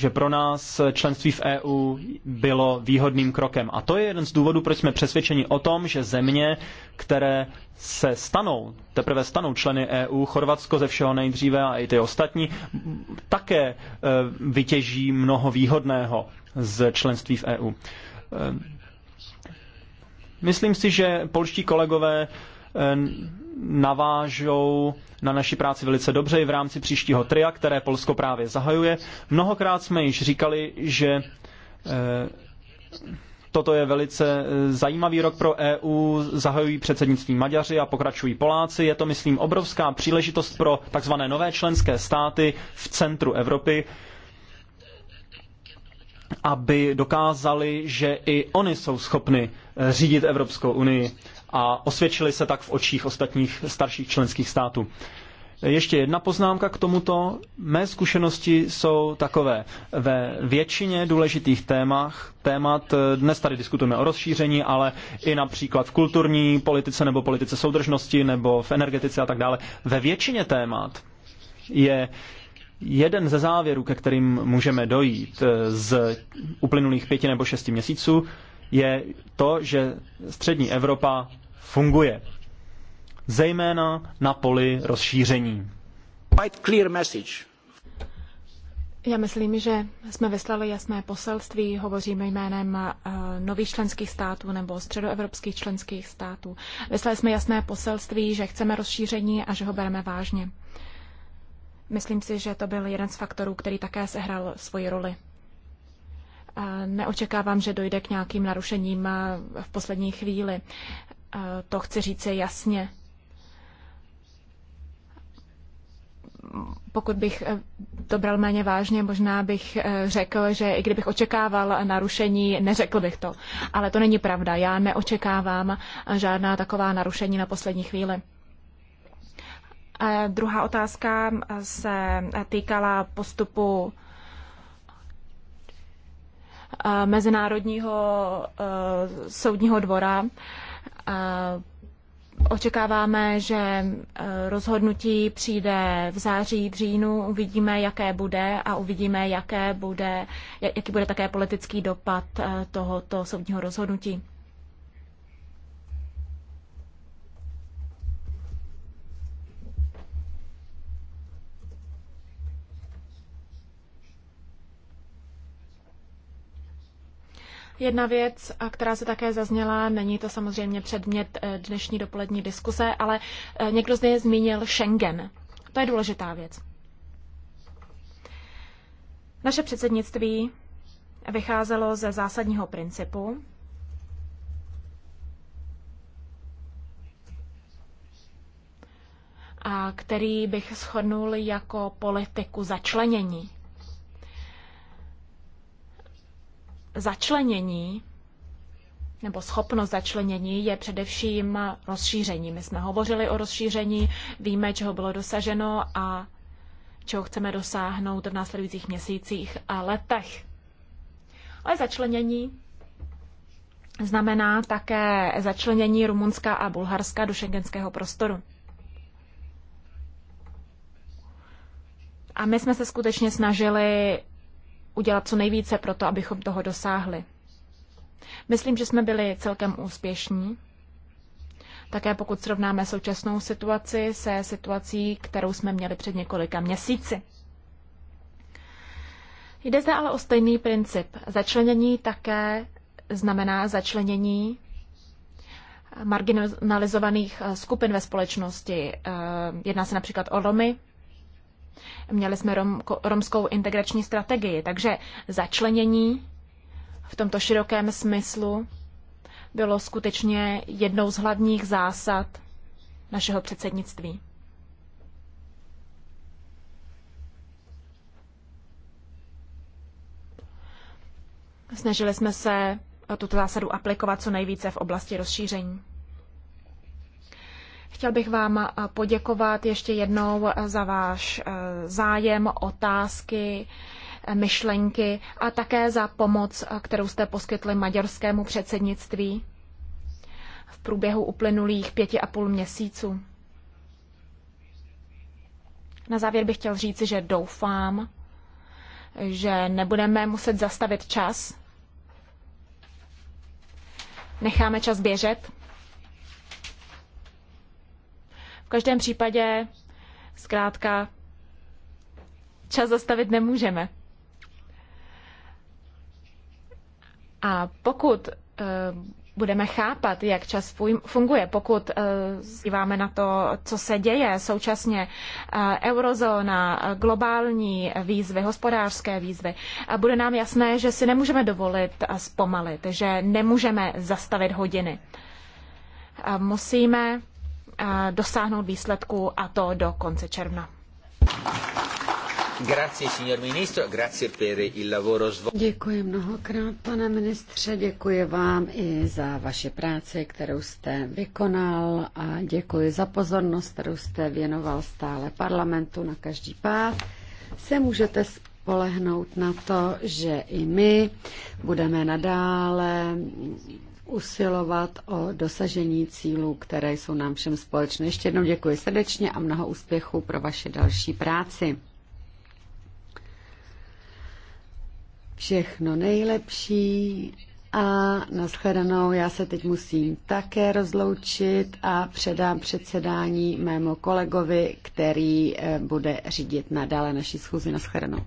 že pro nás členství v EU bylo výhodným krokem. A to je jeden z důvodů, proč jsme přesvědčeni o tom, že země, které se stanou, teprve stanou členy EU, Chorvatsko ze všeho nejdříve a i ty ostatní, také e, vytěží mnoho výhodného z členství v EU. E, myslím si, že polští kolegové e, navážou na naší práci velice dobře i v rámci příštího tria, které Polsko právě zahajuje. Mnohokrát jsme již říkali, že eh, Toto je velice eh, zajímavý rok pro EU, zahajují předsednictví Maďaři a pokračují Poláci. Je to, myslím, obrovská příležitost pro takzvané nové členské státy v centru Evropy, aby dokázali, že i oni jsou schopni eh, řídit Evropskou unii a osvědčili se tak v očích ostatních starších členských států. Ještě jedna poznámka k tomuto. Mé zkušenosti jsou takové. Ve většině důležitých témach, témat, eh, dnes tady diskutujeme o rozšíření, ale i například v kulturní politice nebo politice soudržnosti nebo v energetice a tak dále. Ve většině témat je jeden ze závěrů, ke kterým můžeme dojít eh, z uplynulých pěti nebo šesti měsíců, je to, že střední Evropa funguje. Zejména na poli rozšíření. Já myslím, že jsme vyslali jasné poselství, hovoříme jménem eh, nových členských států nebo středoevropských členských států. Vyslali jsme jasné poselství, že chceme rozšíření a že ho bereme vážně. Myslím si, že to byl jeden z faktorů, který také sehrál svoji roli neočekávám, že dojde k nějakým narušením v poslední chvíli. To chci říci jasně. Pokud bych e, to bral méně vážně, možná bych e, řekl, že i kdybych očekával narušení, neřekl bych to. Ale to není pravda. Já neočekávám žádná taková narušení na poslední chvíli. Druhá otázka se týkala postupu Mezinárodního soudního dvora. Očekáváme, že rozhodnutí přijde v září, v říjnu, uvidíme, jaké bude a uvidíme, jaké bude, jaký bude také politický dopad tohoto soudního rozhodnutí. Jedna věc, která se také zazněla, není to samozřejmě předmět eh, dnešní dopolední diskuse, ale eh, někdo zde zmínil Schengen. To je důležitá věc. Naše předsednictví vycházelo ze zásadního principu, a který bych shodnul jako politiku začlenění. začlenění nebo schopnost začlenění je především rozšíření. My jsme hovořili o rozšíření, víme, čeho bylo dosaženo a čeho chceme dosáhnout v následujících měsících a letech. Ale začlenění znamená také začlenění Rumunska a Bulharska do šengenského prostoru. A my jsme se skutečně snažili udělat co nejvíce pro to, abychom toho dosáhli. Myslím, že jsme byli celkem úspěšní. Také pokud srovnáme současnou situaci se situací, kterou jsme měli před několika měsíci. Jde zde ale o stejný princip. Začlenění také znamená začlenění marginalizovaných skupin ve společnosti. Jedná se například o Romy, Měli jsme rom, romskou integrační strategii, takže začlenění v tomto širokém smyslu bylo skutečně jednou z hlavních zásad našeho předsednictví. Snažili jsme se tuto zásadu aplikovat co nejvíce v oblasti rozšíření. Chtěl bych vám eh, poděkovat ještě jednou eh, za váš eh, zájem, otázky, myšlenky a také za pomoc, kterou jste poskytli maďarskému předsednictví v průběhu uplynulých pěti a půl měsíců. Na závěr bych chtěl říci, že doufám, že nebudeme muset zastavit čas. Necháme čas běžet V každém případě zkrátka čas zastavit nemůžeme. A pokud eh, budeme chápat, jak čas funguje, pokud díváme eh, na to, co se děje současně eh, eurozóna, globální výzvy, hospodářské výzvy, bude nám jasné, že si nemůžeme dovolit zpomalit, že nemůžeme zastavit hodiny. Musíme dosáhnout výsledku a to do konce června. Děkuji mnohokrát, pane ministře, děkuji vám i za vaši práci, kterou jste vykonal a děkuji za pozornost, kterou jste věnoval stále parlamentu na každý pád. Se můžete spolehnout na to, že i my budeme nadále usilovat o dosažení cílů, které jsou nám všem společné. Ještě jednou děkuji srdečně a mnoho úspěchů pro vaše další práci. Všechno nejlepší a nashledanou. Já se teď musím také rozloučit a předám předsedání mému kolegovi, který eh, bude řídit nadále naší schůzi. Nashledanou.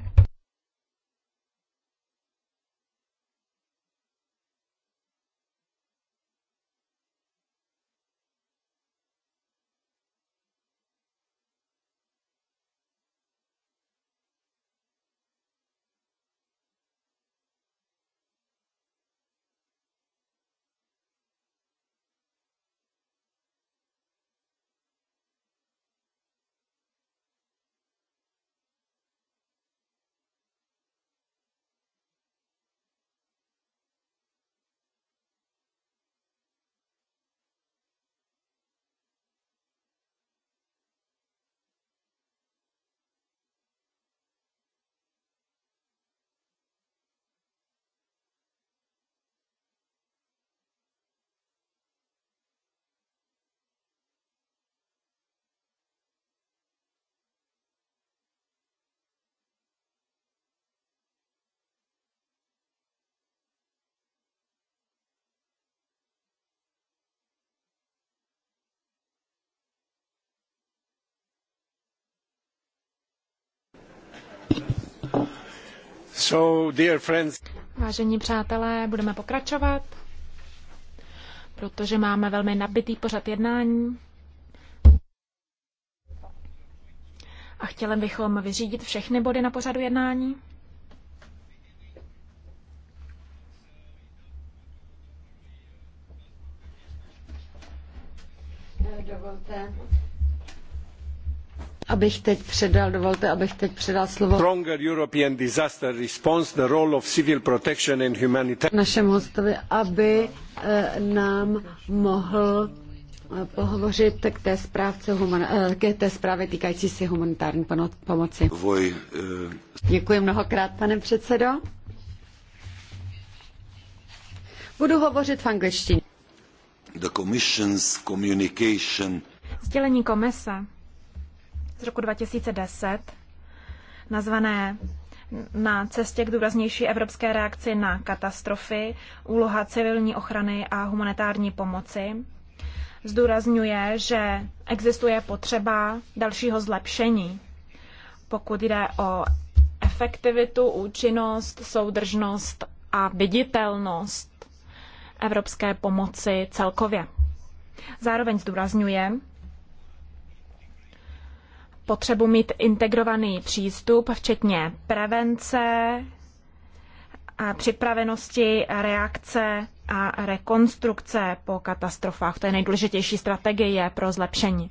Vážení přátelé, budeme pokračovat, protože máme velmi nabitý pořad jednání. A chtěli bychom vyřídit všechny body na pořadu jednání. Dovolte, abych teď předal, dovolte, abych teď předal slovo Stronger European disaster response: the role of civil protection and humanitarian. Našem hostovi, aby eh, nám mohl eh, pohovořit k té, zprávce human, eh, k té zprávě týkající se humanitární pomoci. Voj, uh... Děkuji mnohokrát, pane předsedo. Budu hovořit v angličtině. The commission's communication. Sdělení komise z roku 2010, nazvané na cestě k důraznější evropské reakci na katastrofy, úloha civilní ochrany a humanitární pomoci. Zdůrazňuje, že existuje potřeba dalšího zlepšení, pokud jde o efektivitu, účinnost, soudržnost a viditelnost evropské pomoci celkově. Zároveň zdůrazňuje, potřebu mít integrovaný přístup, včetně prevence, a připravenosti, reakce a rekonstrukce po katastrofách. To je nejdůležitější strategie pro zlepšení.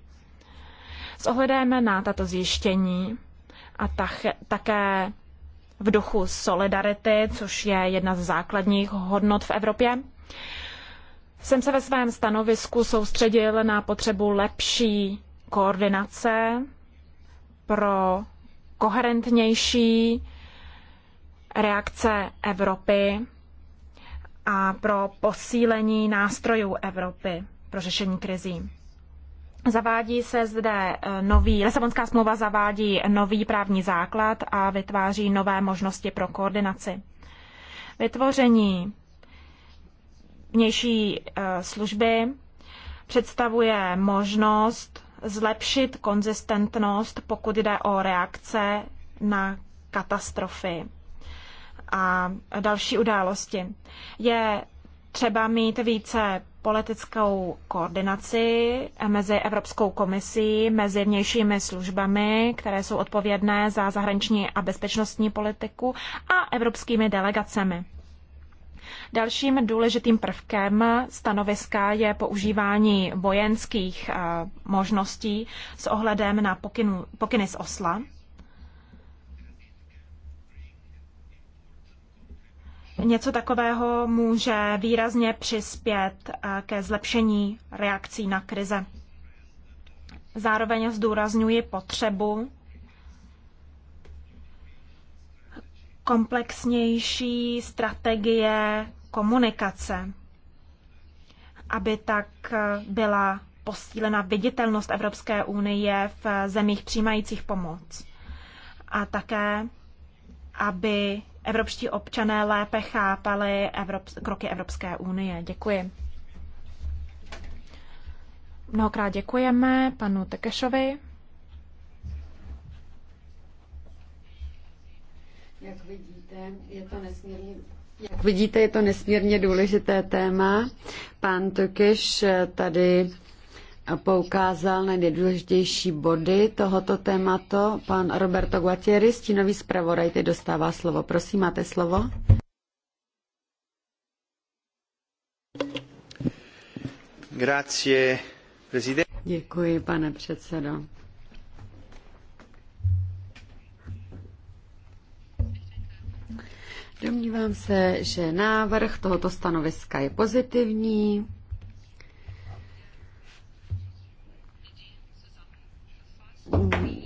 S ohledem na tato zjištění a tach, také v duchu solidarity, což je jedna z základních hodnot v Evropě, jsem se ve svém stanovisku soustředil na potřebu lepší koordinace pro koherentnější reakce Evropy a pro posílení nástrojů Evropy pro řešení krizí. Zavádí se zde eh, nový, Lisabonská smlouva zavádí nový právní základ a vytváří nové možnosti pro koordinaci. Vytvoření vnější eh, služby představuje možnost zlepšit konzistentnost, pokud jde o reakce na katastrofy a další události. Je třeba mít více politickou koordinaci mezi Evropskou komisí, mezi vnějšími službami, které jsou odpovědné za zahraniční a bezpečnostní politiku a evropskými delegacemi. Dalším důležitým prvkem stanoviska je používání vojenských eh, možností s ohledem na pokynu, pokyny z Osla. Něco takového může výrazně přispět eh, ke zlepšení reakcí na krize. Zároveň zdůrazňuji potřebu komplexnější strategie komunikace, aby tak byla posílena viditelnost Evropské unie v zemích přijímajících pomoc. A také, aby evropští občané lépe chápali Evrop- kroky Evropské unie. Děkuji. Mnohokrát děkujeme panu Tekešovi. Jak vidíte, je to nesmírně jak vidíte, je to nesmírně důležité téma. Pán Tokeš eh, tady eh, poukázal na nejdůležitější body tohoto tématu. Pan Roberto Guatieri, stínový zpravodaj, teď dostává slovo. Prosím, máte slovo. Grazie, Děkuji, pane předsedo. Domnívám se, že návrh tohoto stanoviska je pozitivní.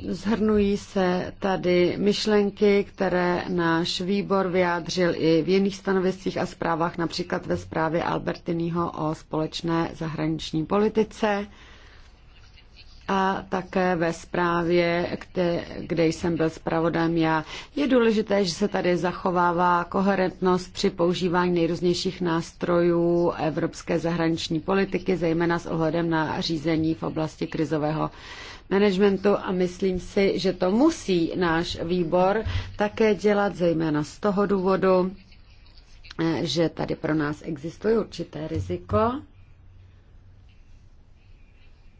Zhrnují se tady myšlenky, které náš výbor vyjádřil i v jiných stanoviscích a zprávách, například ve zprávě Albertiního o společné zahraniční politice a také ve zprávě, kde, kde jsem byl zpravodajem já. Je důležité, že se tady zachovává koherentnost při používání nejrůznějších nástrojů evropské zahraniční politiky, zejména s ohledem na řízení v oblasti krizového managementu a myslím si, že to musí náš výbor také dělat, zejména z toho důvodu, že tady pro nás existuje určité riziko.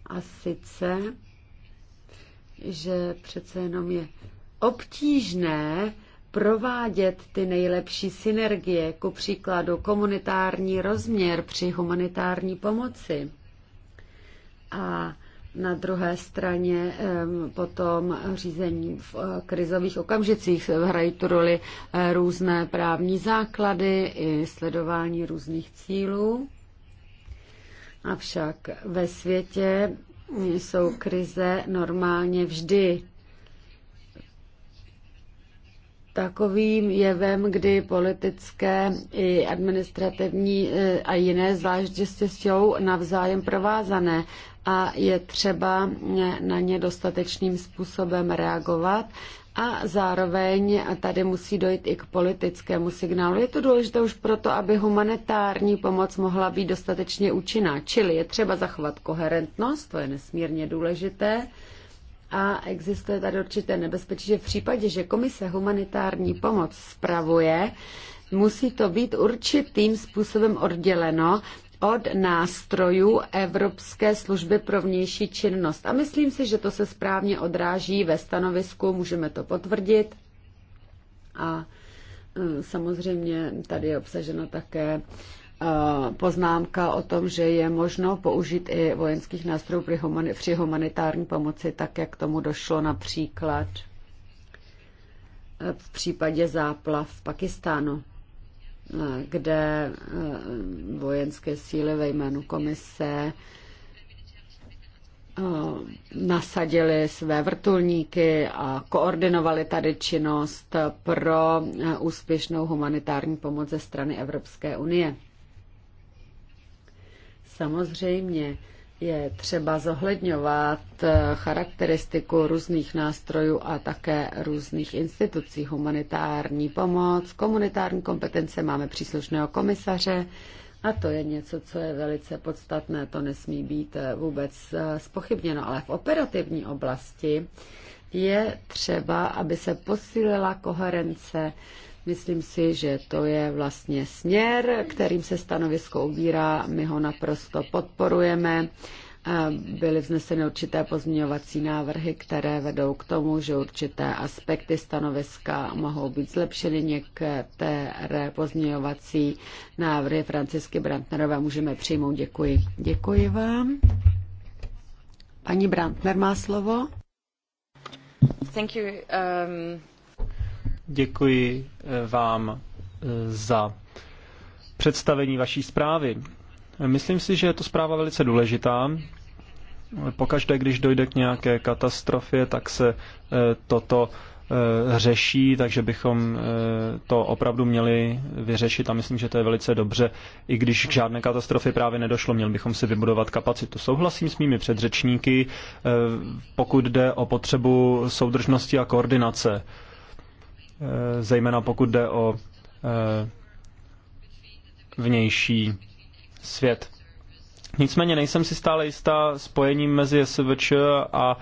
A sice, že přece jenom je obtížné provádět ty nejlepší synergie, ku příkladu komunitární rozměr při humanitární pomoci. A na druhé straně potom řízení v eh, krizových okamžicích hrají tu roli eh, různé právní základy i sledování různých cílů. Avšak ve světě jsou krize normálně vždy takovým jevem, kdy politické i administrativní eh, a jiné zvláště jsou navzájem provázané a je třeba na ně dostatečným způsobem reagovat a zároveň a tady musí dojít i k politickému signálu. Je to důležité už proto, aby humanitární pomoc mohla být dostatečně účinná. Čili je třeba zachovat koherentnost, to je nesmírně důležité. A existuje tady určité nebezpečí, že v případě, že komise humanitární pomoc spravuje, musí to být určitým způsobem odděleno od nástrojů Evropské služby pro vnější činnost. A myslím si, že to se správně odráží ve stanovisku, můžeme to potvrdit. A e, samozřejmě tady je obsažena také e, poznámka o tom, že je možno použít i vojenských nástrojů při humanitární pomoci, tak jak tomu došlo například e, v případě záplav v Pakistánu kde eh, vojenské síly ve jménu komise eh, nasadili své vrtulníky a koordinovali tady činnost pro eh, úspěšnou humanitární pomoc ze strany Evropské unie. Samozřejmě, je třeba zohledňovat eh, charakteristiku různých nástrojů a také různých institucí. Humanitární pomoc, komunitární kompetence, máme příslušného komisaře a to je něco, co je velice podstatné, to nesmí být eh, vůbec eh, spochybněno, ale v operativní oblasti je třeba, aby se posílila koherence. Myslím si, že to je vlastně směr, kterým se stanovisko ubírá. My ho naprosto podporujeme. Byly vzneseny určité pozměňovací návrhy, které vedou k tomu, že určité aspekty stanoviska mohou být zlepšeny. Některé pozměňovací návrhy Francisky Brantnerové můžeme přijmout. Děkuji. Děkuji vám. Paní Brantner má slovo. Um, Děkuji eh, vám eh, za představení vaší zprávy. Myslím si, že je to zpráva velice důležitá. Pokaždé, když dojde k nějaké katastrofě, tak se eh, toto Eh, řeší, takže bychom eh, to opravdu měli vyřešit a myslím, že to je velice dobře. I když k žádné katastrofě právě nedošlo, měli bychom si vybudovat kapacitu. Souhlasím s mými předřečníky, eh, pokud jde o potřebu soudržnosti a koordinace, zejména pokud jde o vnější svět. Nicméně nejsem si stále jistá spojením mezi SVČ a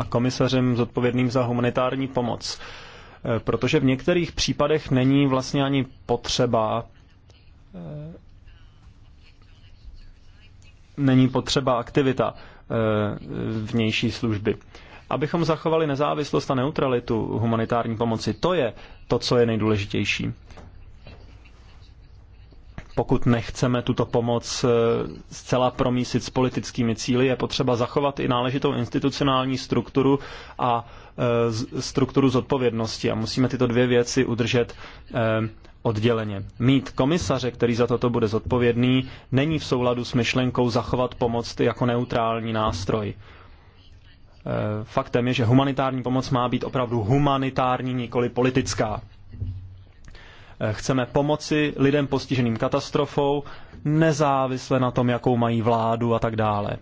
a komisařem zodpovědným za humanitární pomoc. E, protože v některých případech není vlastně ani potřeba e, není potřeba aktivita e, vnější služby. Abychom zachovali nezávislost a neutralitu humanitární pomoci, to je to, co je nejdůležitější pokud nechceme tuto pomoc eh, zcela promísit s politickými cíly, je potřeba zachovat i náležitou institucionální strukturu a eh, strukturu zodpovědnosti. A musíme tyto dvě věci udržet eh, odděleně. Mít komisaře, který za toto bude zodpovědný, není v souladu s myšlenkou zachovat pomoc jako neutrální nástroj. Faktem je, že humanitární pomoc má být opravdu humanitární, nikoli politická. Eh, chceme pomoci lidem postiženým katastrofou, nezávisle na tom, jakou mají vládu a tak dále.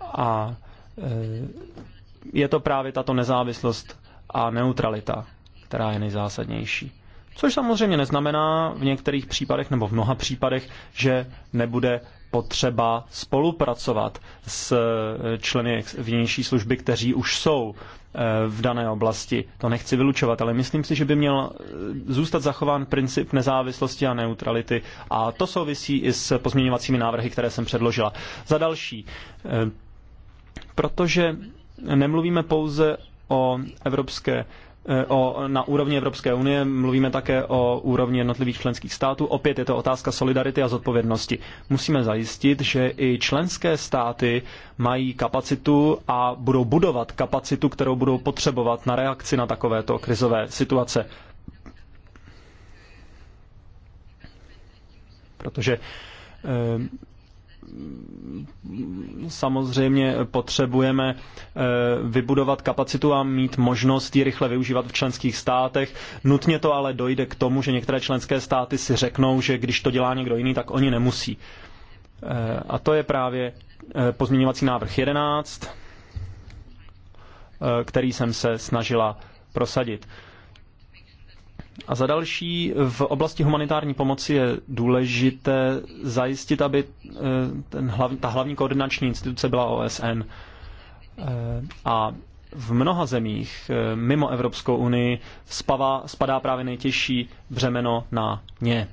A eh, je to právě tato nezávislost a neutralita, která je nejzásadnější. Což samozřejmě neznamená v některých případech nebo v mnoha případech, že nebude potřeba spolupracovat s eh, členy vnější služby, kteří už jsou Eh, v dané oblasti. To nechci vylučovat, ale myslím si, že by měl eh, zůstat zachován princip nezávislosti a neutrality. A to souvisí i s pozměňovacími návrhy, které jsem předložila. Za další, eh, protože nemluvíme pouze o Evropské Eh, o, na úrovni Evropské unie, mluvíme také o úrovni jednotlivých členských států. Opět je to otázka solidarity a zodpovědnosti. Musíme zajistit, že i členské státy mají kapacitu a budou budovat kapacitu, kterou budou potřebovat na reakci na takovéto krizové situace. Protože eh, samozřejmě potřebujeme eh, vybudovat kapacitu a mít možnost ji rychle využívat v členských státech. Nutně to ale dojde k tomu, že některé členské státy si řeknou, že když to dělá někdo jiný, tak oni nemusí. Eh, a to je právě eh, pozměňovací návrh 11, který jsem se snažila prosadit. A za další, v oblasti humanitární pomoci je důležité zajistit, aby eh, ten hlav, ta hlavní koordinační instituce byla OSN. Eh, a v mnoha zemích eh, mimo Evropskou unii spavá, spadá právě nejtěžší břemeno na ně.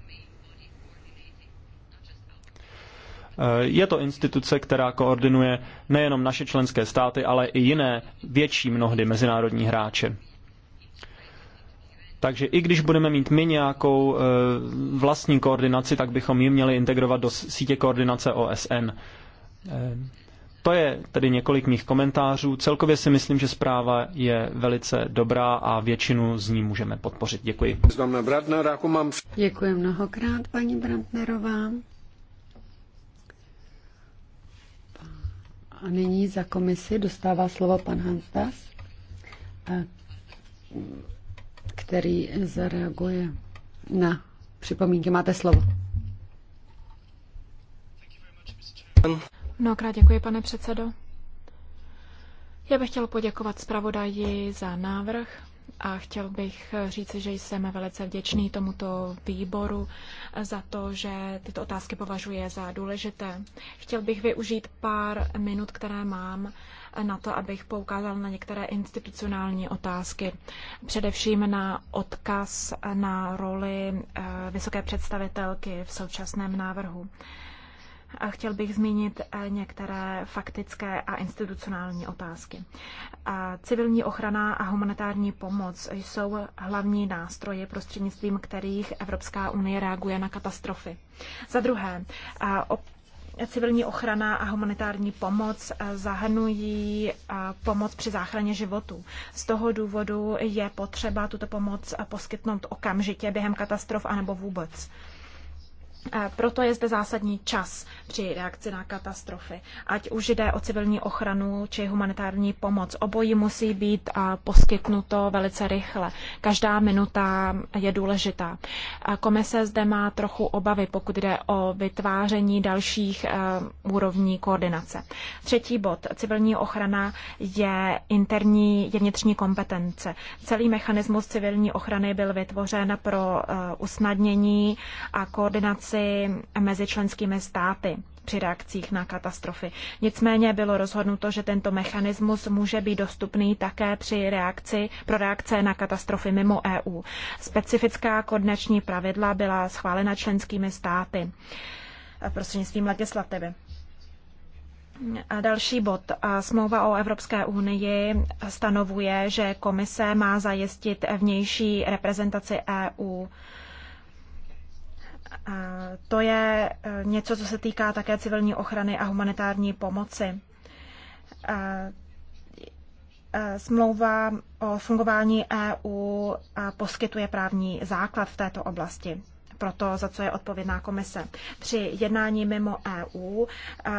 Je to instituce, která koordinuje nejenom naše členské státy, ale i jiné větší mnohdy mezinárodní hráče. Takže i když budeme mít my nějakou eh, vlastní koordinaci, tak bychom ji měli integrovat do sítě koordinace OSN. Eh, to je tedy několik mých komentářů. Celkově si myslím, že zpráva je velice dobrá a většinu z ní můžeme podpořit. Děkuji. Děkuji mnohokrát, paní Brandnerová. A nyní za komisi dostává slovo pan Das. Eh, který zareaguje na připomínky. Máte slovo. Mnohokrát děkuji, pane předsedo. Já bych chtěl poděkovat zpravodaji za návrh a chtěl bych říct, že jsem velice vděčný tomuto výboru za to, že tyto otázky považuje za důležité. Chtěl bych využít pár minut, které mám na to, abych poukázal na některé institucionální otázky. Především na odkaz na roli eh, vysoké představitelky v současném návrhu. A chtěl bych zmínit eh, některé faktické a institucionální otázky. Civilní ochrana a humanitární pomoc jsou hlavní nástroje, prostřednictvím kterých Evropská unie reaguje na katastrofy. Za druhé, civilní ochrana a humanitární pomoc eh, zahrnují eh, pomoc při záchraně životů. Z toho důvodu je potřeba tuto pomoc eh, poskytnout okamžitě během katastrof anebo vůbec. Proto je zde zásadní čas při reakci na katastrofy. Ať už jde o civilní ochranu či humanitární pomoc. Obojí musí být poskytnuto velice rychle. Každá minuta je důležitá. Komise zde má trochu obavy, pokud jde o vytváření dalších úrovní koordinace. Třetí bod. Civilní ochrana je interní, je vnitřní kompetence. Celý mechanismus civilní ochrany byl vytvořen pro usnadnění a koordinaci mezi, mezi členskými státy při reakcích na katastrofy. Nicméně bylo rozhodnuto, že tento mechanismus může být dostupný také při reakci pro reakce na katastrofy mimo EU. Specifická koordinační pravidla byla schválena členskými státy prostřednictvím legislativy. A další bod. Smlouva o Evropské unii stanovuje, že komise má zajistit vnější reprezentaci EU to je e, něco, co se týká také civilní ochrany a humanitární pomoci. E, e, Smlouva o fungování EU poskytuje právní základ v této oblasti pro to, za co je odpovědná komise. Při jednání mimo EU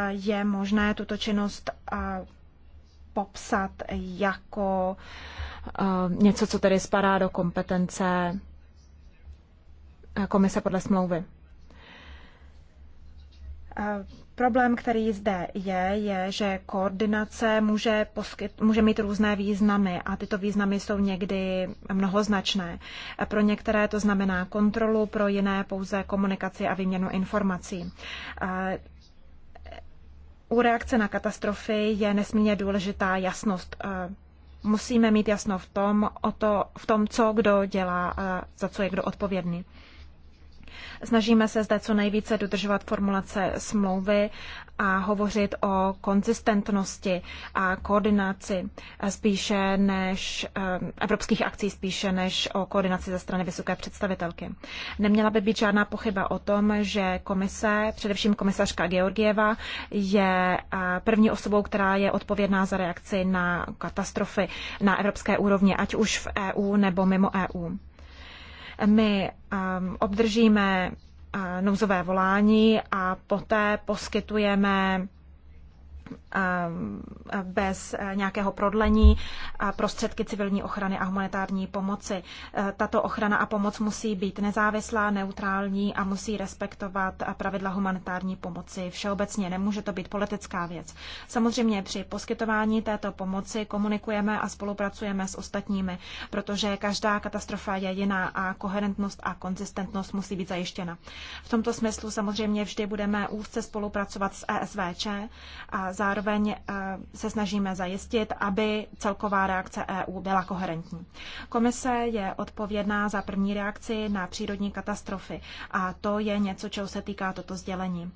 je možné tuto činnost popsat jako něco, co tedy spadá do kompetence komise podle smlouvy. Problém, který zde je, je, že koordinace může, poskyt, může mít různé významy a tyto významy jsou někdy mnohoznačné. Pro některé to znamená kontrolu, pro jiné pouze komunikaci a výměnu informací. U reakce na katastrofy je nesmírně důležitá jasnost. Musíme mít jasno v tom, o to, v tom co kdo dělá, za co je kdo odpovědný. Snažíme se zde co nejvíce dodržovat formulace smlouvy a hovořit o konzistentnosti a koordinaci eh, spíše než eh, evropských akcí spíše než o koordinaci ze strany vysoké představitelky. Neměla by být žádná pochyba o tom, že komise, především komisařka Georgieva, je eh, první osobou, která je odpovědná za reakci na katastrofy na evropské úrovni, ať už v EU nebo mimo EU. My um, obdržíme uh, nouzové volání a poté poskytujeme bez nějakého prodlení prostředky civilní ochrany a humanitární pomoci. E, tato ochrana a pomoc musí být nezávislá, neutrální a musí respektovat pravidla humanitární pomoci všeobecně. Nemůže to být politická věc. Samozřejmě při poskytování této pomoci komunikujeme a spolupracujeme s ostatními, protože každá katastrofa je jiná a koherentnost a konzistentnost musí být zajištěna. V tomto smyslu samozřejmě vždy budeme úzce spolupracovat s ESVČ a zároveň eh, se snažíme zajistit, aby celková reakce EU byla koherentní. Komise je odpovědná za první reakci na přírodní katastrofy a to je něco, čeho se týká toto sdělení.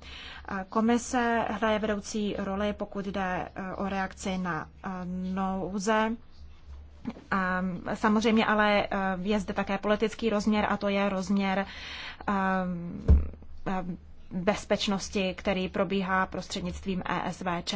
Eh, komise hraje vedoucí roli, pokud jde eh, o reakci na nouze. Samozřejmě ale je zde také politický rozměr a to je rozměr bezpečnosti, který probíhá prostřednictvím ESVČ.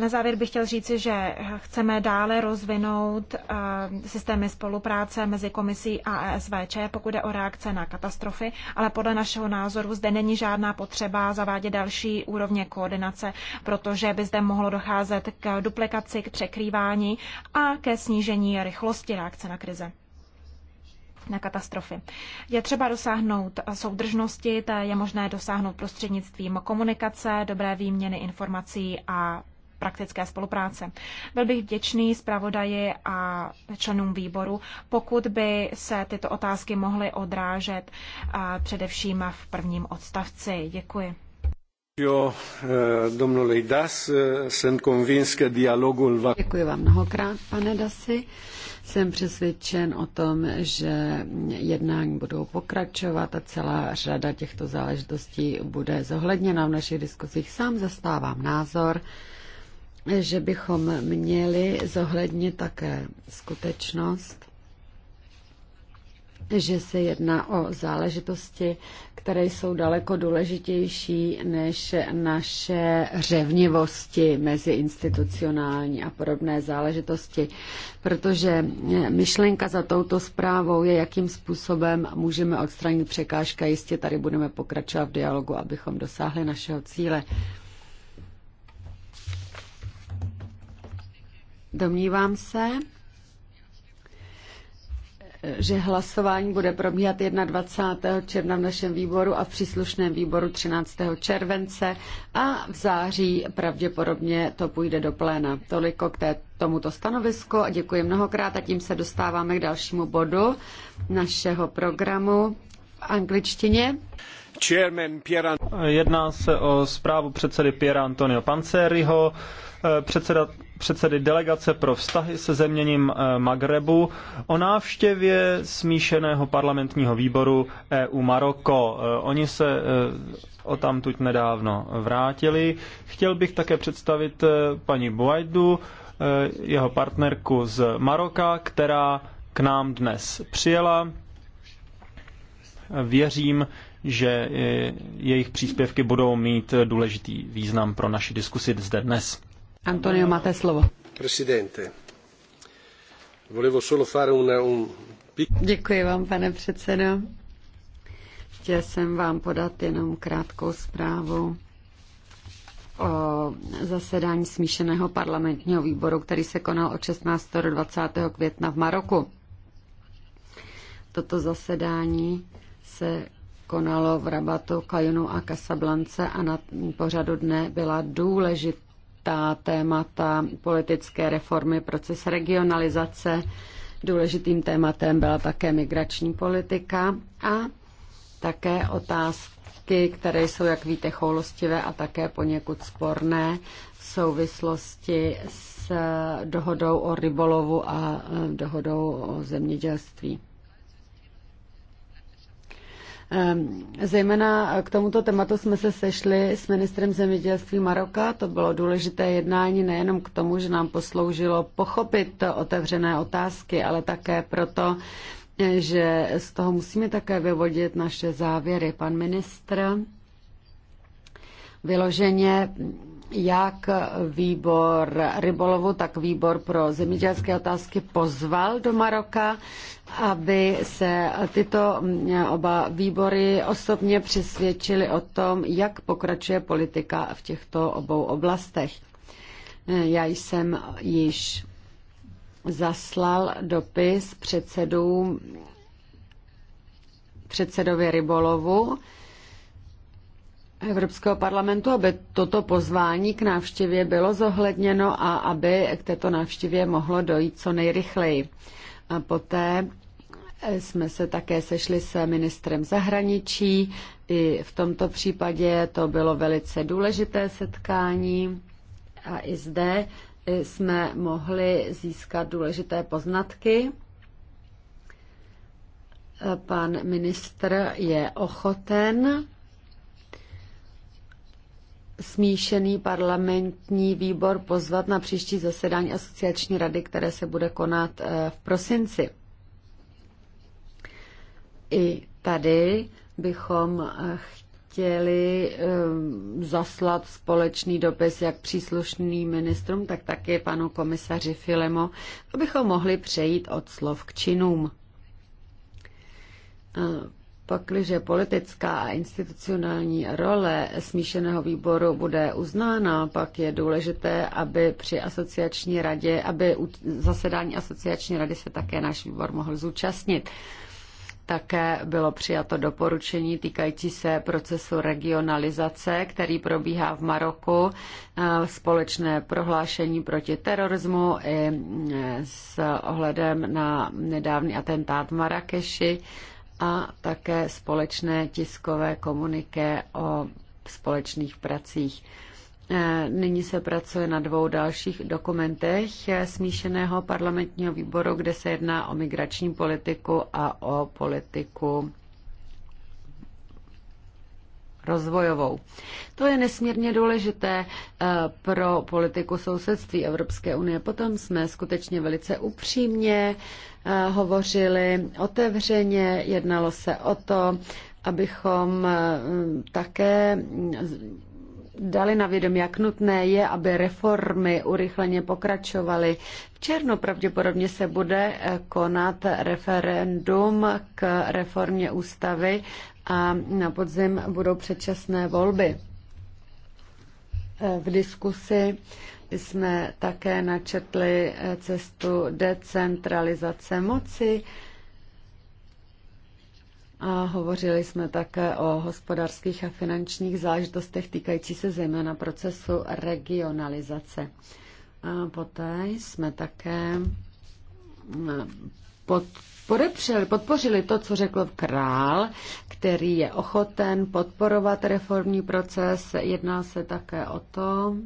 Na závěr bych chtěl říci, že chceme dále rozvinout eh, systémy spolupráce mezi komisí a ESVČ, pokud je o reakce na katastrofy, ale podle našeho názoru zde není žádná potřeba zavádět další úrovně koordinace, protože by zde mohlo docházet k duplikaci, k překrývání a ke snížení rychlosti reakce na krize na katastrofy. Je třeba dosáhnout soudržnosti, je možné dosáhnout prostřednictvím komunikace, dobré výměny informací a praktické spolupráce. Byl bych vděčný zpravodaji a členům výboru, pokud by se tyto otázky mohly odrážet a především v prvním odstavci. Děkuji. Jo, eh, domnule Das, jsem eh, convins, că dialogul va... Děkuji vám mnohokrát, pane Dasi. Jsem přesvědčen o tom, že jednání budou pokračovat a celá řada těchto záležitostí bude zohledněna v našich diskuzích. Sám zastávám názor, že bychom měli zohlednit také skutečnost, že se jedná o záležitosti, které jsou daleko důležitější než naše řevnivosti mezi institucionální a podobné záležitosti, protože myšlenka za touto zprávou je, jakým způsobem můžeme odstranit překážka. Jistě tady budeme pokračovat v dialogu, abychom dosáhli našeho cíle. Domnívám se, že hlasování bude probíhat 21. června v našem výboru a v příslušném výboru 13. července a v září pravděpodobně to půjde do pléna. Toliko k té, tomuto stanovisku a děkuji mnohokrát a tím se dostáváme k dalšímu bodu našeho programu v angličtině. Jedná se o zprávu předsedy Piera Antonio Panceriho Eh, předseda, předsedy delegace pro vztahy se zeměním eh, Magrebu o návštěvě smíšeného parlamentního výboru EU Maroko. Eh, oni se o tamtuť nedávno vrátili. Chtěl bych také představit paní Buajdu, jeho partnerku z Maroka, která k nám dnes přijela. Věřím, že jejich příspěvky budou mít důležitý význam pro naši diskusi zde dnes pane předsedající Chtěl jsem vám podat jenom krátkou zprávu o zasedání smíšeného parlamentního výboru, který se konal od 16. do 20. května v Maroku. Toto zasedání se konalo v Rabatu, Kajunu a Kasablance a na pořadu dne byla důležitá ta témata politické reformy, proces regionalizace. Důležitým tématem byla také migrační politika a také otázky, které jsou, jak víte, choulostivé a také poněkud sporné v souvislosti s dohodou o rybolovu a eh, dohodou o zemědělství. Ehm, zejména k tomuto tématu jsme se sešli s ministrem zemědělství Maroka. To bylo důležité jednání nejenom k tomu, že nám posloužilo pochopit otevřené otázky, ale také proto, eh, že z toho musíme také vyvodit naše závěry. Pan ministr vyloženě jak výbor rybolovu, tak výbor pro zemědělské otázky pozval do Maroka, aby se tyto oba výbory osobně přesvědčili o tom, jak pokračuje politika v těchto obou oblastech. Já jsem již zaslal dopis předsedům, předsedovi rybolovu, Evropského parlamentu, aby toto pozvání k návštěvě bylo zohledněno a aby k této návštěvě mohlo dojít co nejrychleji. A poté jsme se také sešli se ministrem zahraničí. I v tomto případě to bylo velice důležité setkání a i zde jsme mohli získat důležité poznatky. Pan ministr je ochoten smíšený parlamentní výbor pozvat na příští zasedání asociační rady, které se bude konat eh, v prosinci. I tady bychom eh, chtěli eh, zaslat společný dopis jak příslušným ministrům, tak také panu komisaři Filemo, abychom mohli přejít od slov k činům Pakliže politická a institucionální role smíšeného výboru bude uznána, pak je důležité, aby při asociační radě, aby zasedání asociační rady se také náš výbor mohl zúčastnit. Také bylo přijato doporučení týkající se procesu regionalizace, který probíhá v Maroku, eh, společné prohlášení proti terorismu i eh, s ohledem na nedávný atentát v Marrakeši a také společné tiskové komuniké o společných pracích. E, nyní se pracuje na dvou dalších dokumentech smíšeného parlamentního výboru, kde se jedná o migrační politiku a o politiku rozvojovou. To je nesmírně důležité eh, pro politiku sousedství Evropské unie. Potom jsme skutečně velice upřímně eh, hovořili otevřeně, jednalo se o to, abychom eh, také dali na vědomí, jak nutné je, aby reformy urychleně pokračovaly. V černu pravděpodobně se bude konat referendum k reformě ústavy a na podzim budou předčasné volby. V diskusi jsme také načetli cestu decentralizace moci a hovořili jsme také o hospodářských a finančních záležitostech týkající se zejména procesu regionalizace. A poté jsme také eh, pod podepřeli, podpořili to, co řekl král, který je ochoten podporovat reformní proces. Jedná se také o to,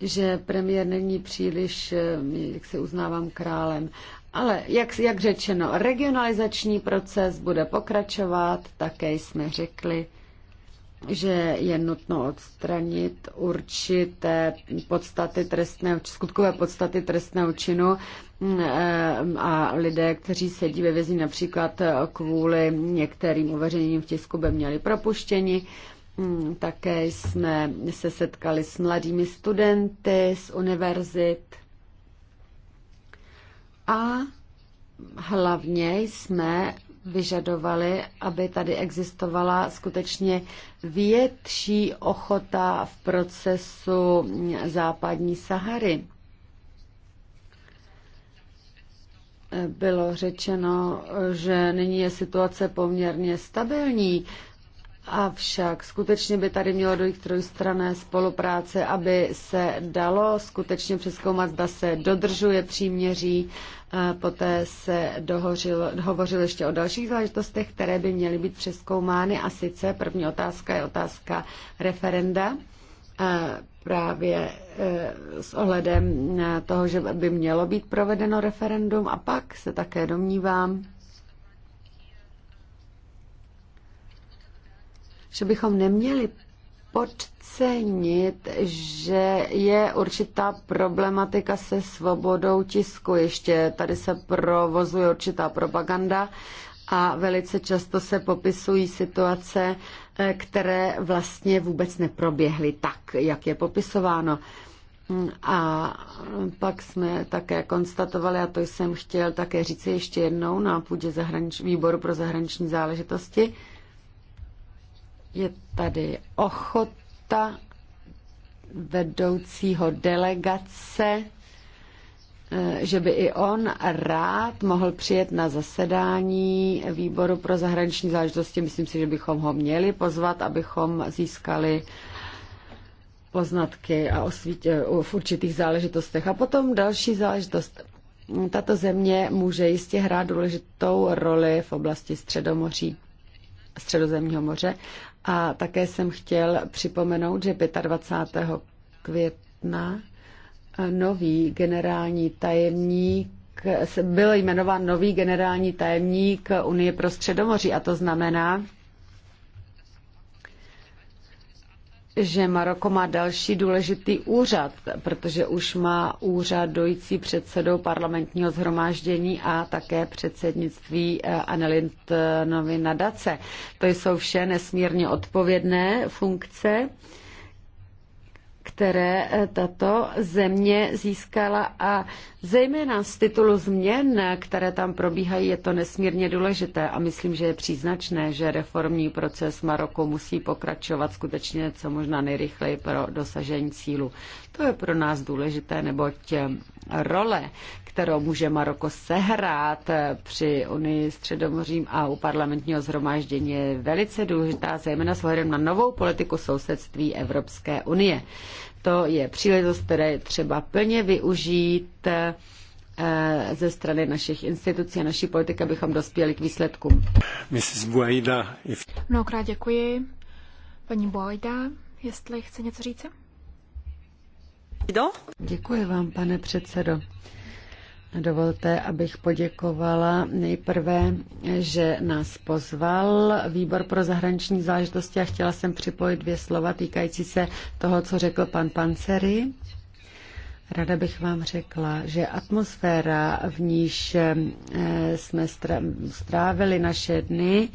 že premiér není příliš, jak se uznávám, králem. Ale jak, jak řečeno, regionalizační proces bude pokračovat, také jsme řekli, že je nutno odstranit určité podstaty trestného, skutkové podstaty trestného činu mm, eh, a lidé, kteří sedí ve vězení například kvůli některým uveřejněním v tisku, by měli propuštěni. Mm, také jsme se setkali s mladými studenty z univerzit a hlavně jsme vyžadovali, aby tady existovala skutečně větší ochota v procesu západní Sahary. Bylo řečeno, že nyní je situace poměrně stabilní, Avšak skutečně by tady mělo dojít k trojstrané spolupráce, aby se dalo skutečně přeskoumat, zda se dodržuje příměří. Eh, poté se dohořil, hovořil ještě o dalších záležitostech, které by měly být přeskoumány. A sice první otázka je otázka referenda eh, právě eh, s ohledem na toho, že by mělo být provedeno referendum. A pak se také domnívám, že bychom neměli podcenit, že je určitá problematika se svobodou tisku. Ještě tady se provozuje určitá propaganda a velice často se popisují situace, eh, které vlastně vůbec neproběhly tak, jak je popisováno. Mm, a pak jsme také konstatovali, a to jsem chtěl také říci ještě jednou na půdě zahranič- výboru pro zahraniční záležitosti, je tady ochota vedoucího delegace, eh, že by i on rád mohl přijet na zasedání výboru pro zahraniční záležitosti. Myslím si, že bychom ho měli pozvat, abychom získali poznatky a osvítě, eh, v určitých záležitostech. A potom další záležitost. Tato země může jistě hrát důležitou roli v oblasti Středomoří, Středozemního moře a také jsem chtěl připomenout, že 25. května eh, nový generální tajemník byl jmenován nový generální tajemník Unie pro Středomoří a to znamená, že Maroko má další důležitý úřad, protože už má úřad dojící předsedou parlamentního zhromáždění a také předsednictví eh, Anelintnovy nadace. To jsou vše nesmírně odpovědné funkce které eh, tato země získala a zejména z titulu změn, které tam probíhají, je to nesmírně důležité a myslím, že je příznačné, že reformní proces Maroko musí pokračovat skutečně co možná nejrychleji pro dosažení cílu. To je pro nás důležité, neboť eh, role, kterou může Maroko sehrát při Unii středomořím a u parlamentního zhromáždění je velice důležitá, zejména s ohledem na novou politiku sousedství Evropské unie. To je příležitost, které je třeba plně využít eh, ze strany našich institucí a naší politiky, abychom dospěli k výsledkům. Mrs. Mnohokrát děkuji. Paní Boajda, jestli chce něco říct? Děkuji vám, pane předsedo. Dovolte, abych poděkovala nejprve, že nás pozval výbor pro zahraniční záležitosti a chtěla jsem připojit dvě slova týkající se toho, co řekl pan Pancery. Rada bych vám řekla, že atmosféra, v níž eh, jsme strávili naše dny,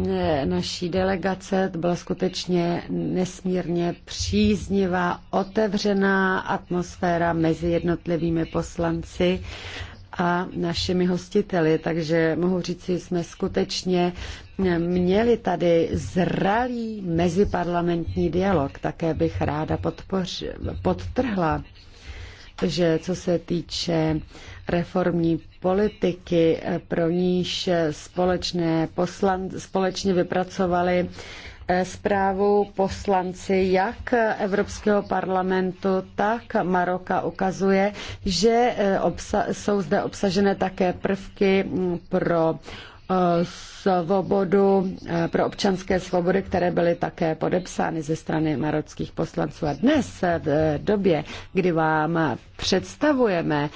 E, naší delegace. To byla skutečně nesmírně příznivá, otevřená atmosféra mezi jednotlivými poslanci a našimi hostiteli. Takže mohu říct, že jsme skutečně měli tady zralý meziparlamentní dialog. Také bych ráda podpoř, podtrhla, že co se týče reformní politiky, pro níž společné poslan, společně vypracovali eh, zprávu poslanci jak Evropského parlamentu, tak Maroka ukazuje, že eh, jsou zde obsažené také prvky mm, pro svobodu, eh, pro občanské svobody, které byly také podepsány ze strany marockých poslanců. A dnes eh, v eh, době, kdy vám představujeme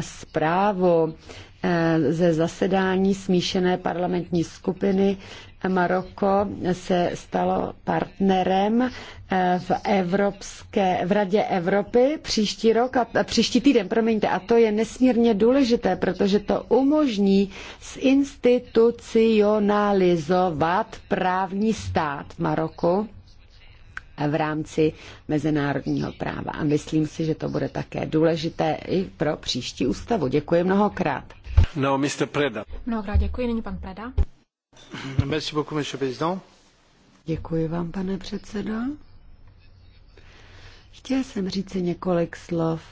zprávu ze zasedání smíšené parlamentní skupiny, Maroko se stalo partnerem eh, v, Evropské, v Radě Evropy příští rok a eh, příští týden, promiňte, a to je nesmírně důležité, protože to umožní zinstitucionalizovat právní stát v Maroku v rámci mezinárodního práva. A myslím si, že to bude také důležité i pro příští ústavu. Děkuji mnohokrát. No, Mr. Preda. Mnohokrát děkuji, nyní pan Preda. Děkuji vám, pane předsedo. Chtěla jsem říct několik slov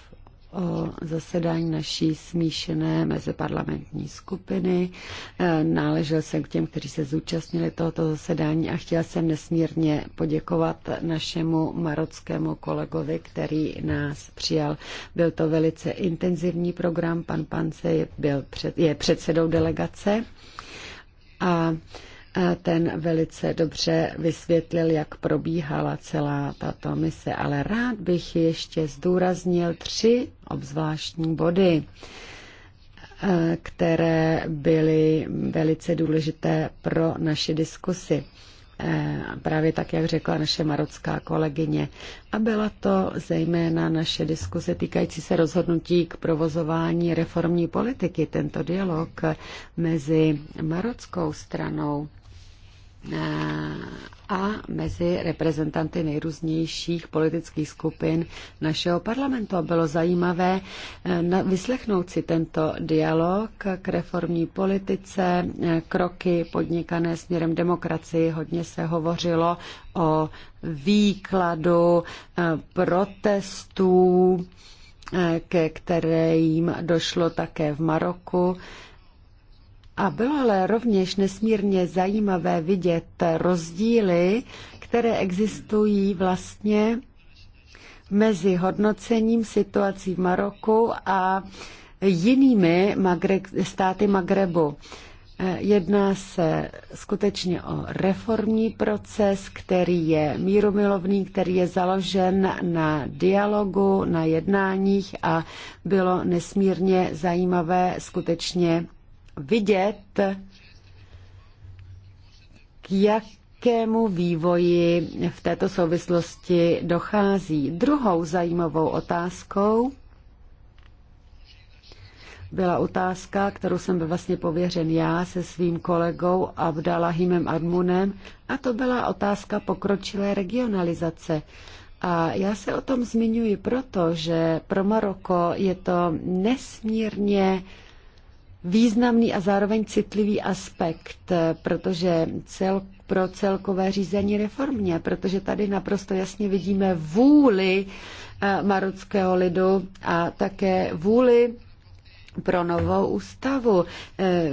o zasedání naší smíšené meziparlamentní skupiny. E, náležel jsem k těm, kteří se zúčastnili tohoto zasedání a chtěl jsem nesmírně poděkovat našemu marockému kolegovi, který nás přijal. Byl to velice intenzivní program, pan Pance je, byl před, je předsedou delegace a ten velice dobře vysvětlil, jak probíhala celá tato mise, ale rád bych ještě zdůraznil tři obzvláštní body, které byly velice důležité pro naši diskusi. Eh, právě tak, jak řekla naše marocká kolegyně. A byla to zejména naše diskuse týkající se rozhodnutí k provozování reformní politiky, tento dialog mezi marockou stranou eh, a mezi reprezentanty nejrůznějších politických skupin našeho parlamentu. A bylo zajímavé eh, vyslechnout si tento dialog k reformní politice, eh, kroky podnikané směrem demokracii. Hodně se hovořilo o výkladu eh, protestů, ke kterým došlo také v Maroku. A bylo ale rovněž nesmírně zajímavé vidět rozdíly, které existují vlastně mezi hodnocením situací v Maroku a jinými Magre- státy Magrebu. Jedná se skutečně o reformní proces, který je mírumilovný, který je založen na dialogu, na jednáních a bylo nesmírně zajímavé skutečně vidět, k jakému vývoji v této souvislosti dochází. Druhou zajímavou otázkou byla otázka, kterou jsem byl vlastně pověřen já se svým kolegou Abdalahimem Admunem, a to byla otázka pokročilé regionalizace. A já se o tom zmiňuji proto, že pro Maroko je to nesmírně uh, významný a zároveň citlivý aspekt, eh, protože cel, pro celkové řízení reformně, protože tady naprosto jasně vidíme vůli eh, marockého lidu a také vůli pro novou ústavu, eh,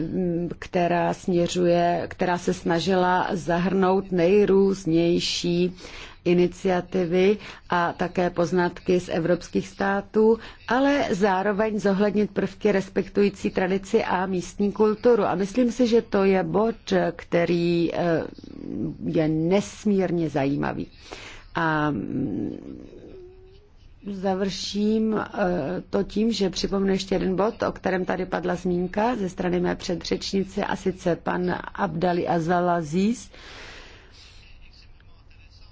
která směřuje, která se snažila zahrnout nejrůznější iniciativy a také poznatky z evropských států, ale zároveň zohlednit prvky respektující tradici a místní kulturu. A myslím si, že to je bod, který eh, je nesmírně zajímavý. A mm, završím eh, to tím, že připomnu ještě jeden bod, o kterém tady padla zmínka ze strany mé předřečnice, a sice pan Abdali Zis,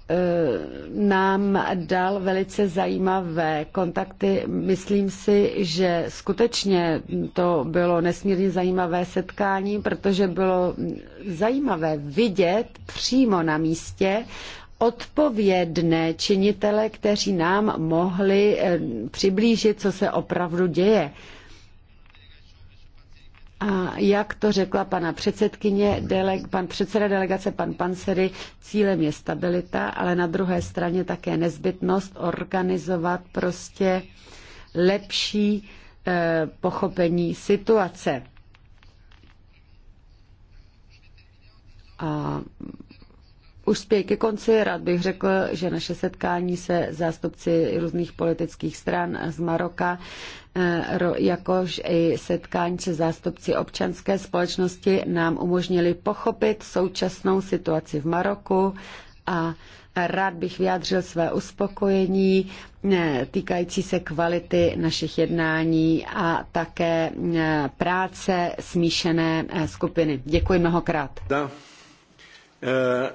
Eh, nám dal velice zajímavé kontakty. Myslím si, že skutečně to bylo nesmírně zajímavé setkání, protože bylo zajímavé vidět přímo na místě odpovědné činitele, kteří nám mohli eh, přiblížit, co se opravdu děje. A jak to řekla pana předsedkyně, dele, pan předseda delegace, pan Pansery, cílem je stabilita, ale na druhé straně také nezbytnost organizovat prostě lepší e, pochopení situace. A už zpět ke konci rád bych řekl, že naše setkání se zástupci různých politických stran z Maroka Eh, jakož i setkání se zástupci občanské společnosti nám umožnili pochopit současnou situaci v Maroku a rád bych vyjádřil své uspokojení eh, týkající se kvality našich jednání a také eh, práce smíšené skupiny. Děkuji mnohokrát. Da. Eh,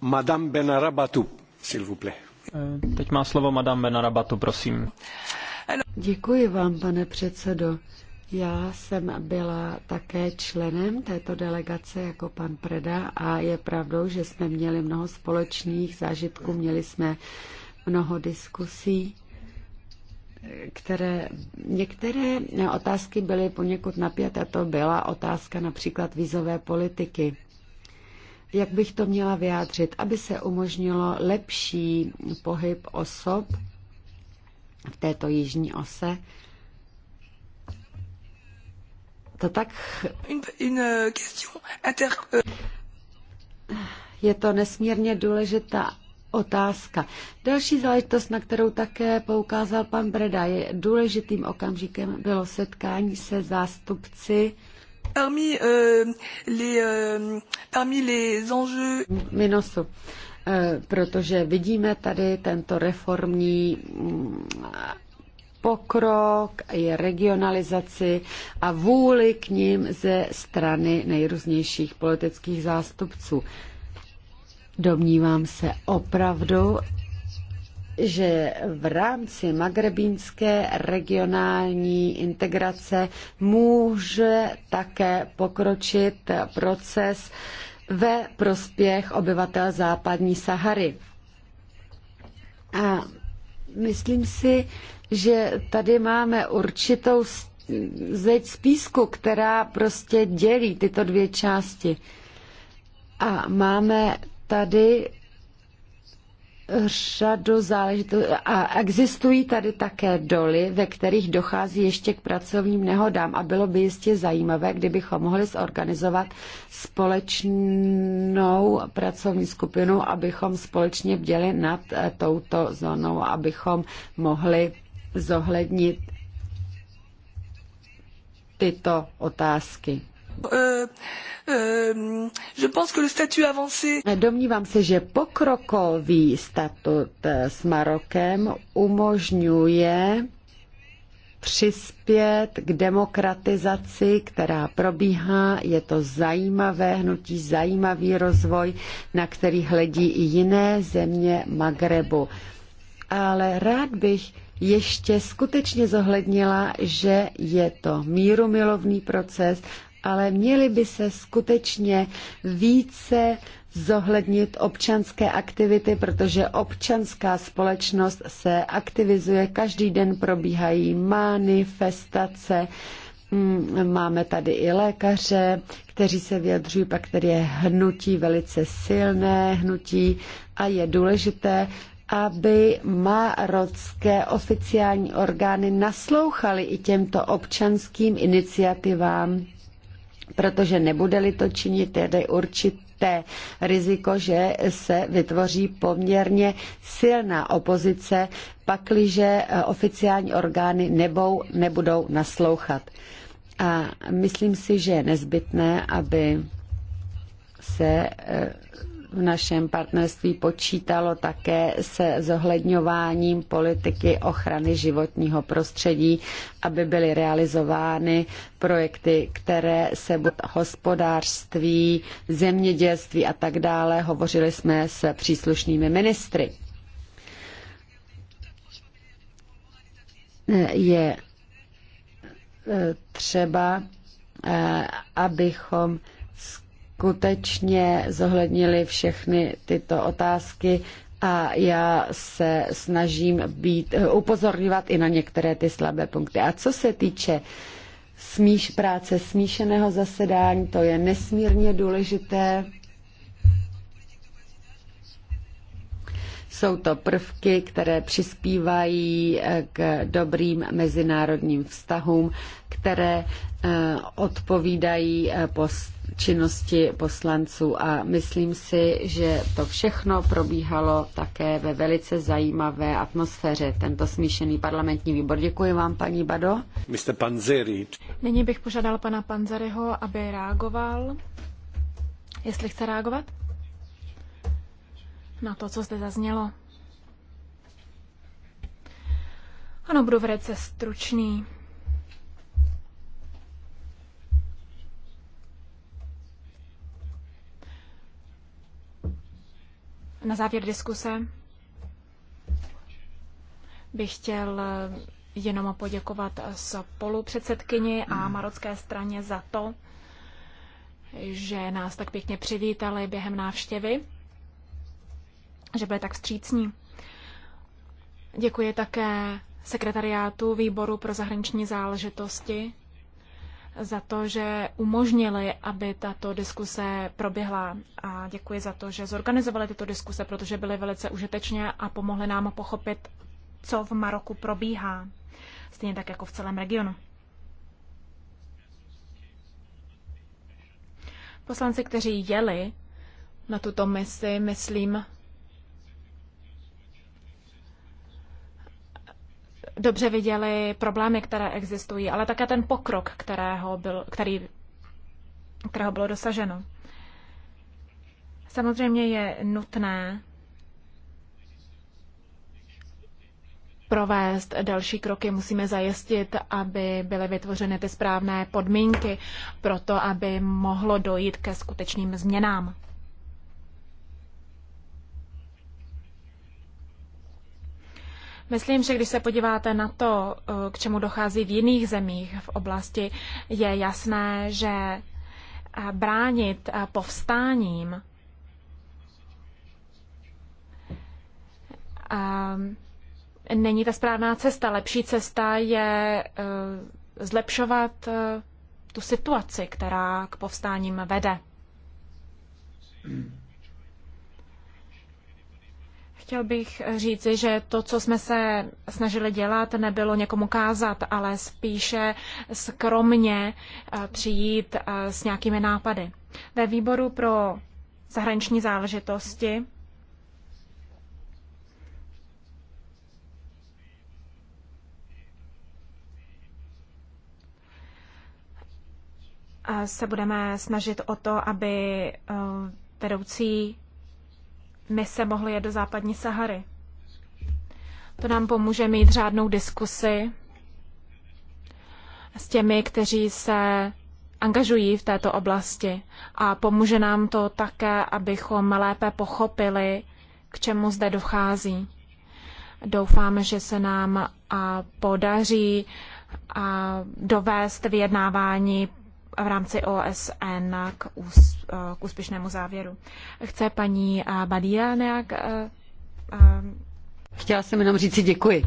Madame Benarabatu, s'il vous plaît. Teď má slovo Madame Benarabatu, prosím. Eh, Děkuji vám, pane předsedo. Já jsem byla také členem této delegace jako pan Preda a je pravdou, že jsme měli mnoho společných zážitků, měli jsme mnoho diskusí, které některé otázky byly poněkud napjaté. To byla otázka například vízové politiky jak bych to měla vyjádřit, aby se umožnilo lepší pohyb osob v této jižní ose. To tak... Je to nesmírně důležitá otázka. Další záležitost, na kterou také poukázal pan Breda, je důležitým okamžikem bylo setkání se zástupci parmi, euh, les, euh, parmi les enjeux... Minosu. Eh, protože vidíme tady tento reformní mm, pokrok, je regionalizaci a vůli k ním ze strany nejrůznějších politických zástupců. Domnívám se opravdu, že v rámci magrebínské regionální integrace může také pokročit proces ve prospěch obyvatel západní Sahary. A myslím si, že tady máme určitou zeď z písku, která prostě dělí tyto dvě části. A máme tady řadu záležitostí a existují tady také doly, ve kterých dochází ještě k pracovním nehodám a bylo by jistě zajímavé, kdybychom mohli zorganizovat společnou pracovní skupinu, abychom společně bděli nad eh, touto zónou, abychom mohli zohlednit tyto otázky. Eh, eh, eh, Domnívám se, že pokrokový statut s Marokem umožňuje přispět k demokratizaci, která probíhá. Je to zajímavé hnutí, zajímavý rozvoj, na který hledí i jiné země Magrebu. Ale rád bych ještě skutečně zohlednila, že je to mírumilovný proces ale měly by se skutečně více zohlednit občanské aktivity, protože občanská společnost se aktivizuje, každý den probíhají manifestace, mm, Máme tady i lékaře, kteří se vyjadřují, pak tady je hnutí, velice silné hnutí a je důležité, aby marocké oficiální orgány naslouchaly i těmto občanským iniciativám protože nebude-li to činit, tedy té riziko, že se vytvoří poměrně silná opozice, pakliže eh, oficiální orgány nebou, nebudou naslouchat. A myslím si, že je nezbytné, aby se eh, v našem partnerství počítalo také se zohledňováním politiky ochrany životního prostředí, aby byly realizovány projekty, které se budou hospodářství, zemědělství a tak dále. Hovořili jsme s příslušnými ministry. Je eh, třeba, eh, abychom skutečně zohlednili všechny tyto otázky a já se snažím být, upozorňovat i na některé ty slabé punkty. A co se týče smíš práce smíšeného zasedání, to je nesmírně důležité. Jsou to prvky, které přispívají eh, k dobrým mezinárodním vztahům, které eh, odpovídají eh, post činnosti poslanců a myslím si, že to všechno probíhalo také ve velice zajímavé atmosféře, tento smíšený parlamentní výbor. Děkuji vám, paní Bado. Mr. Panzeri. Nyní bych požádal pana Panzeriho, aby reagoval. Jestli chce reagovat? Na to, co zde zaznělo. Ano, budu velice stručný. na závěr diskuse bych chtěl jenom poděkovat spolupředsedkyni a hmm. marocké straně za to, že nás tak pěkně přivítali během návštěvy, že byli tak vstřícní. Děkuji také sekretariátu výboru pro zahraniční záležitosti za to, že umožnili, aby tato diskuse proběhla. A děkuji za to, že zorganizovali tyto diskuse, protože byly velice užitečné a pomohly nám pochopit, co v Maroku probíhá. Stejně tak jako v celém regionu. Poslanci, kteří jeli na tuto misi, myslím, dobře viděli problémy, které existují, ale také ten pokrok, kterého byl, který, kterého bylo dosaženo. Samozřejmě je nutné provést další kroky. Musíme zajistit, aby byly vytvořeny ty správné podmínky pro to, aby mohlo dojít ke skutečným změnám. Myslím, že když se podíváte na to, eh, k čemu dochází v jiných zemích v oblasti, je jasné, že eh, bránit eh, povstáním ehm, není ta správná cesta. Lepší cesta je zlepšovat tu situaci, která k povstáním vede. Chtěl bych říci, že to, co jsme se snažili dělat, nebylo někomu kázat, ale spíše skromně eh, přijít eh, s nějakými nápady. Ve výboru pro zahraniční záležitosti eh, se budeme snažit o to, aby vedoucí se mohli jet do západní Sahary. To nám pomůže mít řádnou diskusi s těmi, kteří se angažují v této oblasti a pomůže nám to také, abychom lépe pochopili, k čemu zde dochází. Doufám, že se nám podaří dovést vyjednávání v rámci OSN k, ús, k úspěšnému závěru. Chce paní eh, Badia nějak... Eh, eh, Chtěla jsem jenom říci děkuji.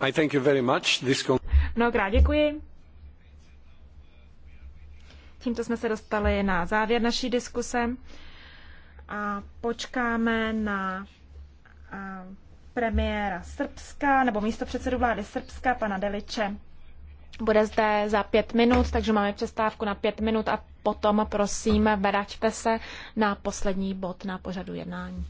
I thank you very much. This... Mnohokrát děkuji. Tímto jsme se dostali na závěr naší diskuse a počkáme na premiéra Srbska nebo místo předsedu vlády Srbska, pana Deliče. Bude zde za pět minut, takže máme přestávku na pět minut a potom prosím vraťte se na poslední bod na pořadu jednání.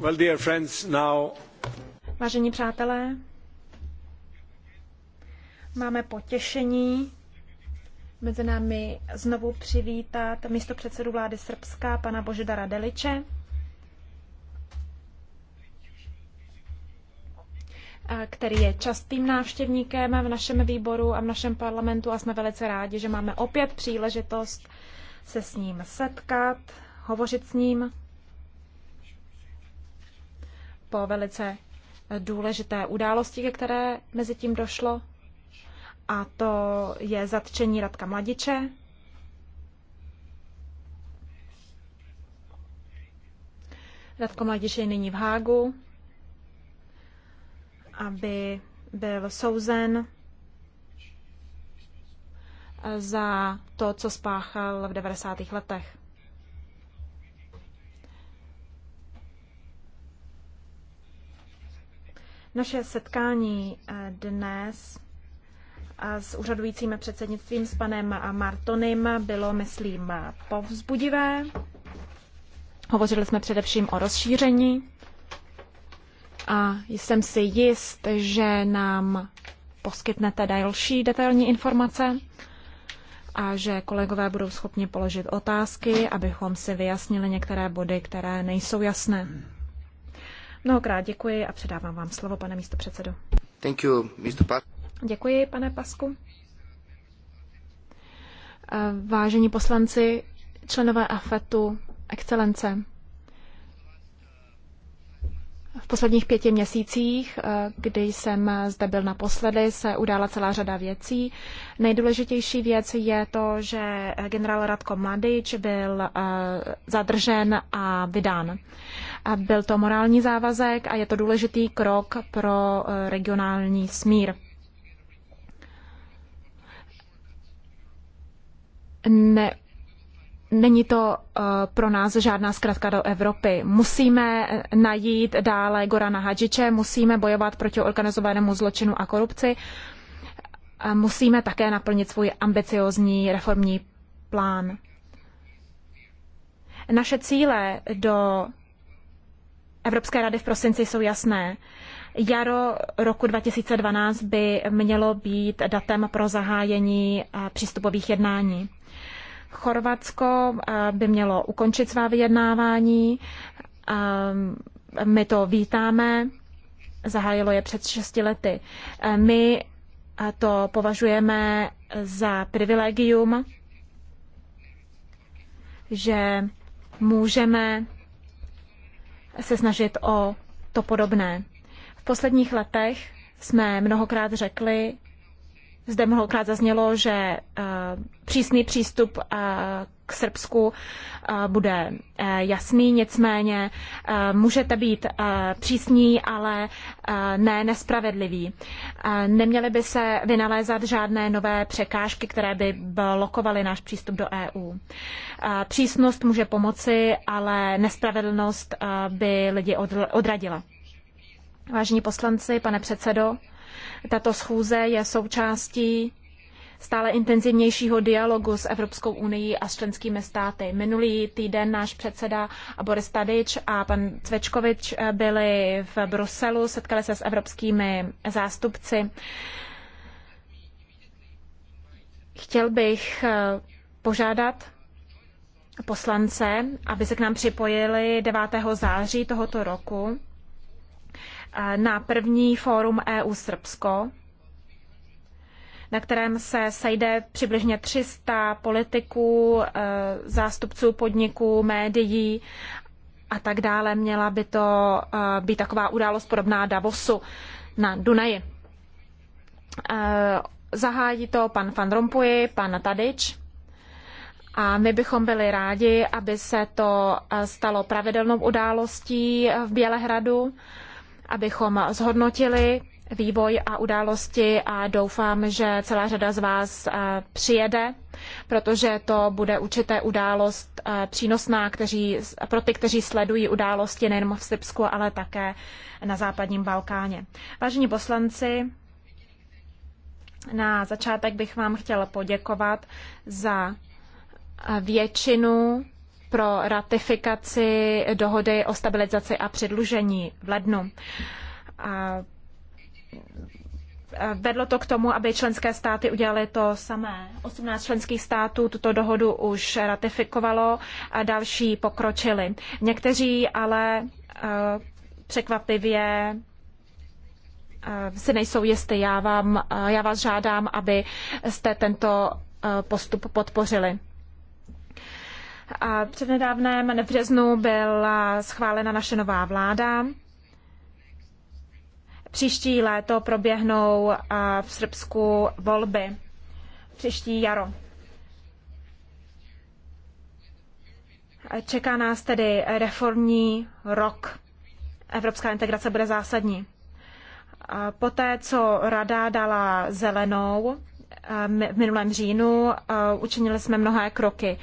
Well, dear friends, now... Vážení přátelé, máme potěšení mezi námi znovu přivítat místo předsedu vlády Srbska, pana Božidara Deliče. který je častým návštěvníkem v našem výboru a v našem parlamentu a jsme velice rádi, že máme opět příležitost se s ním setkat, hovořit s ním po velice důležité události, ke které mezi tím došlo. A to je zatčení Radka Mladiče. Radko Mladiče je nyní v Hágu, aby byl souzen za to, co spáchal v 90. letech. Naše setkání eh, dnes eh, s úřadujícím předsednictvím s panem Martonem bylo, myslím, povzbudivé. Hovořili jsme především o rozšíření a jsem si jist, že nám poskytnete další detailní informace a že kolegové budou schopni položit otázky, abychom si vyjasnili některé body, které nejsou jasné. Mnohokrát děkuji a předávám vám slovo, pane místo předsedo. Thank you, Mr. Pa- děkuji, pane Pasku. Vážení poslanci, členové AFETu, excelence, v posledních pěti měsících, eh, kdy jsem eh, zde byl naposledy, se udála celá řada věcí. Nejdůležitější věc je to, že eh, generál Radko Mladič byl zadržen a vydán. Byl to morální závazek a je to důležitý krok pro regionální smír. Ne, Není to eh, pro nás žádná zkratka do Evropy. Musíme eh, najít dále Gorana Hadžiče, musíme bojovat proti organizovanému zločinu a korupci. Musíme také naplnit svůj ambiciozní reformní plán. Naše cíle do Evropské rady v prosinci jsou jasné. Jaro roku 2012 by mělo být datem pro zahájení eh, přístupových jednání. Chorvatsko eh, by mělo ukončit svá vyjednávání. Eh, my to vítáme. Zahájilo je před šesti lety. Eh, my to považujeme za privilegium, že můžeme se snažit o to podobné. V posledních letech jsme mnohokrát řekli, zde mnohokrát zaznělo, že eh, přísný přístup eh, k Srbsku eh, bude jasný, nicméně můžete být přísní, ale ne nespravedlivý. Neměly by se vynalézat žádné nové překážky, které by blokovaly náš přístup do EU. Přísnost může pomoci, ale nespravedlnost by lidi odradila. Vážení poslanci, pane předsedo, tato schůze je součástí stále intenzivnějšího dialogu s Evropskou unii a s členskými státy. Minulý týden náš předseda Boris Tadič a pan Cvečkovič byli v Bruselu, setkali se s evropskými zástupci. Chtěl bych eh, požádat poslance, aby se k nám připojili 9. září tohoto roku Eh, na první fórum EU Srbsko, na kterém se sejde přibližně 300 politiků, eh, zástupců podniků, médií a tak dále. Měla by to eh, být taková událost podobná Davosu na Dunaji. Zahájí to pan Van Rompuy, pan Tadič. A my bychom byli rádi, aby se to stalo pravidelnou událostí v Bělehradu abychom zhodnotili vývoj a události a doufám, že celá řada z vás eh, přijede, protože to bude určité událost eh, přínosná kteří, pro ty, kteří sledují události nejen v Srbsku, ale také na západním Balkáně. Vážení poslanci, na začátek bych vám chtěla poděkovat za eh, většinu pro ratifikaci dohody o stabilizaci a předlužení v lednu. A vedlo to k tomu, aby členské státy udělaly to samé. 18 členských států tuto dohodu už ratifikovalo a další pokročili. Někteří ale e, překvapivě e, si nejsou jisty. Já, vám, e, já vás žádám, abyste tento postup podpořili. Přednedávném v březnu byla schválena naše nová vláda. Příští léto proběhnou v Srbsku volby. Příští jaro. Čeká nás tedy reformní rok. Evropská integrace bude zásadní. Poté, co Rada dala zelenou, v minulém říjnu. Učinili jsme mnohé kroky.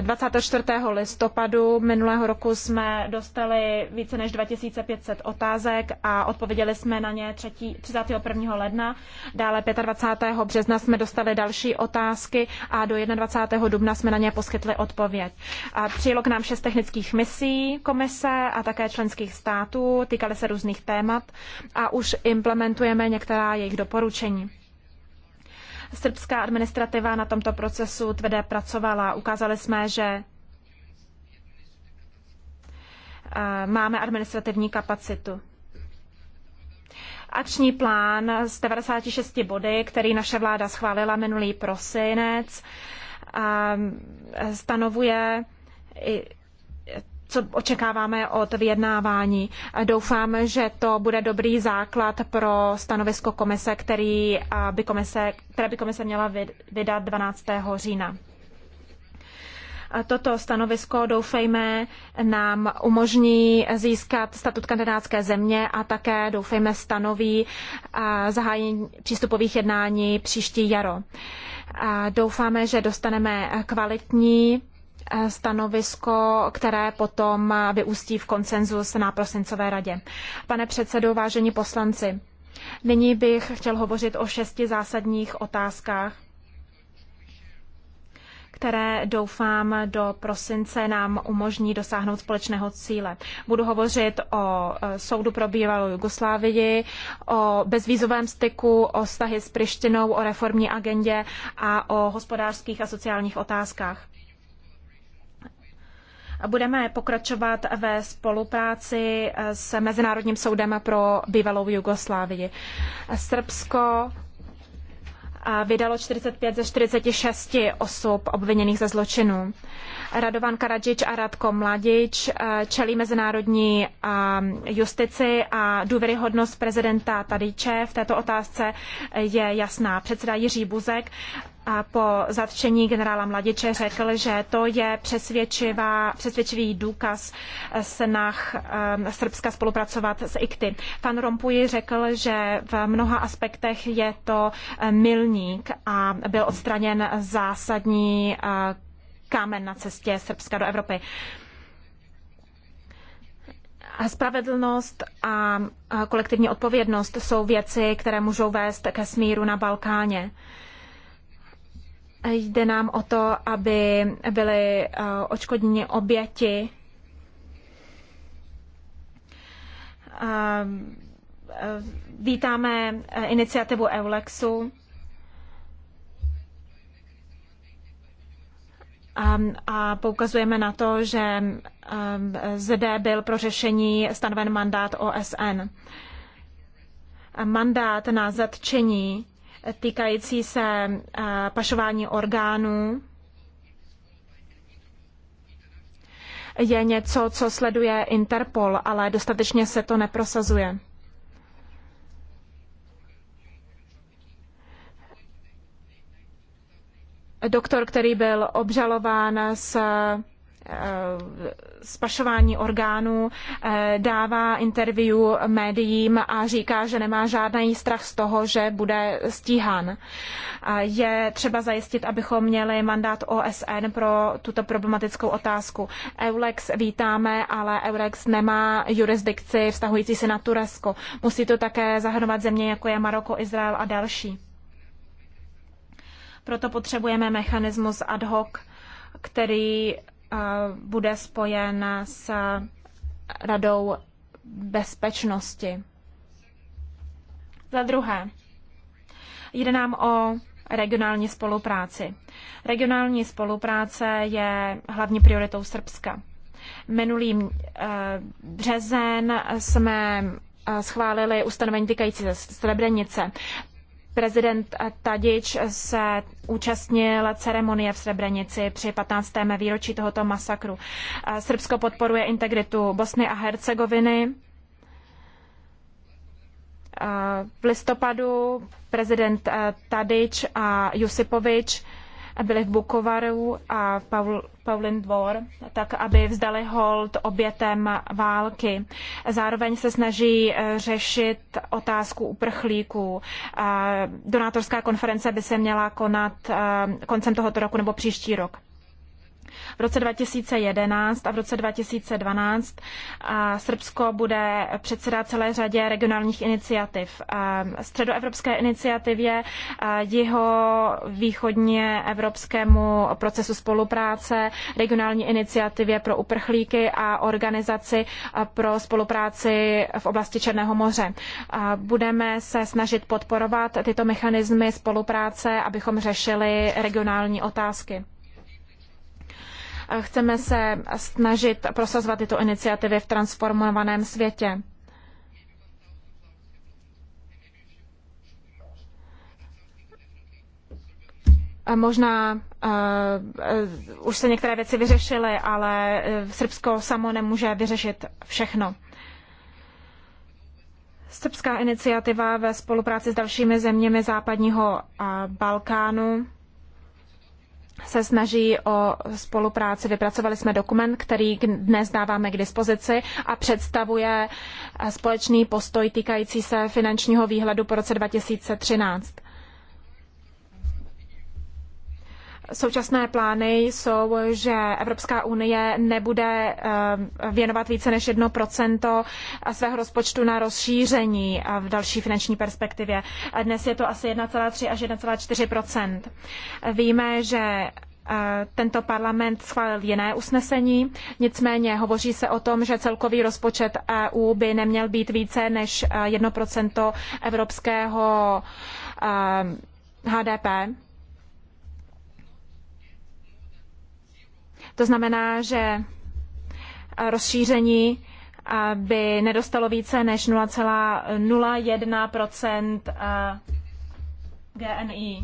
24. listopadu minulého roku jsme dostali více než 2500 otázek a odpověděli jsme na ně 3. 31. ledna. Dále 25. března jsme dostali další otázky a do 21. dubna jsme na ně poskytli odpověď. Přijelo k nám šest technických misí komise a také členských států, týkaly se různých témat a už implementujeme některá jejich doporučení. Srbská administrativa na tomto procesu tvrdé pracovala. Ukázali jsme, že eh, máme administrativní kapacitu. Akční plán z 96 body, který naše vláda schválila minulý prosinec, eh, stanovuje co očekáváme od vyjednávání. Doufám, že to bude dobrý základ pro stanovisko komise, který by komise, které by komise měla vydat 12. října. Toto stanovisko, doufejme, nám umožní získat statut kandidátské země a také, doufejme, stanoví zahájení přístupových jednání příští jaro. Doufáme, že dostaneme kvalitní Eh, stanovisko, které potom eh, vyústí v konsenzus na prosincové radě. Pane předsedo, vážení poslanci, nyní bych chtěl hovořit o šesti zásadních otázkách, které doufám do prosince nám umožní dosáhnout společného cíle. Budu hovořit o eh, soudu pro bývalou Jugoslávii, o bezvízovém styku, o vztahy s Prištinou, o reformní agendě a o hospodářských a sociálních otázkách. Budeme pokračovat ve spolupráci s Mezinárodním soudem pro bývalou Jugoslávii. Srbsko vydalo 45 ze 46 osob obviněných ze zločinu. Radovan Karadžič a Radko Mladič čelí mezinárodní justici a důvěryhodnost prezidenta Tadiče v této otázce je jasná. Předseda Jiří Buzek po zatčení generála Mladiče řekl, že to je přesvědčivá, přesvědčivý důkaz eh, snah eh, Srbska spolupracovat s IKTY. Pan Rompuy řekl, že v mnoha aspektech je to eh, milník a byl odstraněn zásadní kámen na cestě Srbska do Evropy. Spravedlnost a kolektivní odpovědnost jsou věci, které můžou vést ke smíru na Balkáně. Jde nám o to, aby byly eh, očkodněny oběti eh, vítáme eh, iniciativu Eulexu. Ehm, a poukazujeme na to, že ehm, zde byl pro řešení stanoven mandát OSN. Mandát na zatčení týkající se eh, pašování orgánů je něco, co sleduje Interpol, ale dostatečně se to neprosazuje. Doktor, který byl obžalován z Eh, spašování orgánů, eh, dává interview médiím a říká, že nemá žádný strach z toho, že bude stíhán. Je třeba zajistit, abychom měli mandát OSN pro tuto problematickou otázku. Eulex vítáme, ale Eulex nemá jurisdikci vztahující se na Turecko. Musí to také zahrnovat země, jako je Maroko, Izrael a další. Proto potřebujeme mechanismus ad hoc, který bude spojen s radou bezpečnosti. Za druhé, jde nám o regionální spolupráci. Regionální spolupráce je hlavní prioritou Srbska. Minulý eh, březen jsme eh, schválili ustanovení týkající se Srebrenice. Prezident Tadič se účastnil ceremonie v Srebrenici při 15. výročí tohoto masakru. Srbsko podporuje integritu Bosny a Hercegoviny. V listopadu prezident Tadič a Jusipovič byli v Bukovaru a Paul, Paulin Dvor, tak aby vzdali hold obětem války. Zároveň se snaží eh, řešit otázku uprchlíků. Eh, donátorská konference by se měla konat eh, koncem tohoto roku nebo příští rok. V roce 2011 a v roce 2012 Srbsko bude předsedat celé řadě regionálních iniciativ. Středoevropské iniciativě, jeho východně evropskému procesu spolupráce, regionální iniciativě pro uprchlíky a organizaci pro spolupráci v oblasti Černého moře. Budeme se snažit podporovat tyto mechanismy spolupráce, abychom řešili regionální otázky. Chceme se snažit prosazovat tyto iniciativy v transformovaném světě. Možná uh, už se některé věci vyřešily, ale eh, Srbsko samo nemůže vyřešit všechno. Srbská iniciativa ve spolupráci s dalšími zeměmi západního Balkánu se snaží o spolupráci. Vypracovali jsme dokument, který dnes dáváme k dispozici a představuje společný postoj týkající se finančního výhledu po roce 2013. Současné plány jsou, že Evropská unie nebude eh, věnovat více než 1% svého rozpočtu na rozšíření eh, v další finanční perspektivě. Dnes je to asi 1,3 až 1,4 Víme, že eh, tento parlament schválil jiné usnesení, nicméně hovoří se o tom, že celkový rozpočet EU by neměl být více než 1% evropského HDP To znamená, že rozšíření eh, by nedostalo více než 0,01 eh, GNI.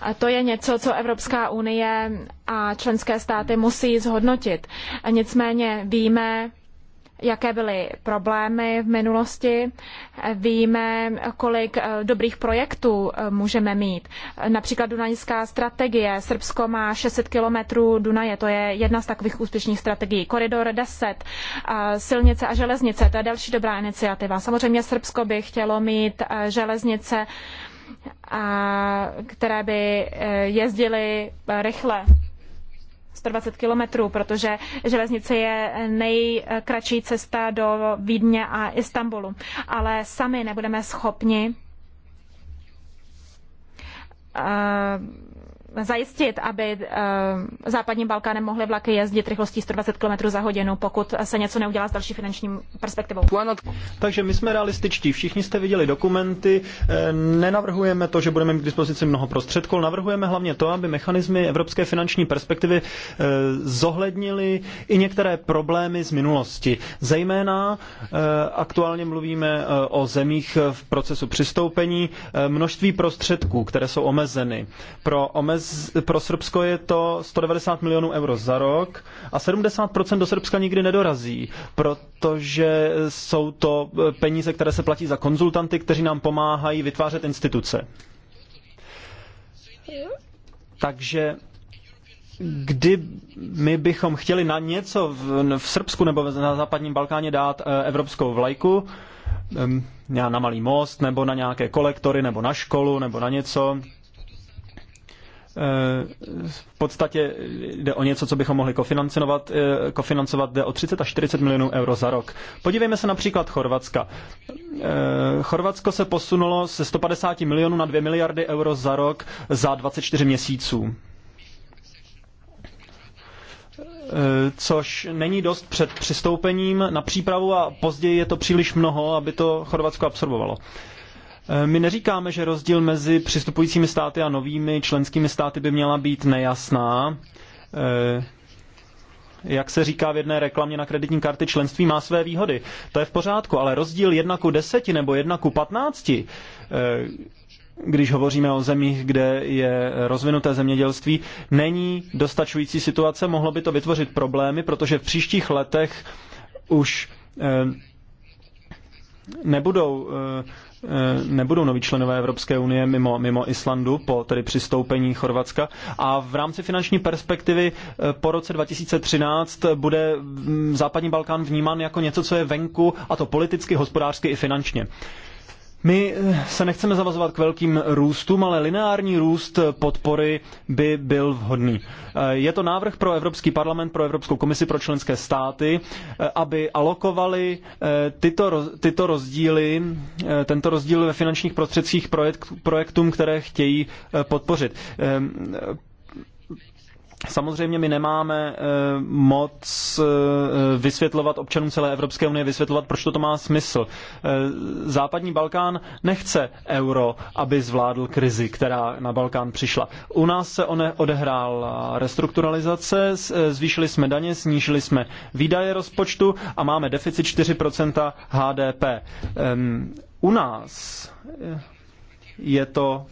A to je něco, co Evropská unie a členské státy musí zhodnotit. Nicméně víme, jaké byly problémy v minulosti. Víme, kolik eh, dobrých projektů eh, můžeme mít. Například Dunajská strategie. Srbsko má 600 kilometrů Dunaje, to je jedna z takových úspěšných strategií. Koridor 10, eh, silnice a železnice, to je další dobrá iniciativa. Samozřejmě Srbsko by chtělo mít železnice, které by jezdily rychle 120 kilometrů, protože železnice je nejkratší cesta do Vídně a Istanbulu. Ale sami nebudeme schopni uh, zajistit, aby eh, západním Balkánem mohly vlaky jezdit rychlostí 120 km za hodinu, pokud se něco neudělá s další finanční perspektivou. Takže my jsme realističtí. Všichni jste viděli dokumenty. Eh, nenavrhujeme to, že budeme mít k dispozici mnoho prostředků. Navrhujeme hlavně to, aby mechanismy evropské finanční perspektivy eh, zohlednily i některé problémy z minulosti. Zejména aktuálně mluvíme o zemích v procesu přistoupení množství prostředků, které jsou omezeny. Pro omezení pro Srbsko je to 190 milionů euro za rok a 70% do Srbska nikdy nedorazí, protože jsou to peníze, které se platí za konzultanty, kteří nám pomáhají vytvářet instituce. Takže kdy my bychom chtěli na něco v, v Srbsku nebo na západním Balkáně dát eh, evropskou vlajku, na malý most, nebo na nějaké kolektory, nebo na školu, nebo na něco, Eh, v podstatě jde o něco, co bychom mohli kofinancovat, eh, kofinancovat jde o 30 až 40 milionů euro za rok. Podívejme se například Chorvatska. Eh, Chorvatsko se posunulo se 150 milionů na 2 miliardy euro za rok za 24 měsíců což není dost před přistoupením na přípravu a později je to příliš mnoho, aby to Chorvatsko absorbovalo. Eh, my neříkáme, že rozdíl mezi přistupujícími státy a novými členskými státy by měla být nejasná. Eh, jak se říká v jedné reklamě na kreditní karty, členství má své výhody. To je v pořádku, ale rozdíl 1 ku 10 nebo 1 ku 15, eh, když hovoříme o zemích, kde je rozvinuté zemědělství, není dostačující situace. Mohlo by to vytvořit problémy, protože v příštích letech už nebudou Eh, nebudou noví členové Evropské unie mimo, mimo Islandu po tedy přistoupení Chorvatska a v rámci finanční perspektivy eh, po roce 2013 bude mm, západní Balkán vnímán jako něco, co je venku a to politicky, hospodářsky i finančně. My eh, se nechceme zavazovat k velkým růstům, ale lineární růst podpory by byl vhodný. Eh, je to návrh pro Evropský parlament, pro Evropskou komisi, pro členské státy, eh, aby alokovali tyto, tyto rozdíly, tento rozdíl ve finančních prostředcích projekt, projektům, které chtějí podpořit. Ehm, Samozřejmě my nemáme eh, moc eh, vysvětlovat občanům celé Evropské unie, vysvětlovat, proč to má smysl. Eh, Západní Balkán nechce euro, aby zvládl krizi, která na Balkán přišla. U nás se one odehrála restrukturalizace, zvýšili jsme daně, snížili jsme výdaje rozpočtu a máme deficit 4% HDP. Ehm, u nás je to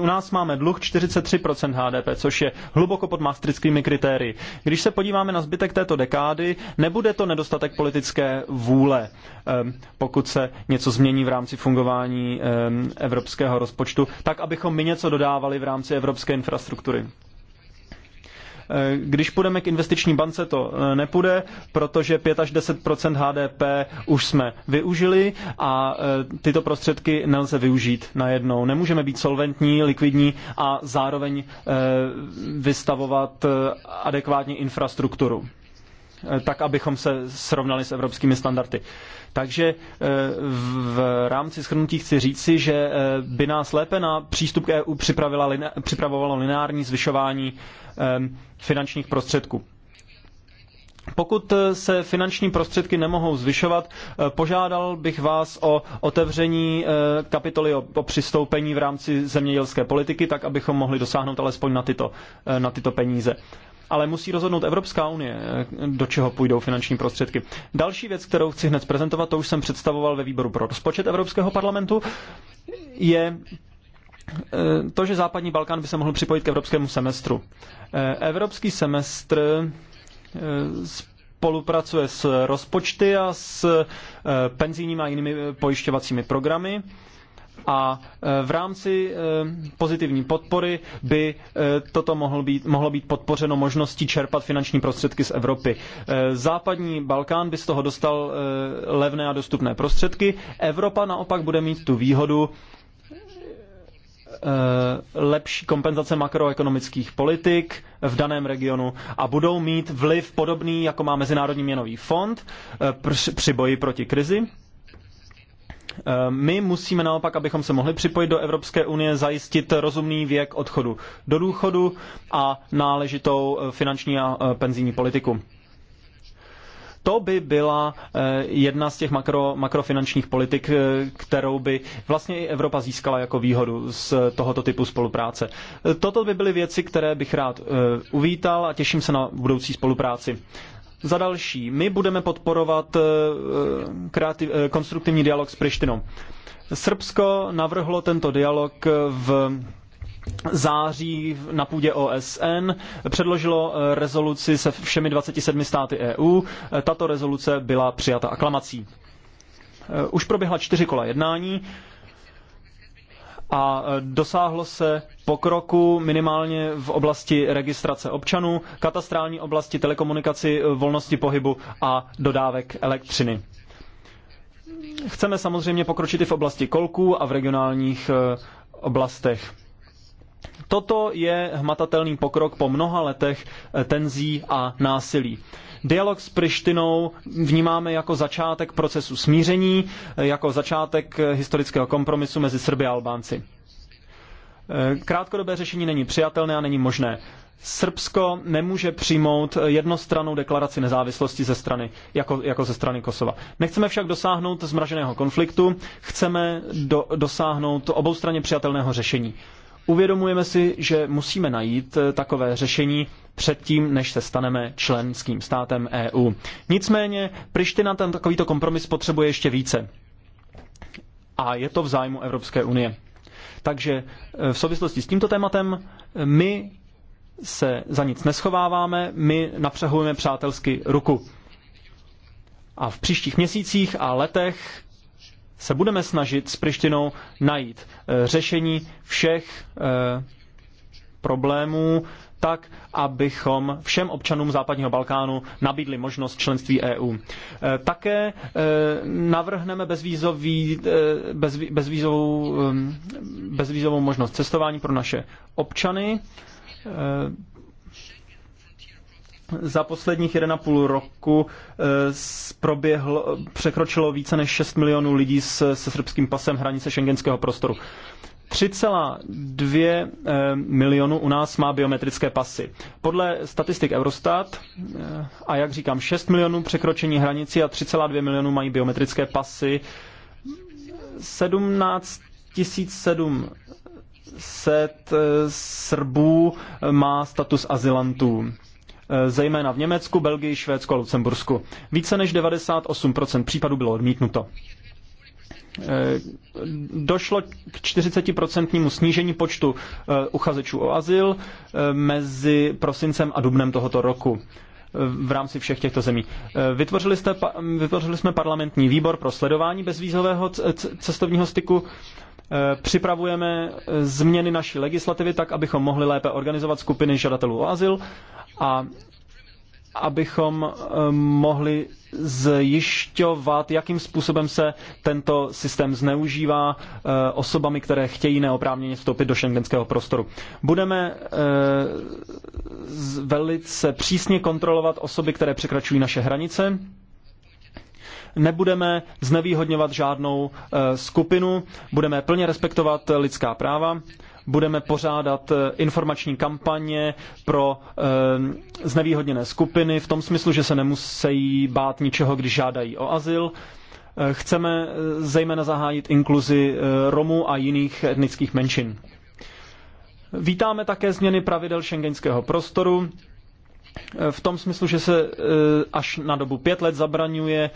u nás máme dluh 43% HDP, což je hluboko pod maastrickými kritérii. Když se podíváme na zbytek této dekády, nebude to nedostatek politické vůle, ehm, pokud se něco změní v rámci fungování ehm, evropského rozpočtu, tak abychom my něco dodávali v rámci evropské infrastruktury. Eh, když půjdeme k investiční bance, to eh, nepůjde, protože 5 až 10 HDP už jsme využili a eh, tyto prostředky nelze využít najednou. Nemůžeme být solventní, likvidní a zároveň vystavovat adekvátní infrastrukturu tak abychom se srovnali s evropskými standardy. Takže eh, v rámci schrnutí chci říci, že eh, by nás lépe na přístup k EU připravovalo lineární zvyšování ehm, finančních prostředků. Pokud eh, se finanční prostředky nemohou zvyšovat, požádal bych vás o otevření kapitoly o přistoupení v rámci zemědělské politiky, tak abychom mohli dosáhnout alespoň na tyto, na tyto peníze ale musí rozhodnout Evropská unie, do čeho půjdou finanční prostředky. Další věc, kterou chci hned prezentovat, to už jsem představoval ve výboru pro rozpočet Evropského parlamentu, je eh, to, že západní Balkán by se mohl připojit k evropskému semestru. Eh, evropský semestr eh, spolupracuje s rozpočty a s penzijními a jinými pojišťovacími programy a e, v rámci e, pozitivní podpory by e, toto mohlo být, mohlo být podpořeno možností čerpat finanční prostředky z Evropy. Západní Balkán by z toho dostal levné a dostupné prostředky, Evropa naopak bude mít tu výhodu lepší kompenzace makroekonomických politik v daném regionu a budou mít vliv podobný, jako má Mezinárodní měnový fond při boji proti krizi Eh, my musíme naopak, abychom se mohli připojit do Evropské unie, zajistit rozumný věk odchodu do důchodu a náležitou eh, finanční a eh, penzijní politiku. To by byla jedna z těch makro, makrofinančních politik, kterou by vlastně i Evropa získala jako výhodu z tohoto typu spolupráce. Toto by byly věci, které bych rád uvítal a těším se na budoucí spolupráci. Za další, my budeme podporovat eh, kreativ, eh, konstruktivní dialog s Prištinou. Srbsko navrhlo tento dialog v září na půdě OSN předložilo eh, rezoluci se všemi 27 státy EU. Tato rezoluce byla přijata aklamací. Už proběhla čtyři kola jednání a e, dosáhlo se pokroku minimálně v oblasti registrace občanů, katastrální oblasti telekomunikaci, e, volnosti pohybu a dodávek elektřiny. Chceme samozřejmě pokročit i v oblasti kolků a v regionálních e, oblastech. Toto je hmatatelný pokrok po mnoha letech eh, tenzí a násilí. Dialog s Prištinou vnímáme jako začátek procesu smíření, eh, jako začátek eh, historického kompromisu mezi Srby a Albánci. Krátkodobé řešení není přijatelné a není možné. Srbsko nemůže přijmout jednostrannou deklaraci nezávislosti ze strany, jako, jako ze strany Kosova. Nechceme však dosáhnout zmraženého konfliktu, chceme do, dosáhnout oboustranně přijatelného řešení. Uvědomujeme si, že musíme najít eh, takové řešení předtím, než se staneme členským státem EU. Nicméně Priština ten takovýto kompromis potřebuje ještě více. A je to v zájmu Evropské unie. Takže eh, v souvislosti s tímto tématem eh, my se za nic neschováváme, my napřehujeme přátelsky ruku. A v příštích měsících a letech se budeme snažit s Prištinou najít eh, řešení všech eh, problémů tak, abychom všem občanům západního Balkánu nabídli možnost členství EU. Eh, také navrhneme bezvízový, bezvízovou, bezvízovou možnost cestování pro naše občany za posledních 1,5 roku eh, proběhl, překročilo více než 6 milionů lidí se, se srbským pasem hranice šengenského prostoru. 3,2 eh, milionu u nás má biometrické pasy. Podle statistik Eurostat, eh, a jak říkám, 6 milionů překročení hranici a 3,2 milionů mají biometrické pasy. 17 700 Srbů má status azylantů. Eh, zejména v Německu, Belgii, Švédsku a Lucembursku. Více než 98% případů bylo odmítnuto. Eh, došlo k 40% snížení počtu eh, uchazečů o azyl mezi prosincem a dubnem tohoto roku v rámci všech těchto zemí. Vytvořili, jste, vytvořili jsme parlamentní výbor pro sledování bezvízového cestovního styku. Připravujeme změny naší legislativy tak, abychom mohli lépe organizovat skupiny žadatelů o azyl a abychom eh, mohli zjišťovat, jakým způsobem se tento systém zneužívá eh, osobami, které chtějí neoprávněně vstoupit do šengenského prostoru. Budeme eh, velice přísně kontrolovat osoby, které překračují naše hranice. Nebudeme znevýhodňovat žádnou skupinu, budeme plně respektovat lidská práva budeme pořádat eh, informační kampaně pro eh, znevýhodněné skupiny v tom smyslu, že se nemusí bát ničeho, když žádají o azyl. Eh, chceme zejména zahájit inkluzi Romů a jiných etnických menšin. Vítáme také změny pravidel šengenského prostoru v tom smyslu, že se až na dobu pět let zabraňuje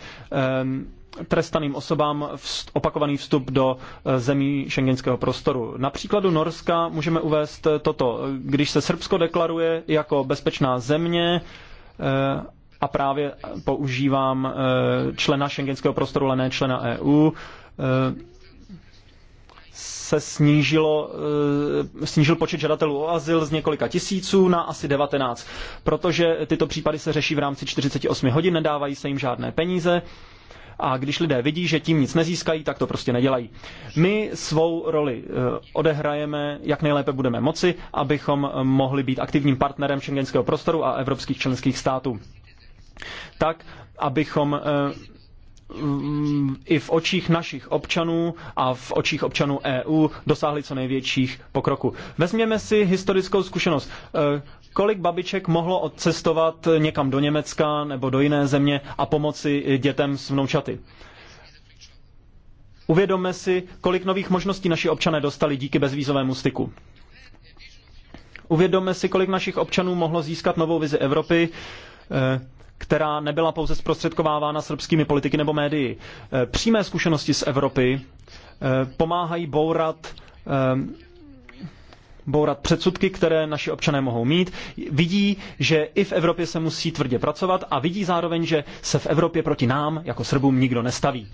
trestaným osobám opakovaný vstup do eh, zemí šengenského prostoru. Na příkladu Norska můžeme uvést eh, toto. Když se Srbsko deklaruje jako bezpečná země, eh, a právě používám člena šengenského prostoru, ale ne člena EU, se snížilo, snížil počet žadatelů o azyl z několika tisíců na asi 19, protože tyto případy se řeší v rámci 48 hodin, nedávají se jim žádné peníze a když lidé vidí, že tím nic nezískají, tak to prostě nedělají. My svou roli eh, odehrajeme, jak nejlépe budeme moci, abychom eh, mohli být aktivním partnerem šengenského prostoru a evropských členských států. Tak, abychom eh, Mm, i v očích našich občanů a v očích občanů EU dosáhli co největších pokroku. Vezměme si historickou zkušenost. Eh, kolik babiček mohlo odcestovat někam do Německa nebo do jiné země a pomoci dětem s vnoučaty? Uvědomme si, kolik nových možností naši občané dostali díky bezvízovému styku. Uvědomme si, kolik našich občanů mohlo získat novou vizi Evropy, eh, která nebyla pouze zprostředkovávána srbskými politiky nebo médii. E, přímé zkušenosti z Evropy e, pomáhají bourat e, bourat předsudky, které naši občané mohou mít. Vidí, že i v Evropě se musí tvrdě pracovat a vidí zároveň, že se v Evropě proti nám jako Srbům nikdo nestaví.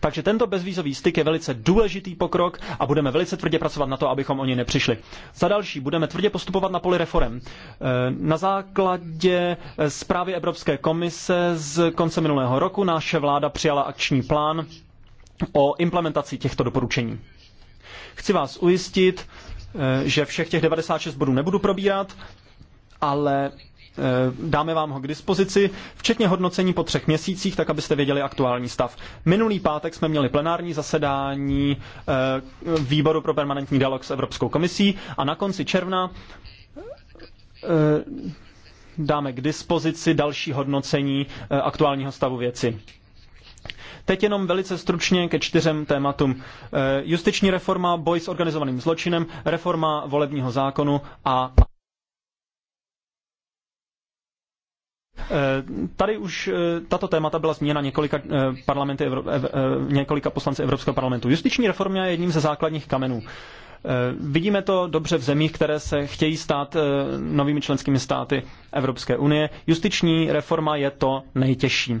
Takže tento bezvízový styk je velice důležitý pokrok a budeme velice tvrdě pracovat na to, abychom o něj nepřišli. Za další, budeme tvrdě postupovat na poli reform. Eh, na základě eh, zprávy Evropské komise z konce minulého roku naše vláda přijala akční plán o implementaci těchto doporučení. Chci vás ujistit, eh, že všech těch 96 bodů nebudu probírat, ale Eh, dáme vám ho k dispozici, včetně hodnocení po třech měsících, tak abyste věděli aktuální stav. Minulý pátek jsme měli plenární zasedání eh, výboru pro permanentní dialog s Evropskou komisí a na konci června eh, dáme k dispozici další hodnocení aktuálního stavu věci. Teď jenom velice stručně ke čtyřem tématům. Justiční reforma, boj s organizovaným zločinem, reforma volebního zákonu a Eh, tady už eh, tato témata byla zmíněna několika, eh, parlamenty, několika poslanci Evropského parlamentu. Justiční reforma je jedním ze základních kamenů. Vidíme to dobře v zemích, které se chtějí stát novými členskými státy Evropské unie. Justiční reforma je to nejtěžší.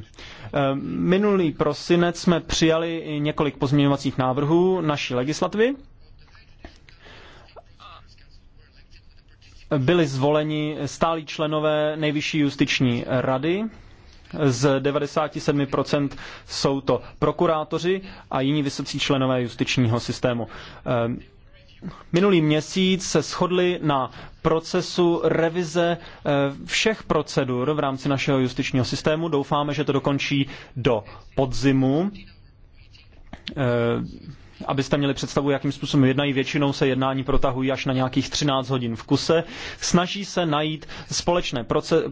Minulý prosinec jsme přijali několik pozměňovacích návrhů naší legislativy byli zvoleni stálí členové Nejvyšší justiční rady. Z 97% jsou to prokurátoři a jiní vysocí členové justičního systému. Ehm, minulý měsíc se shodli na procesu revize ehm, všech procedur v rámci našeho justičního systému. Doufáme, že to dokončí do podzimu ehm, abyste měli představu, jakým způsobem jednají. Většinou se jednání protahují až na nějakých 13 hodin v kuse. Snaží se najít společné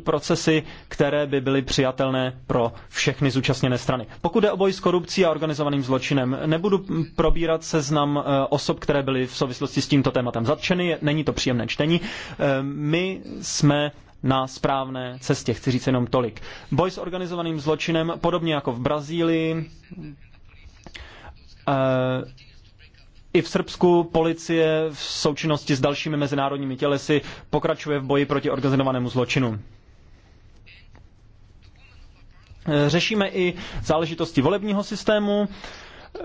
procesy, které by byly přijatelné pro všechny zúčastněné strany. Pokud je o boj s korupcí a organizovaným zločinem, nebudu probírat seznam eh, osob, které byly v souvislosti s tímto tématem zatčeny. Není to příjemné čtení. Eh, my jsme na správné cestě. Chci říct jenom tolik. Boj s organizovaným zločinem, podobně jako v Brazílii, Eh, I v Srbsku policie v součinnosti s dalšími mezinárodními tělesy pokračuje v boji proti organizovanému zločinu. Eh, řešíme i záležitosti volebního systému. Eh,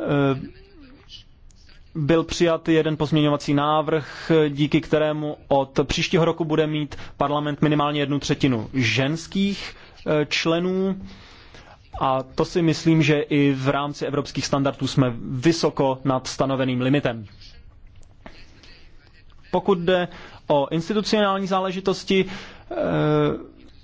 byl přijat jeden pozměňovací návrh, díky kterému od příštího roku bude mít parlament minimálně jednu třetinu ženských členů. A to si myslím, že i v rámci evropských standardů jsme vysoko nad stanoveným limitem. Pokud jde o institucionální záležitosti, eh,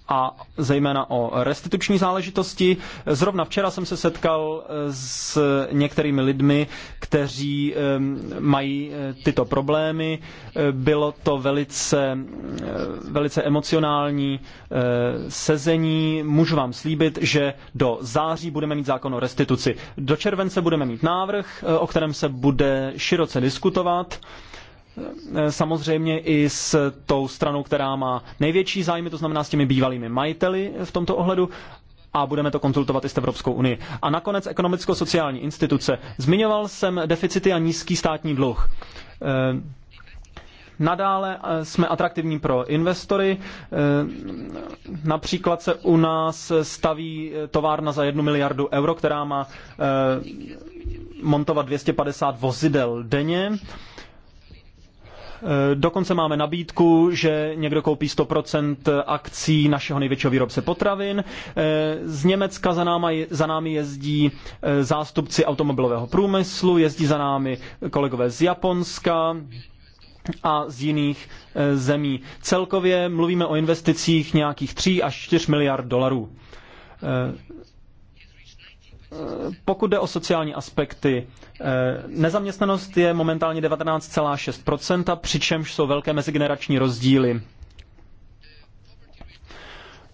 a zejména o restituční záležitosti. Zrovna včera jsem se setkal eh, s některými lidmi, kteří ehm, mají eh, tyto problémy. Eh, bylo to velice, velice emocionální sezení. Můžu vám slíbit, že do září budeme mít zákon o restituci. Do července budeme mít návrh, o kterém se bude široce diskutovat. Eh, samozřejmě i s tou stranou, která má největší zájmy, to znamená s těmi bývalými majiteli v tomto ohledu a budeme to konzultovat i s Evropskou unii. A nakonec ekonomicko-sociální instituce. Zmiňoval jsem deficity a nízký státní dluh. Eh, nadále eh, jsme atraktivní pro investory. Například se u nás staví továrna za jednu miliardu euro, která má montovat 250 vozidel denně. Eh, dokonce máme nabídku, že někdo koupí 100% akcí našeho největšího výrobce potravin. Eh, z Německa za, náma, za námi jezdí eh, zástupci automobilového průmyslu, jezdí za námi kolegové z Japonska a z jiných zemí. Celkově mluvíme o investicích nějakých 3 až 4 miliard dolarů pokud jde o sociální aspekty, eh, nezaměstnanost je momentálně 19,6%, přičemž jsou velké mezigenerační rozdíly.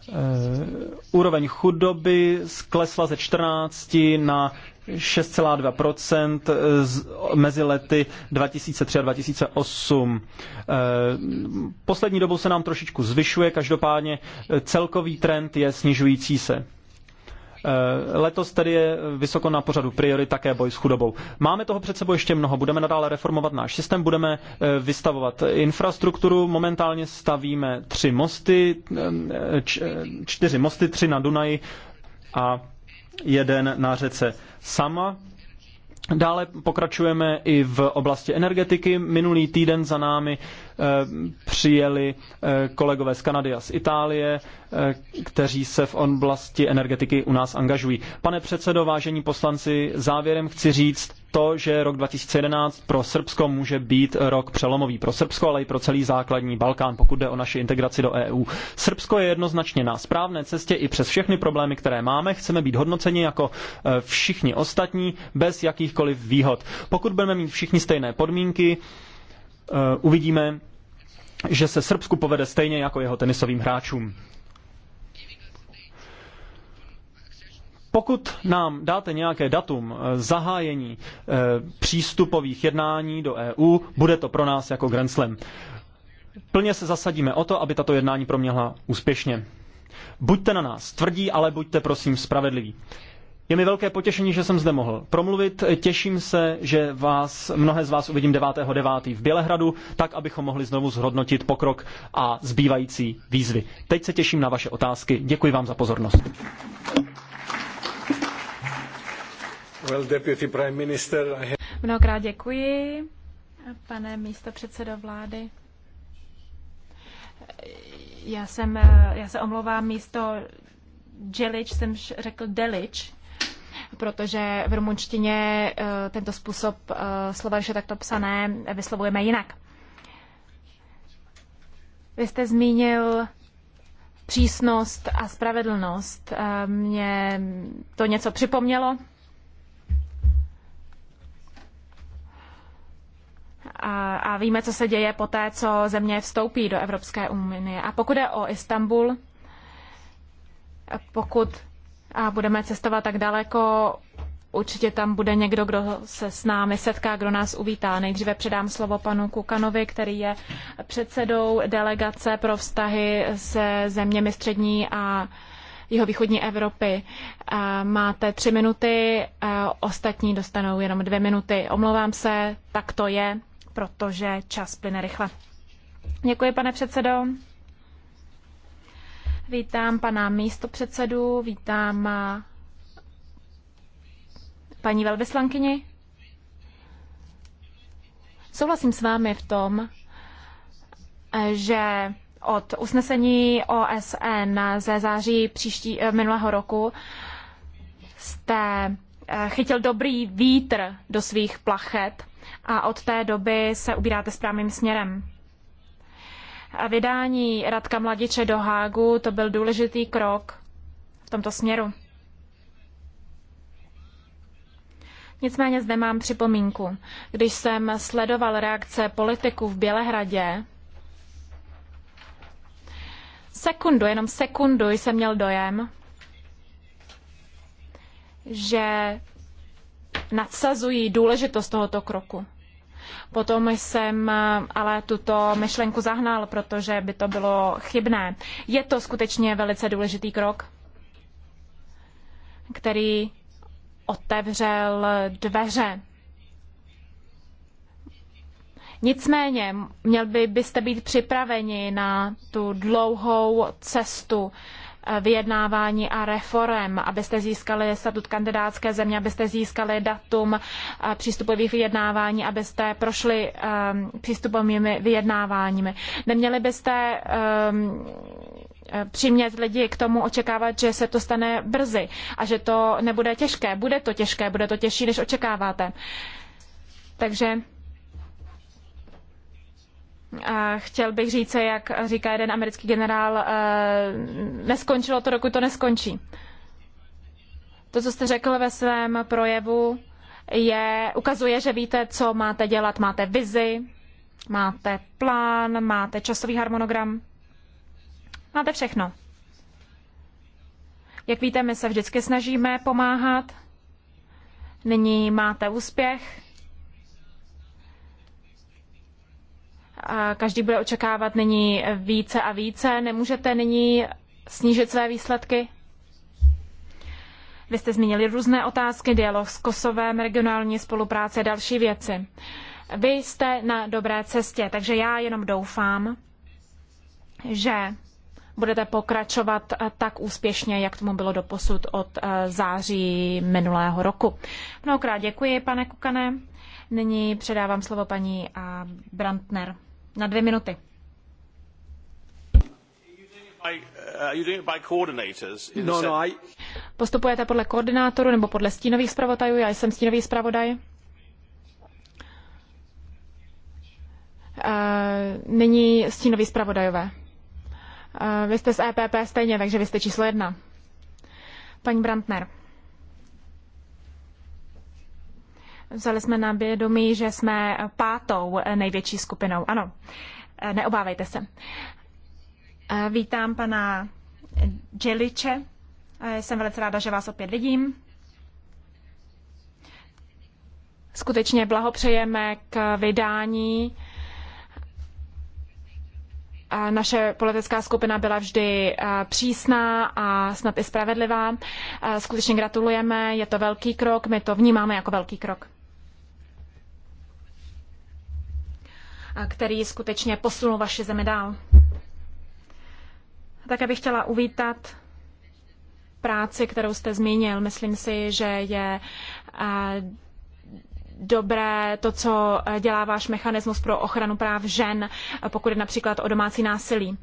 Eh, úroveň chudoby sklesla ze 14 na 6,2% eh, mezi lety 2003 a 2008. Poslední dobou se nám trošičku zvyšuje, každopádně celkový trend je snižující se. Eh, letos tedy je vysoko na pořadu priory také boj s chudobou. Máme toho před sebou ještě mnoho. Budeme nadále reformovat náš systém, budeme eh, vystavovat infrastrukturu. Momentálně stavíme tři mosty, eh, čtyři mosty, tři na Dunaji a jeden na řece Sama Dále pokračujeme i v oblasti energetiky. Minulý týden za námi eh, přijeli eh, kolegové z Kanady a z Itálie, eh, kteří se v oblasti energetiky u nás angažují. Pane předsedo, vážení poslanci, závěrem chci říct, to, že rok 2011 pro Srbsko může být rok přelomový pro Srbsko, ale i pro celý základní Balkán, pokud jde o naši integraci do EU. Srbsko je jednoznačně na správné cestě i přes všechny problémy, které máme. Chceme být hodnoceni jako e, všichni ostatní, bez jakýchkoliv výhod. Pokud budeme mít všichni stejné podmínky, e, uvidíme, že se Srbsku povede stejně jako jeho tenisovým hráčům. Pokud nám dáte nějaké datum eh, zahájení eh, přístupových jednání do EU, bude to pro nás jako Grand Slam. Plně se zasadíme o to, aby tato jednání proměhla úspěšně. Buďte na nás tvrdí, ale buďte prosím spravedliví. Je mi velké potěšení, že jsem zde mohl promluvit. Těším se, že vás, mnohé z vás uvidím 9.9. v Bělehradu, tak abychom mohli znovu zhodnotit pokrok a zbývající výzvy. Teď se těším na vaše otázky. Děkuji vám za pozornost. Well, Deputy Prime Minister, I have... Mnohokrát děkuji, pane místo předsedo vlády. Já, jsem, já se omlouvám, místo Jelič, jsem řekl Delič, protože v rumunštině eh, tento způsob eh, slova, když je takto psané, vyslovujeme jinak. Vy jste zmínil přísnost a spravedlnost. Eh, mě to něco připomnělo. a, a víme, co se děje poté, co země vstoupí do Evropské unie. A pokud je o Istanbul, pokud a budeme cestovat tak daleko, určitě tam bude někdo, kdo se s námi setká, kdo nás uvítá. Nejdříve předám slovo panu Kukanovi, který je předsedou delegace pro vztahy se zeměmi střední a jeho východní Evropy. Máte tři minuty, ostatní dostanou jenom dvě minuty. Omlouvám se, tak to je protože čas plyne rychle. Děkuji, pane předsedo. Vítám pana místopředsedu, vítám eh, paní velvyslankyni. Souhlasím s vámi v tom, eh, že od usnesení OSN ze září příští, eh, minulého roku jste chytil dobrý vítr do svých plachet a od té doby se ubíráte správným směrem. A vydání Radka Mladiče do Hágu to byl důležitý krok v tomto směru. Nicméně zde mám připomínku. Když jsem sledoval reakce politiků v Bělehradě, sekundu, jenom sekundu jsem měl dojem, že nadsazují důležitost tohoto kroku. Potom jsem eh, ale tuto myšlenku zahnal, protože by to bylo chybné. Je to skutečně velice důležitý krok, který otevřel dveře. Nicméně, měl by, byste být připraveni na tu dlouhou cestu, Eh, vyjednávání a reform, abyste získali statut kandidátské země, abyste získali datum eh, přístupových vyjednávání, abyste prošli eh, přístupovými vyjednáváními. Neměli byste ehm, přimět lidi k tomu očekávat, že se to stane brzy a že to nebude těžké. Bude to těžké, bude to těžší, než očekáváte. Takže chtěl bych říct, jak říká jeden americký generál, eh, neskončilo to, dokud to neskončí. To, co jste řekl ve svém projevu, je, ukazuje, že víte, co máte dělat. Máte vizi, máte plán, máte časový harmonogram, máte všechno. Jak víte, my se vždycky snažíme pomáhat. Nyní máte úspěch Každý bude očekávat nyní více a více. Nemůžete nyní snížit své výsledky? Vy jste zmínili různé otázky, dialog s Kosovem, regionální spolupráce a další věci. Vy jste na dobré cestě, takže já jenom doufám, že budete pokračovat tak úspěšně, jak tomu bylo doposud od eh, září minulého roku. Mnohokrát děkuji, pane Kukane. Nyní předávám slovo paní eh, Brantner na dvě minuty. Uh, no, no, I... Postupujete podle koordinátoru nebo podle stínových zpravodajů? Já jsem stínový zpravodaj. Eh, Nyní stínový zpravodajové. Eh, vy jste z EPP stejně, takže vy jste číslo jedna. Paní Brandner. Vzali jsme na vědomí, že jsme pátou největší skupinou. Ano, neobávejte se. Eh, vítám pana Dželiče. Eh, jsem velice ráda, že vás opět vidím. Skutečně blahopřejeme k vydání. Naše politická skupina byla vždy eh, přísná a snad i spravedlivá. Skutečně gratulujeme, je to velký krok, my to vnímáme jako velký krok. který skutečně posunul vaši zemi dál. Také bych chtěla uvítat práci, kterou jste zmínil. Myslím si, že je eh, dobré to, co eh, dělá váš mechanismus pro ochranu práv žen, eh, pokud je například o domácí násilí.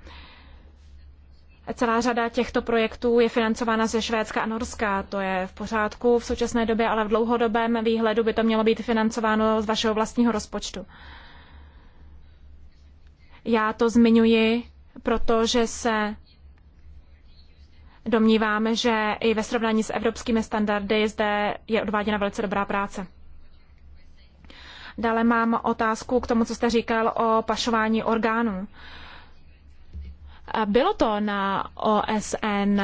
Celá řada těchto projektů je financována ze Švédska a Norska. To je v pořádku v současné době, ale v dlouhodobém výhledu by to mělo být financováno z vašeho vlastního rozpočtu. Já to zmiňuji, protože se domníváme, že i ve srovnání s evropskými standardy zde je odváděna velice dobrá práce. Dále mám otázku k tomu, co jste říkal o pašování orgánů. Bylo to na OSN.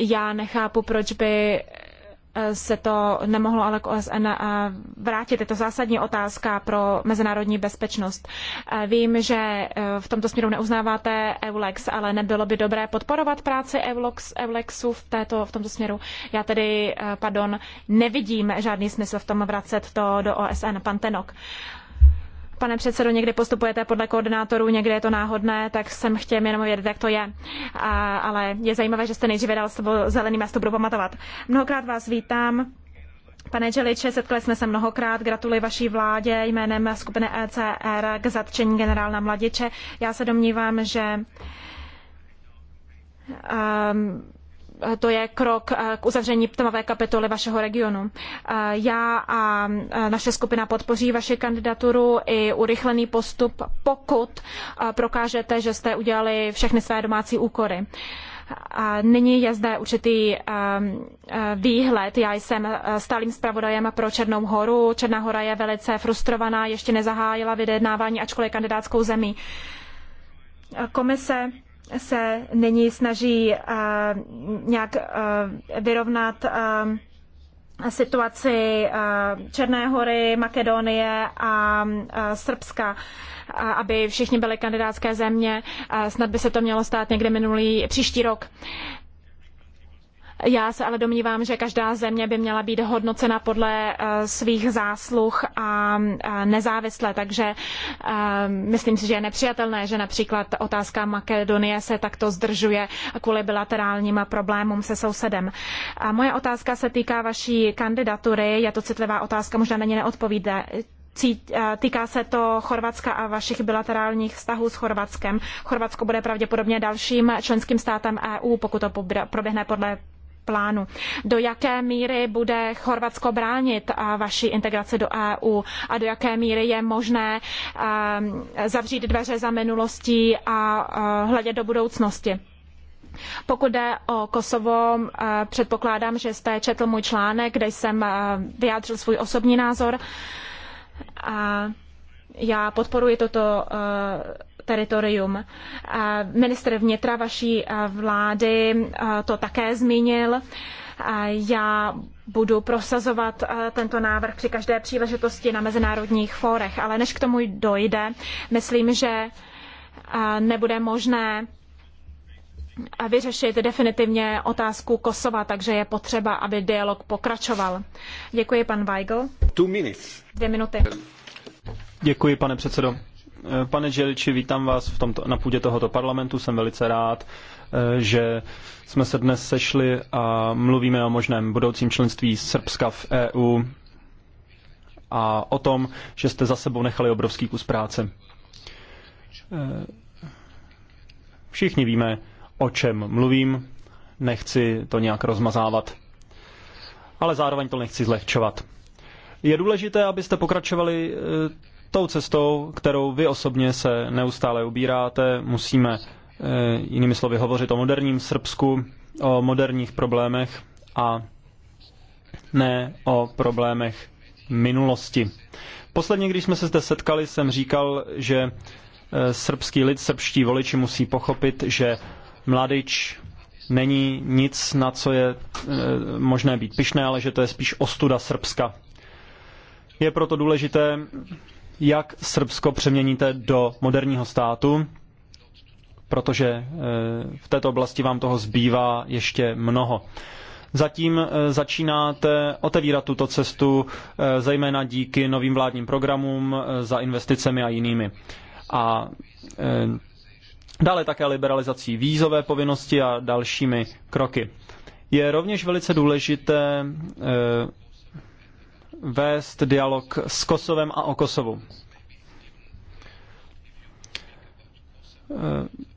Já nechápu, proč by se to nemohlo ale k OSN eh, vrátit. Je to zásadní otázka pro mezinárodní bezpečnost. Eh, vím, že eh, v tomto směru neuznáváte EULEX, ale nebylo by dobré podporovat práci EULEX, EULEXu v, této, v tomto směru. Já tedy, pardon, nevidím žádný smysl v tom vracet to do OSN. Pan Tenok pane předsedo, někdy postupujete podle koordinátorů, někdy je to náhodné, tak jsem chtěl jenom vědět, jak to je. A, ale je zajímavé, že jste nejdříve dal slovo zeleným, já si to budu pamatovat. Mnohokrát vás vítám. Pane Čeliče, setkali jsme se mnohokrát. Gratuluji vaší vládě jménem skupiny ECR k zatčení generála Mladiče. Já se domnívám, že um, to je krok eh, k uzavření tmavé kapitoly vašeho regionu. Eh, já a eh, naše skupina podpoří vaši kandidaturu i urychlený postup, pokud prokážete, že jste udělali všechny své domácí úkoly. Nyní je zde určitý ehm, výhled. Já jsem stálým zpravodajem pro Černou horu. Černá hora je velice frustrovaná, ještě nezahájila vyjednávání, ačkoliv kandidátskou zemí. Komise se nyní snaží eh, nějak eh, vyrovnat eh, situaci Černé hory, Makedonie a Srbska, aby všichni byli kandidátské země. Snad by se to mělo stát někde minulý příští rok. Já se ale domnívám, že každá země by měla být hodnocena podle eh, svých zásluh a eh, nezávisle, takže eh, myslím si, že je nepřijatelné, že například otázka Makedonie se takto zdržuje kvůli bilaterálním problémům se sousedem. A moje otázka se týká vaší kandidatury, je to citlivá otázka, možná na ně neodpovíde. týká se to Chorvatska a vašich bilaterálních vztahů s Chorvatskem. Chorvatsko bude pravděpodobně dalším členským státem EU, pokud to proběhne podle plánu. Do jaké míry bude Chorvatsko bránit eh, vaši integraci do EU a do jaké míry je možné eh, zavřít dveře za minulostí a eh, hledět do budoucnosti? Pokud jde o Kosovo, předpokládám, že jste četl můj článek, kde jsem vyjádřil svůj osobní názor. A já podporuji toto teritorium. Ministr vnitra vaší vlády to také zmínil. Já budu prosazovat tento návrh při každé příležitosti na mezinárodních fórech, ale než k tomu dojde, myslím, že nebude možné vyřešit definitivně otázku Kosova, takže je potřeba, aby dialog pokračoval. Děkuji, pan Weigl. Two minutes. Dvě minuty. Děkuji, pane předsedo. Eh, pane Želiči, vítám vás v tomto, na půdě tohoto parlamentu. Jsem velice rád, eh, že jsme se dnes sešli a mluvíme o možném budoucím členství Srbska v EU a o tom, že jste za sebou nechali obrovský kus práce. Eh, všichni víme, o čem mluvím, nechci to nějak rozmazávat, ale zároveň to nechci zlehčovat. Je důležité, abyste pokračovali tou cestou, kterou vy osobně se neustále ubíráte. Musíme eh, jinými slovy hovořit o moderním Srbsku, o moderních problémech a ne o problémech minulosti. Posledně, když jsme se zde setkali, jsem říkal, že eh, srbský lid, srbští voliči musí pochopit, že mladič není nic, na co je eh, možné být pyšné, ale že to je spíš ostuda Srbska. Je proto důležité jak Srbsko přeměníte do moderního státu, protože eh, v této oblasti vám toho zbývá ještě mnoho. Zatím eh, začínáte otevírat tuto cestu, eh, zejména díky novým vládním programům za investicemi a jinými. A dále také liberalizací vízové povinnosti a dalšími kroky. Je rovněž velice důležité vést dialog s Kosovem a o Kosovu.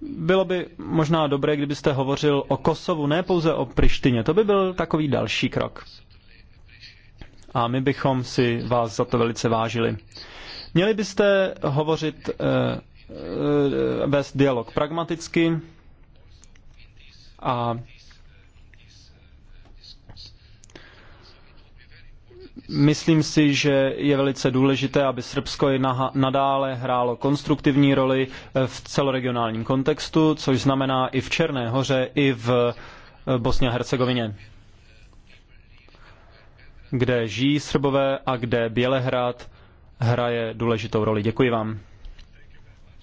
Bylo by možná dobré, kdybyste hovořil o Kosovu, ne pouze o Prištině. To by byl takový další krok. A my bychom si vás za to velice vážili. Měli byste hovořit, eh, eh, vést dialog pragmaticky a Myslím si, že je velice důležité, aby Srbsko i nadále hrálo konstruktivní roli eh, v celoregionálním kontextu, což znamená i v Černé hoře, i v eh, Bosně a Hercegovině, kde žijí Srbové a kde Bělehrad hraje důležitou roli. Děkuji vám.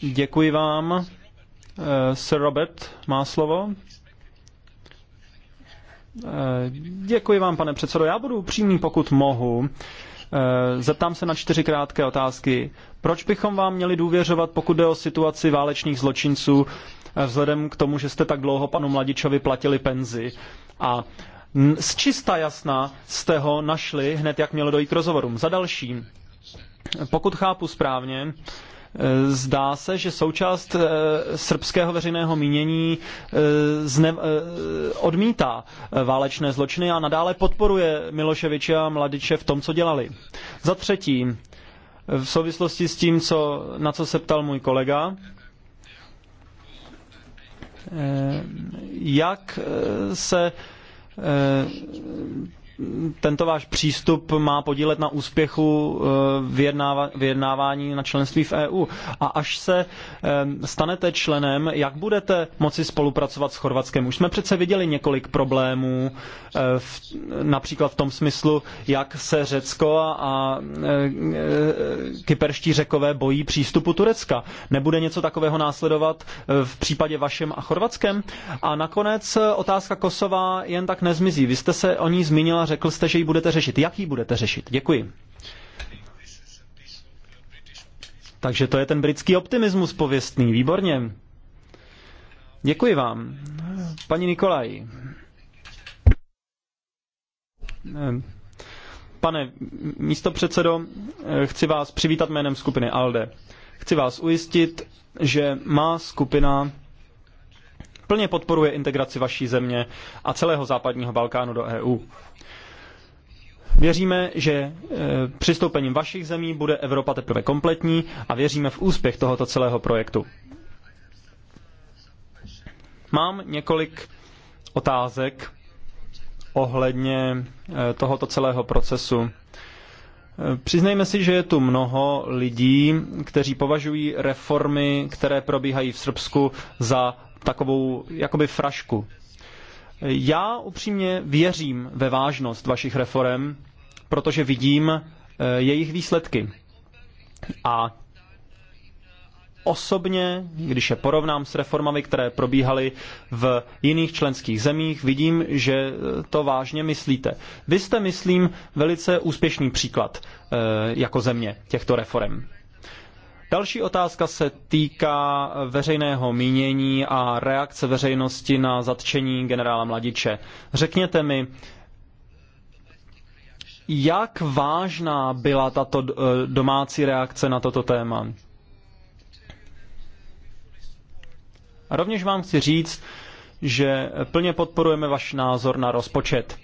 Děkuji vám. Eh, Sir Robert má slovo. Eh, děkuji vám, pane předsedo. Já budu upřímný, pokud mohu. Eh, zeptám se na čtyři krátké otázky. Proč bychom vám měli důvěřovat, pokud jde o situaci válečných zločinců, eh, vzhledem k tomu, že jste tak dlouho panu Mladičovi platili penzi? A z čista jasna jste ho našli hned, jak mělo dojít k rozhovorům. Za další, pokud chápu správně, Eh, zdá se, že součást eh, srbského veřejného mínění eh, zne, odmítá válečné zločiny a nadále podporuje Miloševiče a Mladiče v tom, co dělali. Za třetí, v souvislosti s tím, co, na co se ptal můj kolega, jak se tento váš přístup má podílet na úspěchu eh, vyjednávání na členství v EU. A až se eh, stanete členem, jak budete moci spolupracovat s Chorvatskem? Už jsme přece viděli několik problémů, eh, například v tom smyslu, jak se Řecko a, a kyperští řekové bojí přístupu Turecka. Nebude něco takového následovat v případě vašem a chorvatském? A nakonec otázka Kosova jen tak nezmizí. Vy jste se o ní zmínila Řekl jste, že ji budete řešit. Jak ji budete řešit? Děkuji. Takže to je ten britský optimismus pověstný. Výborně. Děkuji vám. Paní Nikolaj. Pane místo předsedo, chci vás přivítat jménem skupiny ALDE. Chci vás ujistit, že má skupina plně podporuje integraci vaší země a celého západního Balkánu do EU. Věříme, že e, přistoupením vašich zemí bude Evropa teprve kompletní a věříme v úspěch tohoto celého projektu. Mám několik otázek ohledně e, tohoto celého procesu. E, přiznejme si, že je tu mnoho lidí, kteří považují reformy, které probíhají v Srbsku, za takovou jakoby frašku. Já upřímně věřím ve vážnost vašich reform, protože vidím eh, jejich výsledky. A osobně, když je porovnám s reformami, které probíhaly v jiných členských zemích, vidím, že eh, to vážně myslíte. Vy jste, myslím, velice úspěšný příklad eh, jako země těchto reform. Další otázka se týká veřejného mínění a reakce veřejnosti na zatčení generála Mladiče. Řekněte mi, jak vážná byla tato eh, domácí reakce na toto téma? A rovněž vám chci říct, že plně podporujeme váš názor na rozpočet.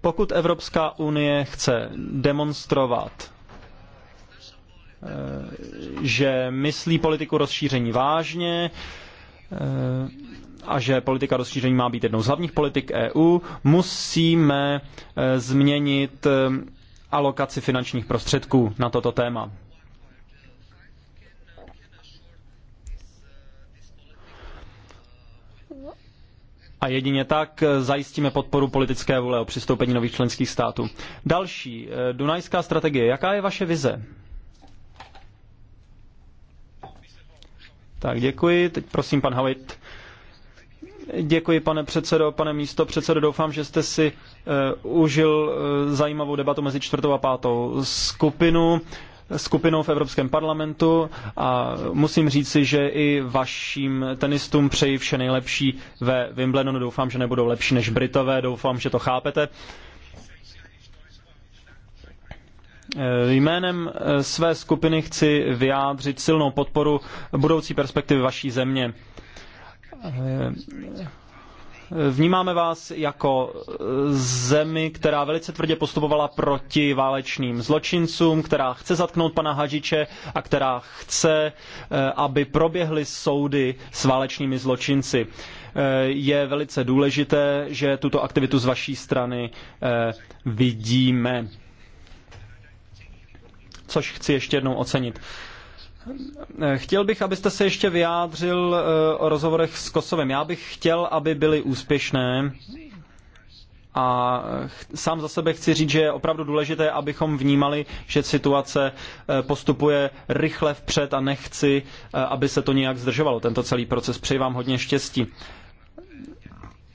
Pokud Evropská unie chce demonstrovat Eh, že myslí politiku rozšíření vážně eh, a že politika rozšíření má být jednou z hlavních politik EU, musíme eh, změnit alokaci finančních prostředků na toto téma. A jedině tak zajistíme podporu politické vůle o přistoupení nových členských států. Další, Dunajská strategie. Jaká je vaše vize? Tak děkuji. Teď prosím pan Havit. Děkuji, pane předsedo, pane místo předsedo. Doufám, že jste si uh, užil uh, zajímavou debatu mezi čtvrtou a pátou skupinu skupinou v Evropském parlamentu a musím říct si, že i vaším tenistům přeji vše nejlepší ve Wimbledonu. Doufám, že nebudou lepší než Britové, doufám, že to chápete. Eh, jménem eh, své skupiny chci vyjádřit silnou podporu budoucí perspektivy vaší země. Eh, vnímáme vás jako zemi, která velice tvrdě postupovala proti válečným zločincům, která chce zatknout pana Hadžiče a která chce, aby proběhly soudy s válečnými zločinci. Je velice důležité, že tuto aktivitu z vaší strany vidíme což chci ještě jednou ocenit. Chtěl bych, abyste se ještě vyjádřil eh, o rozhovorech s Kosovem. Já bych chtěl, aby byly úspěšné. A eh, sám za sebe chci říct, že je opravdu důležité, abychom vnímali, že situace eh, postupuje rychle vpřed a nechci, aby se to nějak zdržovalo, tento celý proces. Přeji vám hodně štěstí.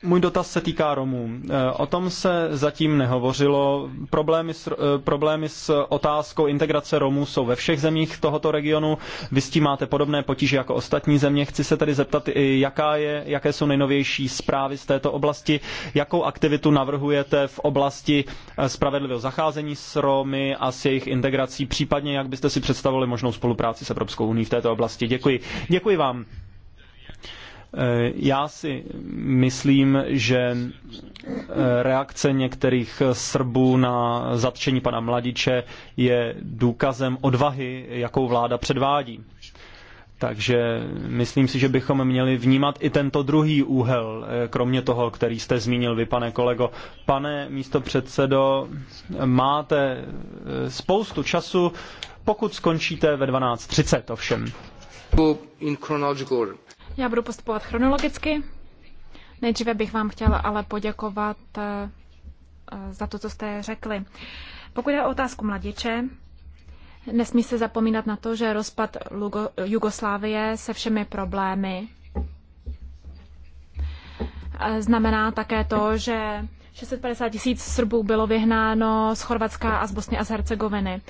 Můj dotaz se týká Romů. E, o tom se zatím nehovořilo. Problémy s, e, problémy s otázkou integrace Romů jsou ve všech zemích tohoto regionu. Vy s tím máte podobné potíže jako ostatní země. Chci se tedy zeptat, jaká je, jaké jsou nejnovější zprávy z této oblasti, jakou aktivitu navrhujete v oblasti e, spravedlivého zacházení s Romy a s jejich integrací, případně jak byste si představovali možnou spolupráci s Evropskou uní v této oblasti. Děkuji. Děkuji vám. Eh, já si myslím, že eh, reakce některých Srbů na zatčení pana Mladiče je důkazem odvahy, jakou vláda předvádí. Takže myslím si, že bychom měli vnímat i tento druhý úhel, eh, kromě toho, který jste zmínil vy, pane kolego. Pane místo předsedo, máte spoustu času, pokud skončíte ve 12.30 ovšem. In chronological order. Já budu postupovat chronologicky. Nejdříve bych vám chtěla ale poděkovat eh, eh, za to, co jste řekli. Pokud je o otázku mladiče, nesmí se zapomínat na to, že rozpad Lugo- Jugoslávie se všemi problémy eh, znamená také to, že 650 tisíc Srbů bylo vyhnáno z Chorvatska a z Bosny a z Hercegoviny.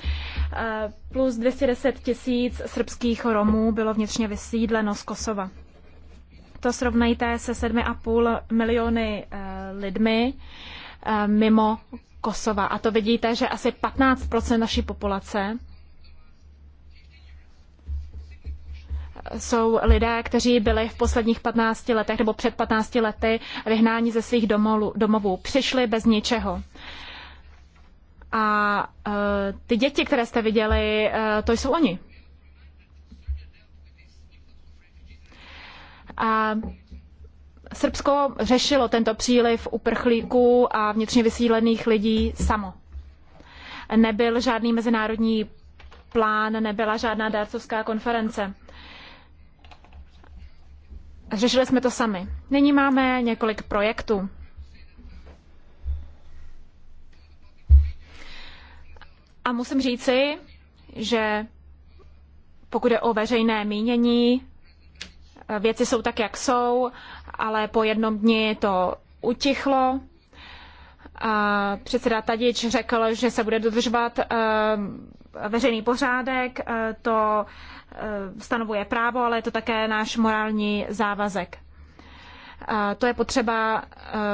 Plus 210 tisíc srbských Romů bylo vnitřně vysídleno z Kosova to srovnejte se 7,5 miliony eh, lidmi eh, mimo Kosova. A to vidíte, že asi 15 naší populace jsou lidé, kteří byli v posledních 15 letech nebo před 15 lety vyhnáni ze svých domovů, domovů. přišli bez ničeho. A eh, ty děti, které jste viděli, to jsou oni. A Srbsko řešilo tento příliv uprchlíků a vnitřně vysílených lidí samo. Nebyl žádný mezinárodní plán, nebyla žádná dárcovská konference. Řešili jsme to sami. Nyní máme několik projektů. A musím říci, že pokud je o veřejné mínění, Věci jsou tak, jak jsou, ale po jednom dni to utichlo. A předseda Tadič řekl, že se bude dodržovat eh, veřejný pořádek, eh, to eh, stanovuje právo, ale je to také náš morální závazek. To je potřeba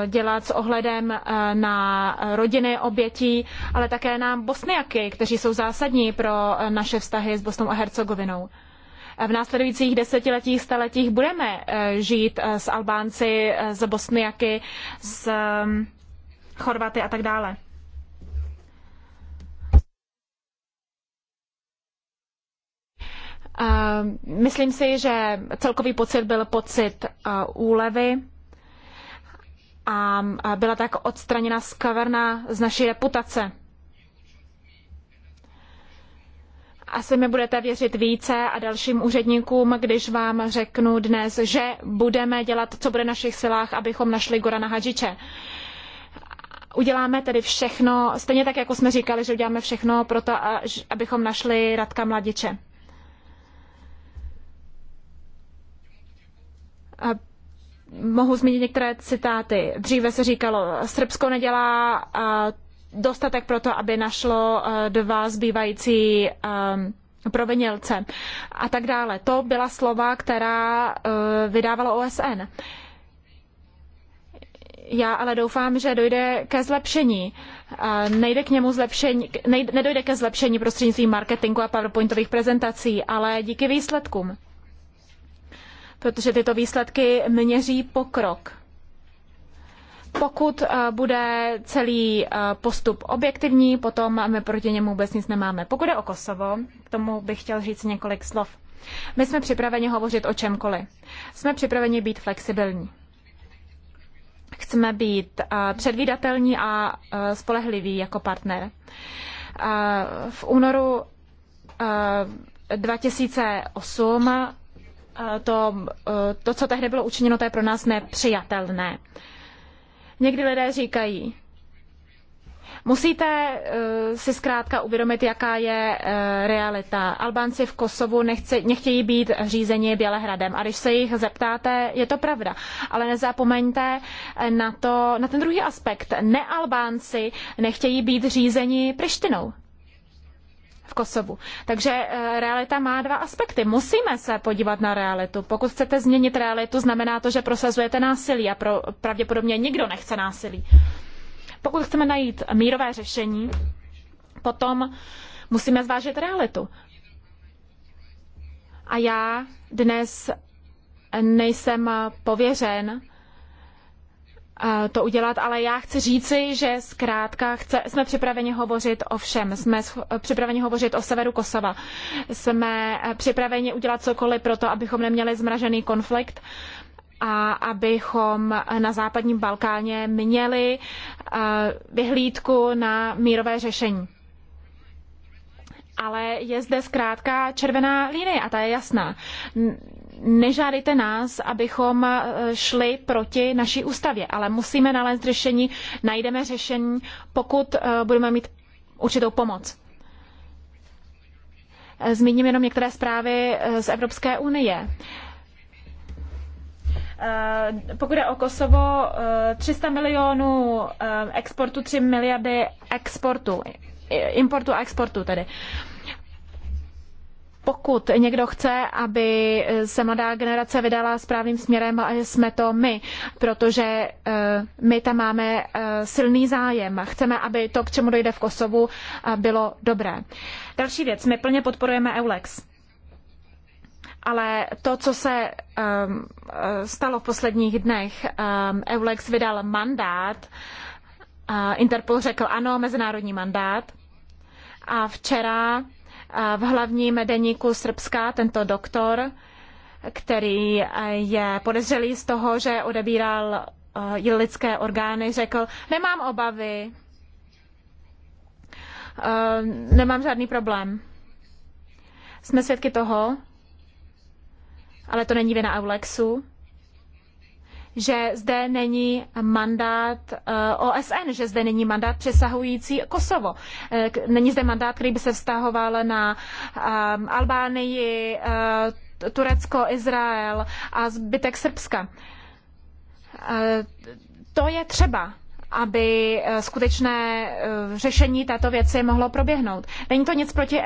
dělat s ohledem na rodiny obětí, ale také na Bosniaky, kteří jsou zásadní pro naše vztahy s Bosnou a Hercegovinou v následujících desetiletích, staletích budeme eh, žít eh, s Albánci, eh, s Bosniaky, s mm, Chorvaty a tak dále. Myslím si, že celkový pocit byl pocit úlevy a byla tak odstraněna skaverna z naší reputace. asi mi budete věřit více a dalším úředníkům, když vám řeknu dnes, že budeme dělat, co bude v našich silách, abychom našli Gorana Hadžiče. Uděláme tedy všechno, stejně tak, jako jsme říkali, že uděláme všechno pro to, abychom našli Radka Mladiče. A mohu zmínit některé citáty. Dříve se říkalo, Srbsko nedělá dostatek pro to, aby našlo eh, dva zbývající eh, provinělce a tak dále. To byla slova, která eh, vydávala OSN. Já ale doufám, že dojde ke zlepšení. Nejde k němu zlepšení, nejde, nedojde ke zlepšení prostřednictvím marketingu a PowerPointových prezentací, ale díky výsledkům. Protože tyto výsledky měří pokrok. Pokud eh, bude celý eh, postup objektivní, potom my proti němu vůbec nic nemáme. Pokud je o Kosovo, k tomu bych chtěl říct několik slov. My jsme připraveni hovořit o čemkoliv. Jsme připraveni být flexibilní. Chceme být eh, předvídatelní a spolehliví jako partner. V únoru 2008 to, to, co tehdy bylo učiněno, to je pro nás nepřijatelné. Někdy lidé říkají, Musíte uh, si zkrátka uvědomit, jaká je uh, realita. Albánci v Kosovu nechce, nechtějí být řízeni Bělehradem. A když se jich zeptáte, je to pravda. Ale nezapomeňte eh, na, to, na ten druhý aspekt. Nealbánci nechtějí být řízeni Prištinou v Kosovu. Takže eh, realita má dva aspekty. Musíme se podívat na realitu. Pokud chcete změnit realitu, znamená to, že prosazujete násilí a pro, pravděpodobně nikdo nechce násilí. Pokud chceme najít mírové řešení, potom musíme zvážit realitu. A já dnes nejsem pověřen to udělat, ale já chci říci, že zkrátka chce, jsme připraveni hovořit o všem. Jsme připraveni hovořit o severu Kosova. Jsme eh, připraveni udělat cokoliv pro to, abychom neměli zmražený konflikt a abychom eh, na západním Balkáně měli eh, vyhlídku na mírové řešení. Ale je zde zkrátka červená linie a ta je jasná nežádejte nás, abychom eh, šli proti naší ústavě, ale musíme nalézt řešení, najdeme řešení, pokud eh, budeme mít určitou pomoc. Eh, zmíním jenom některé zprávy z Evropské unie. Pokud je o Kosovo, 300 milionů exportu, 3 miliardy exportu, importu a exportu tedy pokud někdo chce, aby se mladá generace vydala správným směrem, jsme to my, protože eh, my tam máme eh, silný zájem. Chceme, aby to, k čemu dojde v Kosovu, eh, bylo dobré. Další věc, my plně podporujeme EULEX. Ale to, co se ehm, stalo v posledních dnech, ehm, EULEX vydal mandát, Interpol řekl ano, mezinárodní mandát. A včera v hlavním deníku Srbska tento doktor, který eh, je podezřelý z toho, že odebíral eh, lidské orgány, řekl, nemám obavy, eh, nemám žádný problém. Jsme svědky toho, ale to není vina Aulexu, že zde není mandát eh, OSN, že zde není mandát přesahující Kosovo. Eh, není zde mandát, který by se vztahoval na eh, Albánii, Turecko, Izrael a zbytek Srbska. To je třeba aby skutečné řešení této věci mohlo proběhnout. Není to nic proti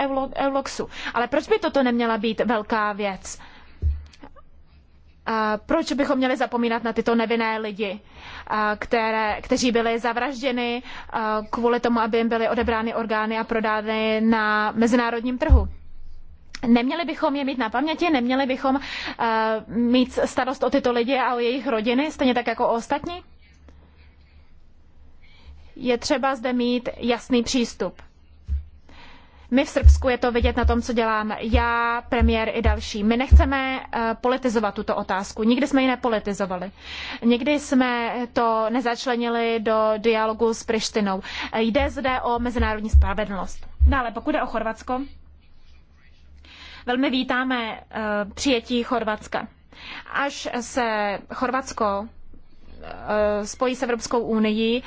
Euloxu, ale proč by toto neměla být velká věc? proč bychom měli zapomínat na tyto nevinné lidi, které, kteří byli zavražděni kvůli tomu, aby jim byly odebrány orgány a prodány na mezinárodním trhu? Neměli bychom je mít na paměti, neměli bychom mít starost o tyto lidi a o jejich rodiny, stejně tak jako o ostatní? Je třeba zde mít jasný přístup. My v Srbsku je to vidět na tom, co dělám. já, premiér i další. My nechceme eh, politizovat tuto otázku. Nikdy jsme ji nepolitizovali. Nikdy jsme to nezačlenili do dialogu s Prištinou. Eh, jde zde o mezinárodní spravedlnost. Dále, pokud jde o Chorvatsko, velmi vítáme eh, přijetí Chorvatska. Až se Chorvatsko spojí s Evropskou unii,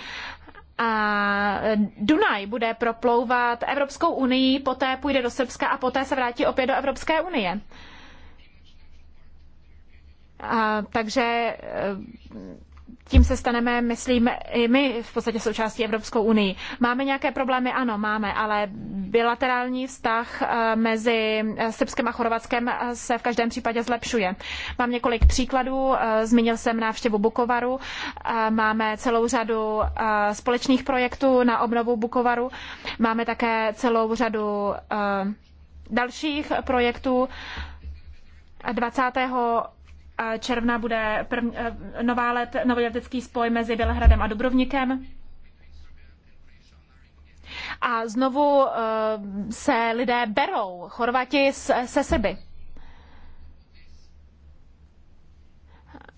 Dunaj bude proplouvat Evropskou unii, poté půjde do Srbska a poté se vrátí opět do Evropské unie. A, takže eh, tím se staneme, myslím, i my v podstatě součástí Evropskou unii. Máme nějaké problémy? Ano, máme, ale bilaterální vztah eh, mezi eh, Srbskem a Chorvatskem eh, se v každém případě zlepšuje. Mám několik příkladů, zmínil jsem návštěvu Bukovaru, máme celou řadu společných projektů na obnovu Bukovaru, máme také celou řadu dalších projektů. 20 června bude nový eh, nová let, novoletecký spoj mezi Bělehradem a Dubrovnikem. A znovu eh, se lidé berou, Chorvati se Srby.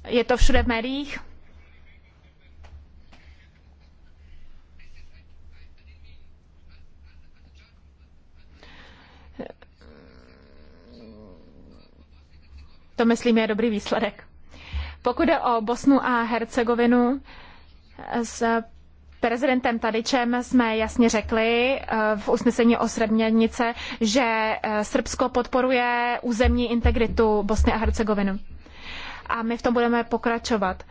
Je to všude v médiích. To, myslím, je dobrý výsledek. Pokud jde o Bosnu a Hercegovinu, s prezidentem Tadičem jsme jasně řekli eh, v usnesení o Srebrenice, že eh, Srbsko podporuje územní integritu Bosny a Hercegoviny. A my v tom budeme pokračovat.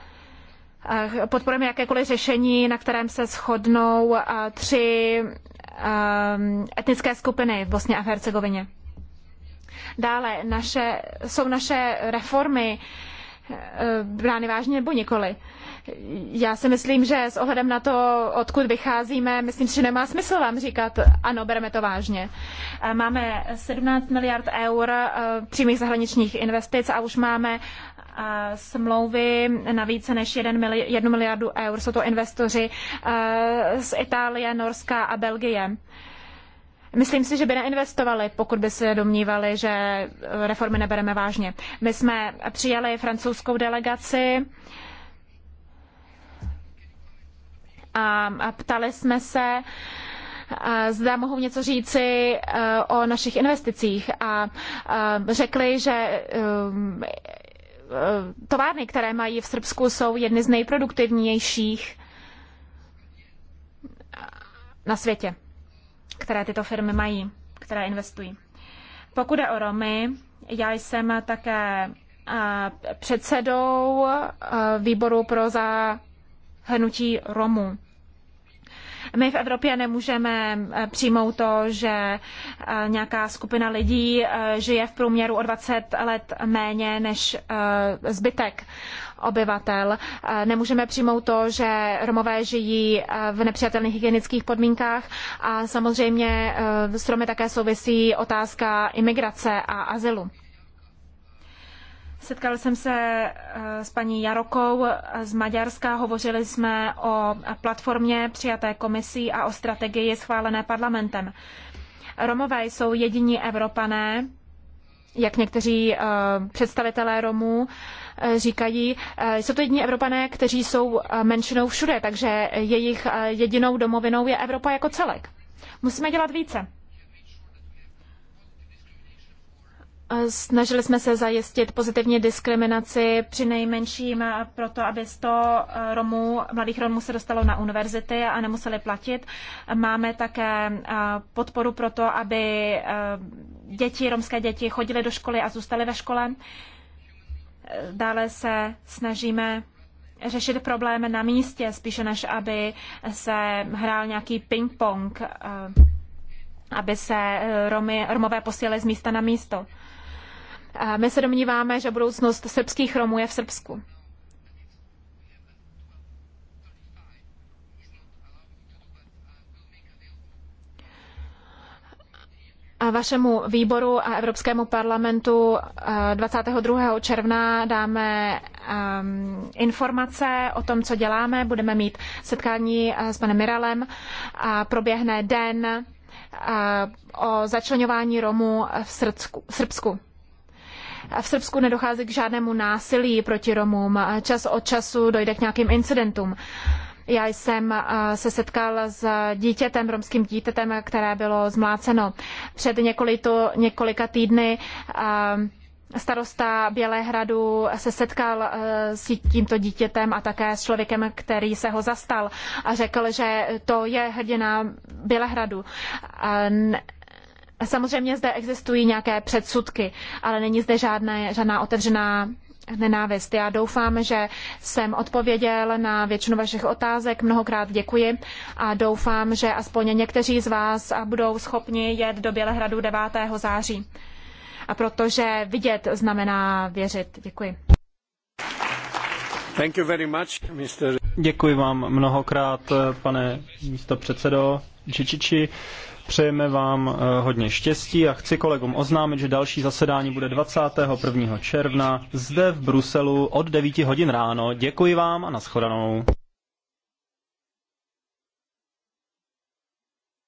Eh, podporujeme jakékoliv řešení, na kterém se shodnou tři etnické skupiny v Bosně a Hercegovině. Dále naše, jsou naše reformy eh, brány vážně nebo nikoli. Já si myslím, že s ohledem na to, odkud vycházíme, myslím že nemá smysl vám říkat, ano, bereme to vážně. Eh, máme 17 miliard eur eh, přímých zahraničních investic a už máme smlouvy na více než 1 miliardu eur. Jsou to investoři z Itálie, Norska a Belgie. Myslím si, že by neinvestovali, pokud by se domnívali, že reformy nebereme vážně. My jsme přijali francouzskou delegaci a ptali jsme se, zda mohou něco říci o našich investicích a řekli, že továrny, které mají v Srbsku, jsou jedny z nejproduktivnějších na světě které tyto firmy mají, které investují. Pokud je o Romy, já jsem také eh, předsedou eh, výboru pro zahrnutí Romů. My v Evropě nemůžeme eh, přijmout to, že nějaká skupina lidí žije v průměru o 20 let méně než zbytek obyvatel. E, nemůžeme přijmout to, že Romové žijí e, v nepřijatelných hygienických podmínkách a samozřejmě e, s Romy také souvisí otázka imigrace a azylu. Setkal jsem se s paní Jarokou z Maďarska, hovořili jsme o platformě přijaté komisí a o strategii schválené parlamentem. Romové jsou jediní Evropané, jak někteří představitelé Romů, Eh, říkají, eh, jsou to jediní Evropané, kteří jsou eh, menšinou všude, takže jejich jedinou domovinou je Evropa jako celek. Musíme dělat více. Snažili jsme se zajistit pozitivní diskriminaci při nejmenším proto, aby 100 Romů, mladých Romů se dostalo na univerzity a nemuseli platit. Máme také podporu pro to, aby děti, romské děti chodily do školy a zůstaly ve škole. Dále se snažíme řešit problém na místě, spíše než aby se hrál nějaký ping-pong, eh, aby se eh, Romy, Romové posílali z místa na místo. My se domníváme, že budoucnost srbských Romů je v Srbsku. vašemu výboru a Evropskému parlamentu 22. Eh, června dáme ehm, informace o tom, co děláme. Budeme mít setkání eh, s panem Miralem. Proběhne den eh, o začlenování Romů v Srbsku. V Srbsku. V Srbsku nedochází k žádnému násilí proti Romům. Čas od času dojde k nějakým incidentům. Já jsem eh, se setkal s dítětem, romským dítětem, které bylo zmláceno. Před několito, několika týdny starosta Bělehradu se setkal eh, s tímto dítětem a také s člověkem, který se ho zastal a řekl, že to je hrdina Bělehradu. Samozřejmě zde existují nějaké předsudky, ale není zde žádné, žádná otevřená nenávist. Já doufám, že jsem odpověděl na většinu vašich otázek. Mnohokrát děkuji a doufám, že aspoň někteří z vás budou schopni jet do Bělehradu 9. září. A protože vidět znamená věřit. Děkuji. Thank you very much, Mr. Děkuji vám mnohokrát, pane místo předsedo Čičiči. Přejeme vám eh, hodně štěstí a chci kolegům oznámit, že další zasedání bude 21. června zde v Bruselu od 9 hodin ráno. Děkuji vám a nashledanou.